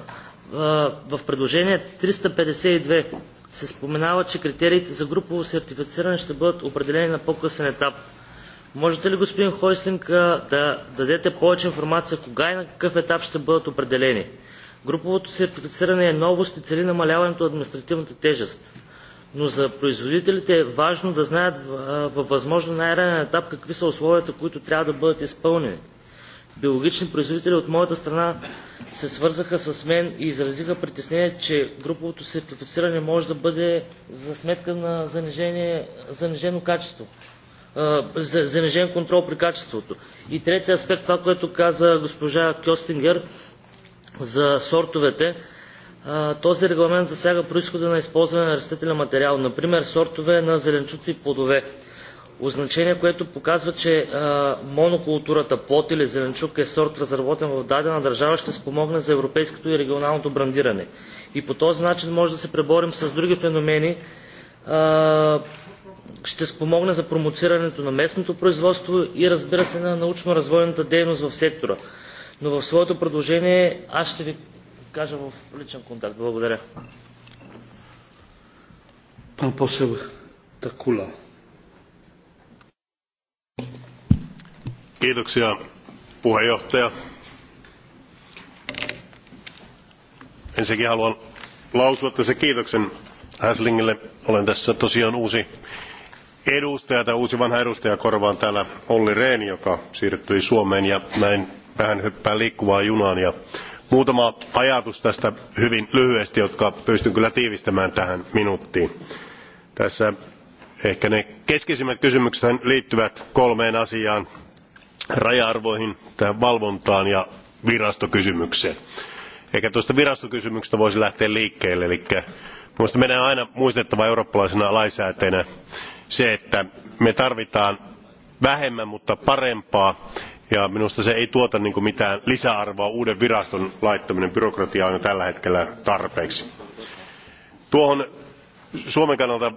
в предложение 352 се споменава, че критериите за групово сертифициране ще бъдат определени на по-късен етап – Можете ли, господин Хойслинг, да дадете повече информация кога и на какъв етап ще бъдат определени? Груповото сертифициране е новост и цели намаляването на административната тежест. Но за производителите е важно да знаят във възможно най-ранен етап какви са условията, които трябва да бъдат изпълнени. Биологични производители от моята страна се свързаха с мен и изразиха притеснение, че груповото сертифициране може да бъде за сметка на занижено качество занижен контрол при качеството. И третия аспект, това, което каза госпожа Кьостингер за сортовете, този регламент засяга происхода на използване на растителен материал, например сортове на зеленчуци и плодове. Означение, което показва, че монокултурата плод или зеленчук е сорт разработен в дадена държава, ще спомогне за европейското и регионалното брандиране. И по този начин може да се преборим с други феномени, ще спомогне за промоцирането на местното производство и разбира се на научно-развойната дейност в сектора. Но в своето предложение аз ще ви кажа в личен контакт. Благодаря. Пан посел Такула. Kiitoksia puheenjohtaja. Ensinnäkin haluan lausua tässä kiitoksen Häslingille. Olen tässä tosiaan uusi edustaja tai uusi vanha edustaja korvaan täällä olli rehn joka siirtyi suomeen ja näin vähän hyppään liikkuvaan junaan. Ja muutama ajatus tästä hyvin lyhyesti jotka pystyn kyllä tiivistämään tähän minuuttiin. tässä ehkä ne keskeisimmät kysymykset liittyvät kolmeen asiaan raja arvoihin tähän valvontaan ja virastokysymykseen. ehkä tuosta virastokysymyksestä voisi lähteä liikkeelle. eli minusta meidän on aina muistettava eurooppalaisena lainsäätäjänä se että me tarvitsemme vähemmän mutta parempaa ja minusta se ei tuota mitään lisäarvoa uuden viraston laittaminen byrokratiaan on jo tällä hetkellä tarpeeksi. tuohon suomen kannalta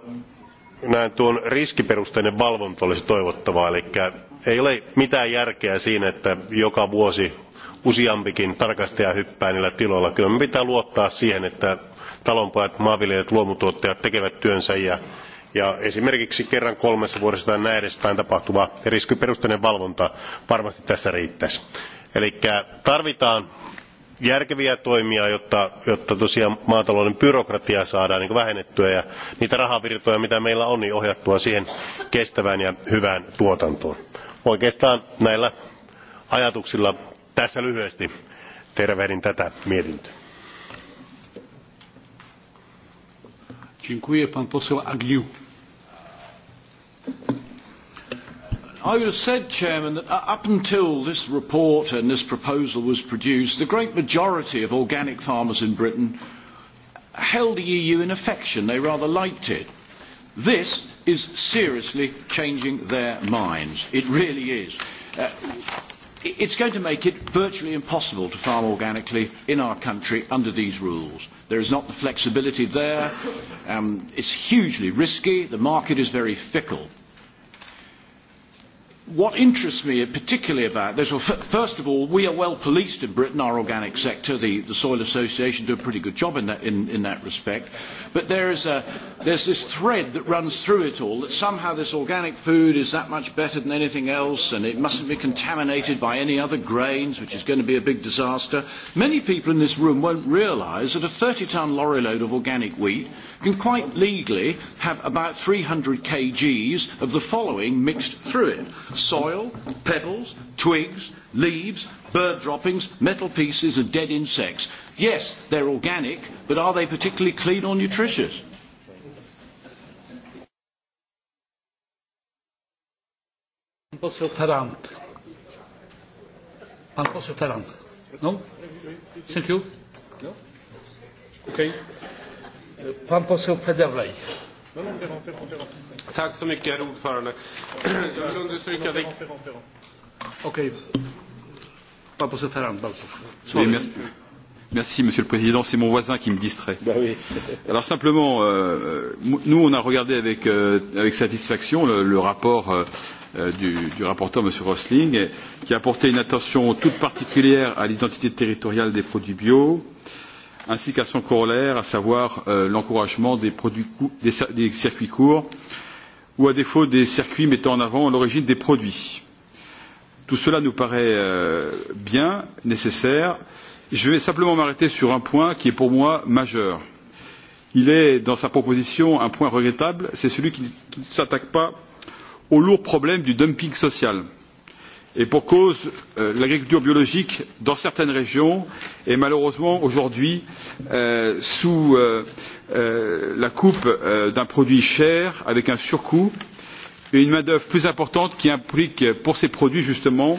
näen tuon riskiperusteinen valvonta olisi toivottavaa eli ei ole mitään järkeä siinä että joka vuosi useampikin tarkastaja hyppää niillä tiloilla. kyllä meidän pitää luottaa siihen että talonpojat maanviljelijät luomutuottajat tekevät työnsä ja ja esimerkiksi kerran kolmessa vuodessa tai näin edespäin tapahtuva riskiperusteinen valvonta varmasti tässä riittäisi. eli tarvitaan järkeviä toimia jotta, tosiaan maatalouden byrokratiaa saadaan vähennettyä ja niitä rahavirtoja mitä meillä on niin ohjattua siihen kestävään ja hyvään tuotantoon. oikeastaan näillä ajatuksilla tässä lyhyesti tervehdin tätä mietintöä. Dziękuję pan poseł Agniu. I would have said, Chairman, that uh, up until this report and this proposal was produced, the great majority of organic farmers in Britain held the EU in affection. They rather liked it. This is seriously changing their minds. It really is. Uh, it is going to make it virtually impossible to farm organically in our country under these rules. There is not the flexibility there. Um, it is hugely risky. The market is very fickle what interests me particularly about this, well, first of all, we are well policed in Britain, our organic sector. The, the Soil Association do a pretty good job in that, in, in that respect. But there is a, there's this thread that runs through it all, that somehow this organic food is that much better than anything else, and it mustn't be contaminated by any other grains, which is going to be a big disaster. Many people in this room won't realise that a 30-tonne lorry load of organic wheat can quite legally have about 300 kgs of the following mixed through it. Soil, pebbles, twigs, leaves, bird droppings, metal pieces and dead insects. Yes, they're organic, but are they particularly clean or nutritious? poseł Ferrand. Pan poseł Ferrand. No? Thank you. No? Okay. Pan poseł Federley. så mycket, herr ordförande. Jag vill understryka Okej. Pan poseł Ferrand, bardzo proszę. Merci, Monsieur le Président. C'est mon voisin qui me distrait. Ben oui. Alors simplement, euh, euh nous, on a regardé avec, euh, avec satisfaction le, le rapport euh, euh du, du rapporteur, Monsieur Rosling, qui a apporté une attention toute particulière à l'identité territoriale des produits bio. Euh, ainsi qu'à son corollaire à savoir euh, l'encouragement des, des, des circuits courts ou à défaut des circuits mettant en avant l'origine des produits. tout cela nous paraît euh, bien nécessaire. je vais simplement m'arrêter sur un point qui est pour moi majeur. il est dans sa proposition un point regrettable c'est celui qui ne s'attaque pas au lourd problème du dumping social et pour cause euh, l'agriculture biologique dans certaines régions est malheureusement aujourd'hui euh, sous euh, la coupe d'un produit cher avec un surcoût et une main d'œuvre plus importante qui implique pour ces produits justement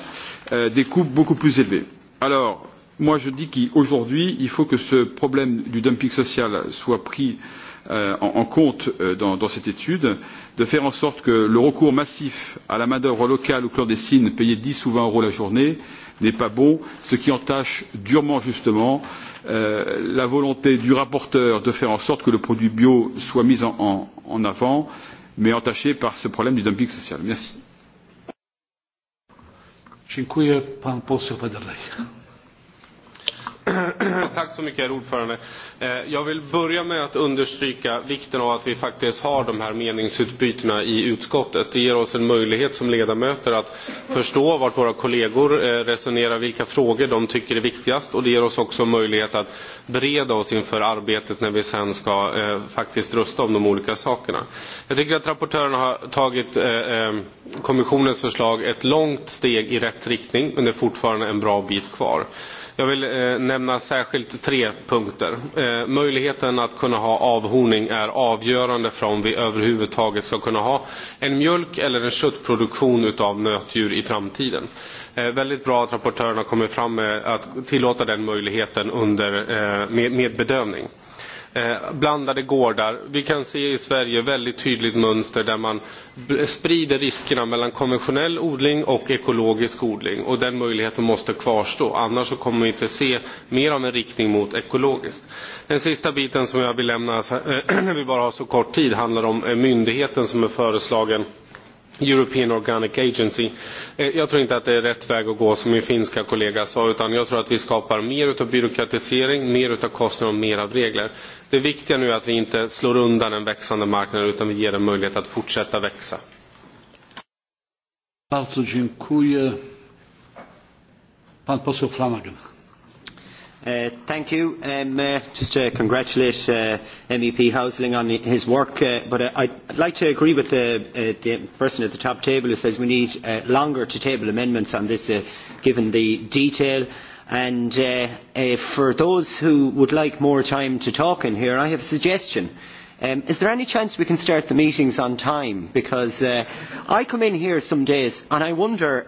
des coûts beaucoup plus élevés. alors moi je dis qu'aujourd'hui il faut que ce problème du dumping social soit pris en euh, en, en compte euh, dans, dans cette étude de faire en sorte que le recours massif à la main d'œuvre locale ou clandestine payée dix ou vingt euros la journée n'est pas bon ce qui entache durement justement euh, la volonté du rapporteur de faire en sorte que le produit bio soit mis en, en, en avant mais entaché par ce problème du dumping social. merci. Dziękuję pan poseł Federley. Tack så mycket, herr ordförande. Eh, jag vill börja med att understryka vikten av att vi faktiskt har de här meningsutbytena i utskottet. Det ger oss en möjlighet som ledamöter att förstå vart våra kollegor eh, resonerar, vilka frågor de tycker är viktigast och det ger oss också möjlighet att bereda oss inför arbetet när vi sen ska eh, faktiskt rösta om de olika sakerna. Jag tycker att rapportören har tagit kommissionens förslag ett långt steg i rätt riktning men det är fortfarande en bra bit kvar. Jag vill eh, nämna särskilt tre punkter. Eh, möjligheten att kunna ha avhorning är avgörande för om vi överhuvudtaget ska kunna ha en mjölk eller en köttproduktion av nötdjur i framtiden. Eh, väldigt bra att rapportörerna kommer fram med att tillåta den möjligheten under, eh, med, med bedövning. Eh, blandade gårdar. Vi kan se i Sverige väldigt tydligt mönster där man sprider riskerna mellan konventionell odling och ekologisk odling. Och den möjligheten måste kvarstå. Annars kommer vi inte se mer av en riktning mot ekologiskt. Den sista biten som jag vill lämna, när vi bara har så kort tid, handlar om eh, myndigheten som är föreslagen European Organic Agency. Eh, jag tror inte att det är rätt väg att gå som min finska kollega sa utan jag tror att vi skapar mer av byråkratisering, mer av kostnader och mer av regler. Det viktiga nu är att vi inte slår undan en växande marknad utan vi ger den möjlighet att fortsätta växa. Bardzo dziękuję. Pan poseł Flanagan. Uh, thank you. Um, uh, just to congratulate uh, MEP Housling on his work, uh, but uh, I'd like to agree with the, uh, the person at the top table who says we need uh, longer to table amendments on this, uh, given the detail. And uh, uh, for those who would like more time to talk in here, I have a suggestion. Um, is there any chance we can start the meetings on time? Because uh, I come in here some days and I wonder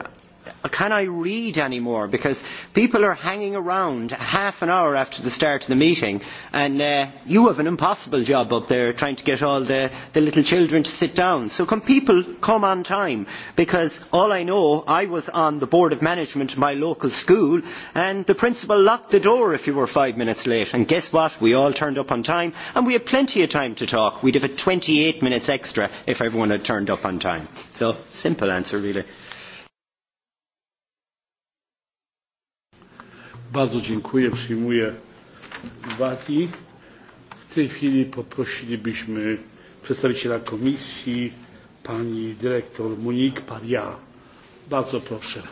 can I read anymore? Because people are hanging around half an hour after the start of the meeting, and uh, you have an impossible job up there trying to get all the, the little children to sit down. So can people come on time? Because all I know, I was on the board of management of my local school, and the principal locked the door if you were five minutes late. And guess what? We all turned up on time, and we had plenty of time to talk. We'd have had 28 minutes extra if everyone had turned up on time. So, simple answer, really. Bardzo dziękuję, przyjmuję uwagi. W tej chwili poprosilibyśmy przedstawiciela komisji, pani dyrektor Monique Paria. Bardzo proszę.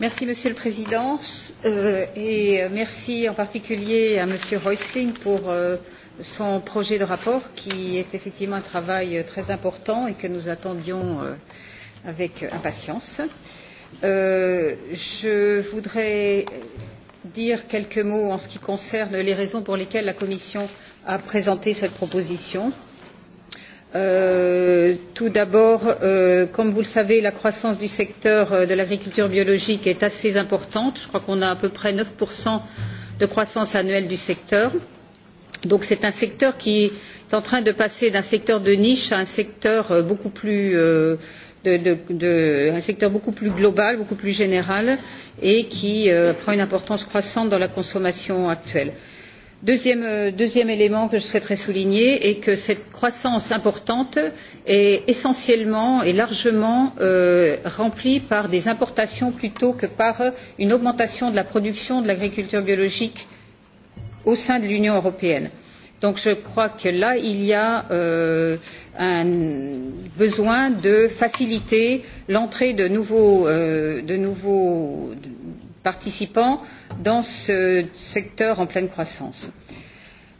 Merci, monsieur le président euh, et merci en particulier à Monsieur Reusling pour euh, son projet de rapport qui est effectivement un travail euh, très important et que nous attendions euh, avec impatience. Euh, je voudrais dire quelques mots en ce qui concerne les raisons pour lesquelles la commission a présenté cette proposition. Euh, tout d'abord euh, comme vous le savez la croissance du secteur euh, de l'agriculture biologique est assez importante je crois qu'on a à peu près neuf de croissance annuelle du secteur donc c'est un secteur qui est en train de passer d'un secteur de niche à un secteur euh, beaucoup plus euh, de, de, de, un secteur beaucoup plus global, beaucoup plus général et qui euh, prend une importance croissante dans la consommation actuelle. Deuxième, euh, deuxième élément que je souhaiterais souligner est que cette croissance importante est essentiellement et largement euh, remplie par des importations plutôt que par une augmentation de la production de l'agriculture biologique au sein de l'Union européenne donc je crois que là il y a euh, un besoin de faciliter l'entrée de nouveaux, euh, de nouveaux participants dans ce secteur en pleine croissance.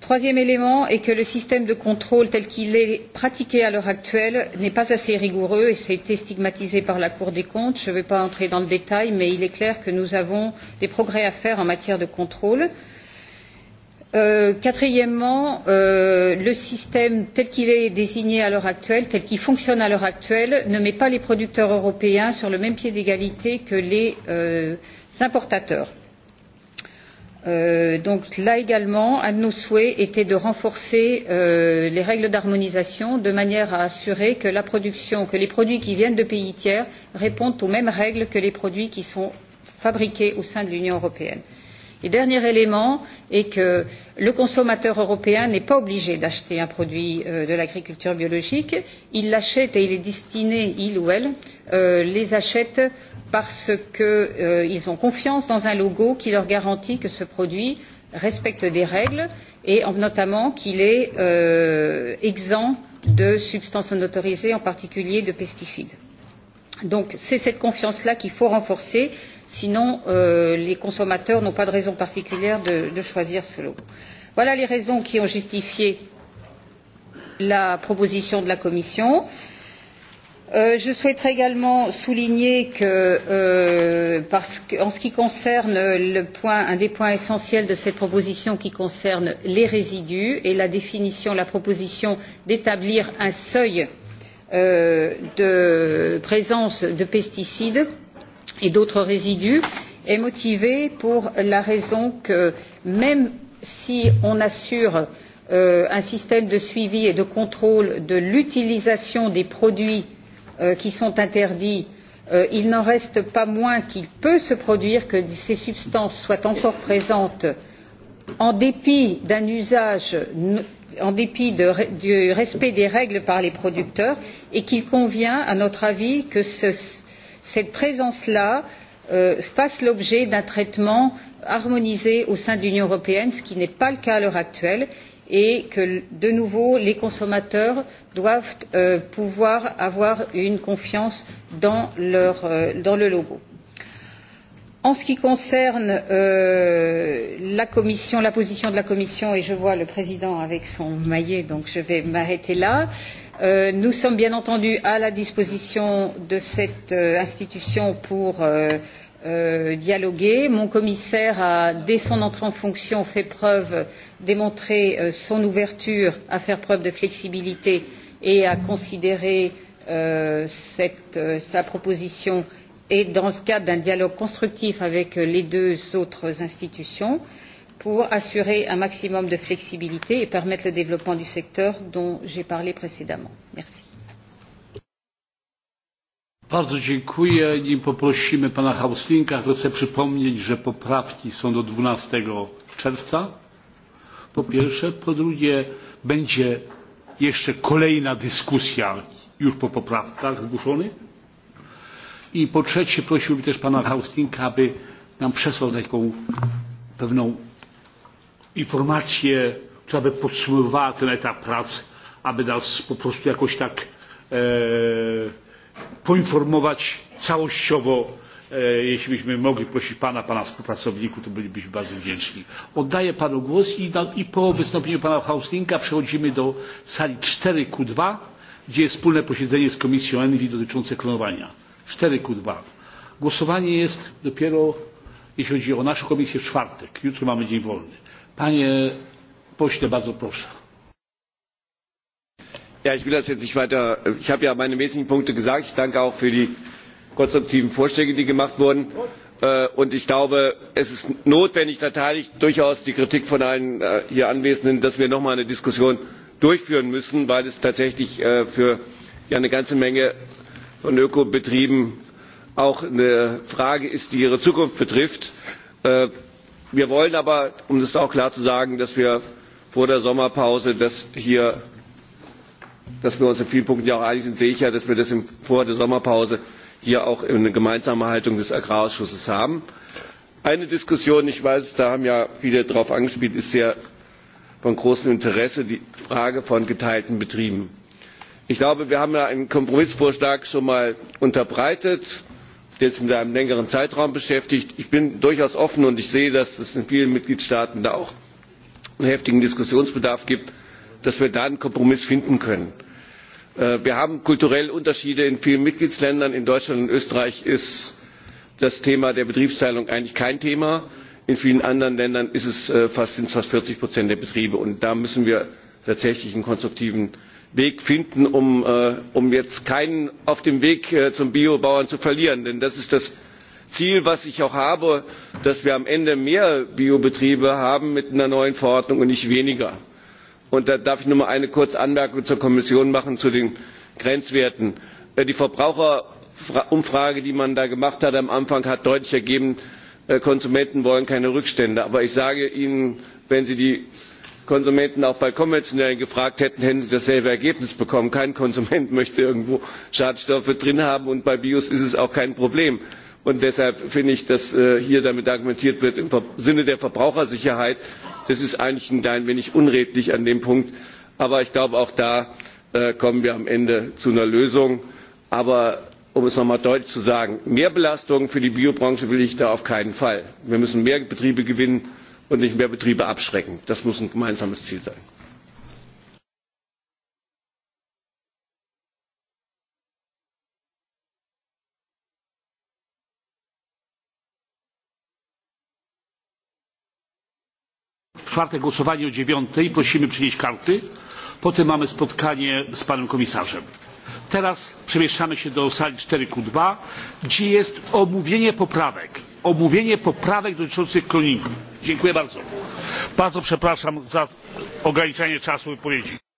troisième élément est que le système de contrôle tel qu'il est pratiqué à l'heure actuelle n'est pas assez rigoureux et ça a été stigmatisé par la cour des comptes. je ne vais pas entrer dans le détail mais il est clair que nous avons des progrès à faire en matière de contrôle. Euh, Euh, quatrièmement euh, le système tel qu'il est désigné à l'heure actuelle tel qu'il fonctionne à l'heure actuelle ne met pas les producteurs européens sur le même pied d'égalité que les euh, importateurs. donc là également un de nos souhaits était de renforcer les règles d'harmonisation de manière à assurer que la production que les produits qui viennent de pays tiers répondent aux mêmes règles que les produits qui sont fabriqués au sein de l'union européenne. Et dernier élément est que le consommateur européen n'est pas obligé d'acheter un produit euh, de l'agriculture biologique il l'achète et il est destiné il ou elle euh, les achète parce qu'ils euh, ont confiance dans un logo qui leur garantit que ce produit respecte des règles et notamment qu'il est euh, exempt de substances non autorisées en particulier de pesticides. donc c'est cette confiance là qu'il faut renforcer et sinon euh, les consommateurs n'ont pas de raison particulière de, de choisir ce lot. voilà les raisons qui ont justifié la proposition de la commission. Euh, je souhaiterais également souligner que, euh, parce que en ce qui concerne le point, un des points essentiels de cette proposition qui concerne les résidus et la définition la proposition d'établir un seuil euh, de présence de pesticides et d'autres résidus est motivé pour la raison que même si on assure euh, un système de suivi et de contrôle de l'utilisation des produits euh, qui sont interdits euh, il n'en reste pas moins qu'il peut se produire que ces substances soient encore présentes en dépit d'un usage en dépit de, du respect des règles par les producteurs et qu'il convient à notre avis que ce, cette présence là euh, fasse l'objet d'un traitement harmonisé au sein de l'union européenne ce qui n'est pas le cas à l'heure actuelle et que de nouveau les consommateurs doivent euh, pouvoir avoir une confiance dans, leur, euh, dans le logo. En ce qui concerne euh, la commission, la position de la commission, et je vois le président avec son maillet, donc je vais m'arrêter là. Euh, Euh, nous sommes bien entendu à la disposition de cette euh, institution pour euh, euh, dialoguer. Mon commissaire a, dès son entrée en fonction, fait preuve, démontré son ouverture à faire preuve de flexibilité et à considérer cette, sa proposition et dans le cadre d'un dialogue constructif avec les deux autres institutions. Euh, pour assurer un maximum de flexibilité et permettre le développement du secteur dont j'ai parlé précédemment. Merci. Bardzo dziękuję. poprosimy pana Hauslinka, chcę przypomnieć, że poprawki są do 12 czerwca. Po pierwsze. Po drugie, będzie jeszcze kolejna dyskusja już po poprawkach zgłoszonych. I po trzecie, prosiłbym też pana Hauslinka, aby nam przesłał taką pewną informację, która by podsumowywała ten etap prac, aby nas po prostu jakoś tak e, poinformować całościowo. E, jeśli byśmy mogli prosić Pana, Pana współpracowników, to bylibyśmy bardzo wdzięczni. Oddaję Panu głos i, na, i po wystąpieniu Pana Hauslinga przechodzimy do sali 4Q2, gdzie jest wspólne posiedzenie z Komisją Envi dotyczące klonowania. 4Q2. Głosowanie jest dopiero, jeśli chodzi o naszą komisję, w czwartek. Jutro mamy dzień wolny Panie pośle, bardzo proszę. Ja, ich will das jetzt nicht weiter. Ich habe ja meine wesentlichen Punkte gesagt. Ich danke auch für die konstruktiven Vorschläge, die gemacht wurden. Äh, und ich glaube, es ist notwendig, da teile ich durchaus die Kritik von allen äh, hier Anwesenden, dass wir noch eine Diskussion durchführen müssen, weil es tatsächlich äh, für eine ganze Menge von Ökobetrieben auch eine Frage ist, die ihre Zukunft betrifft wir wollen aber um das auch klar zu sagen dass wir vor der sommerpause das hier dass wir uns in vielen Punkten ja auch einig sind, sehe ich ja, dass wir das vor der Sommerpause hier auch in eine gemeinsame Haltung des Agrarausschusses haben. Eine Diskussion, ich weiß, da haben ja viele darauf angespielt, ist ja von großem Interesse die Frage von geteilten Betrieben. Ich glaube, wir haben ja einen Kompromissvorschlag schon mal unterbreitet jetzt mit einem längeren zeitraum beschäftigt. ich bin durchaus offen und ich sehe dass es in vielen mitgliedstaaten da auch einen heftigen diskussionsbedarf gibt dass wir da einen kompromiss finden können. Äh, wir haben kulturelle unterschiede in vielen mitgliedstaaten. in deutschland und österreich ist das thema der betriebsteilung eigentlich kein thema. in vielen anderen ländern äh, sind es fast vierzig der betriebe und da müssen wir tatsächlich einen konstruktiven weg finden um, äh, um, jetzt keinen auf dem weg äh, zum biobauern zu verlieren denn das ist das ziel das ich auch habe dass wir am ende mehr biobetriebe haben mit einer neuen verordnung und nicht weniger. Und da darf ich nur eine kurze anmerkung zur kommission machen zu den grenzwerten äh, die verbraucherumfrage die man da gemacht hat am anfang hat deutlich ergeben konsumenten wollen keine rückstände. aber ich sage ihnen wenn sie die konsumenten auch bei konventionellen gefragt hätten hätten sie dasselbe ergebnis bekommen kein konsument möchte irgendwo schadstoffe drin haben und bei bios ist es auch kein problem. deshalb finde ich dass äh, hier damit argumentiert wird im sinne der verbrauchersicherheit das ist eigentlich ein klein wenig unredlich an dem punkt aber ich glaube auch da äh, kommen wir am ende zu einer lösung. aber um es noch einmal deutlich zu sagen mehr belastung für die biobranche will ich da auf keinen fall. wir müssen mehr betriebe gewinnen und nicht mehr Betriebe abschrecken. Das muss ein gemeinsames Ziel sein. czwartek głosowanie o dziewiątej prosimy przynieść karty potem mamy spotkanie z panem komisarzem. teraz przemieszczamy się do sali q gdzie jest omówienie poprawek omówienie poprawek dotyczących cleaningu. dziękuję bardzo. bardzo przepraszam za ograniczanie czasu wypowiedzi.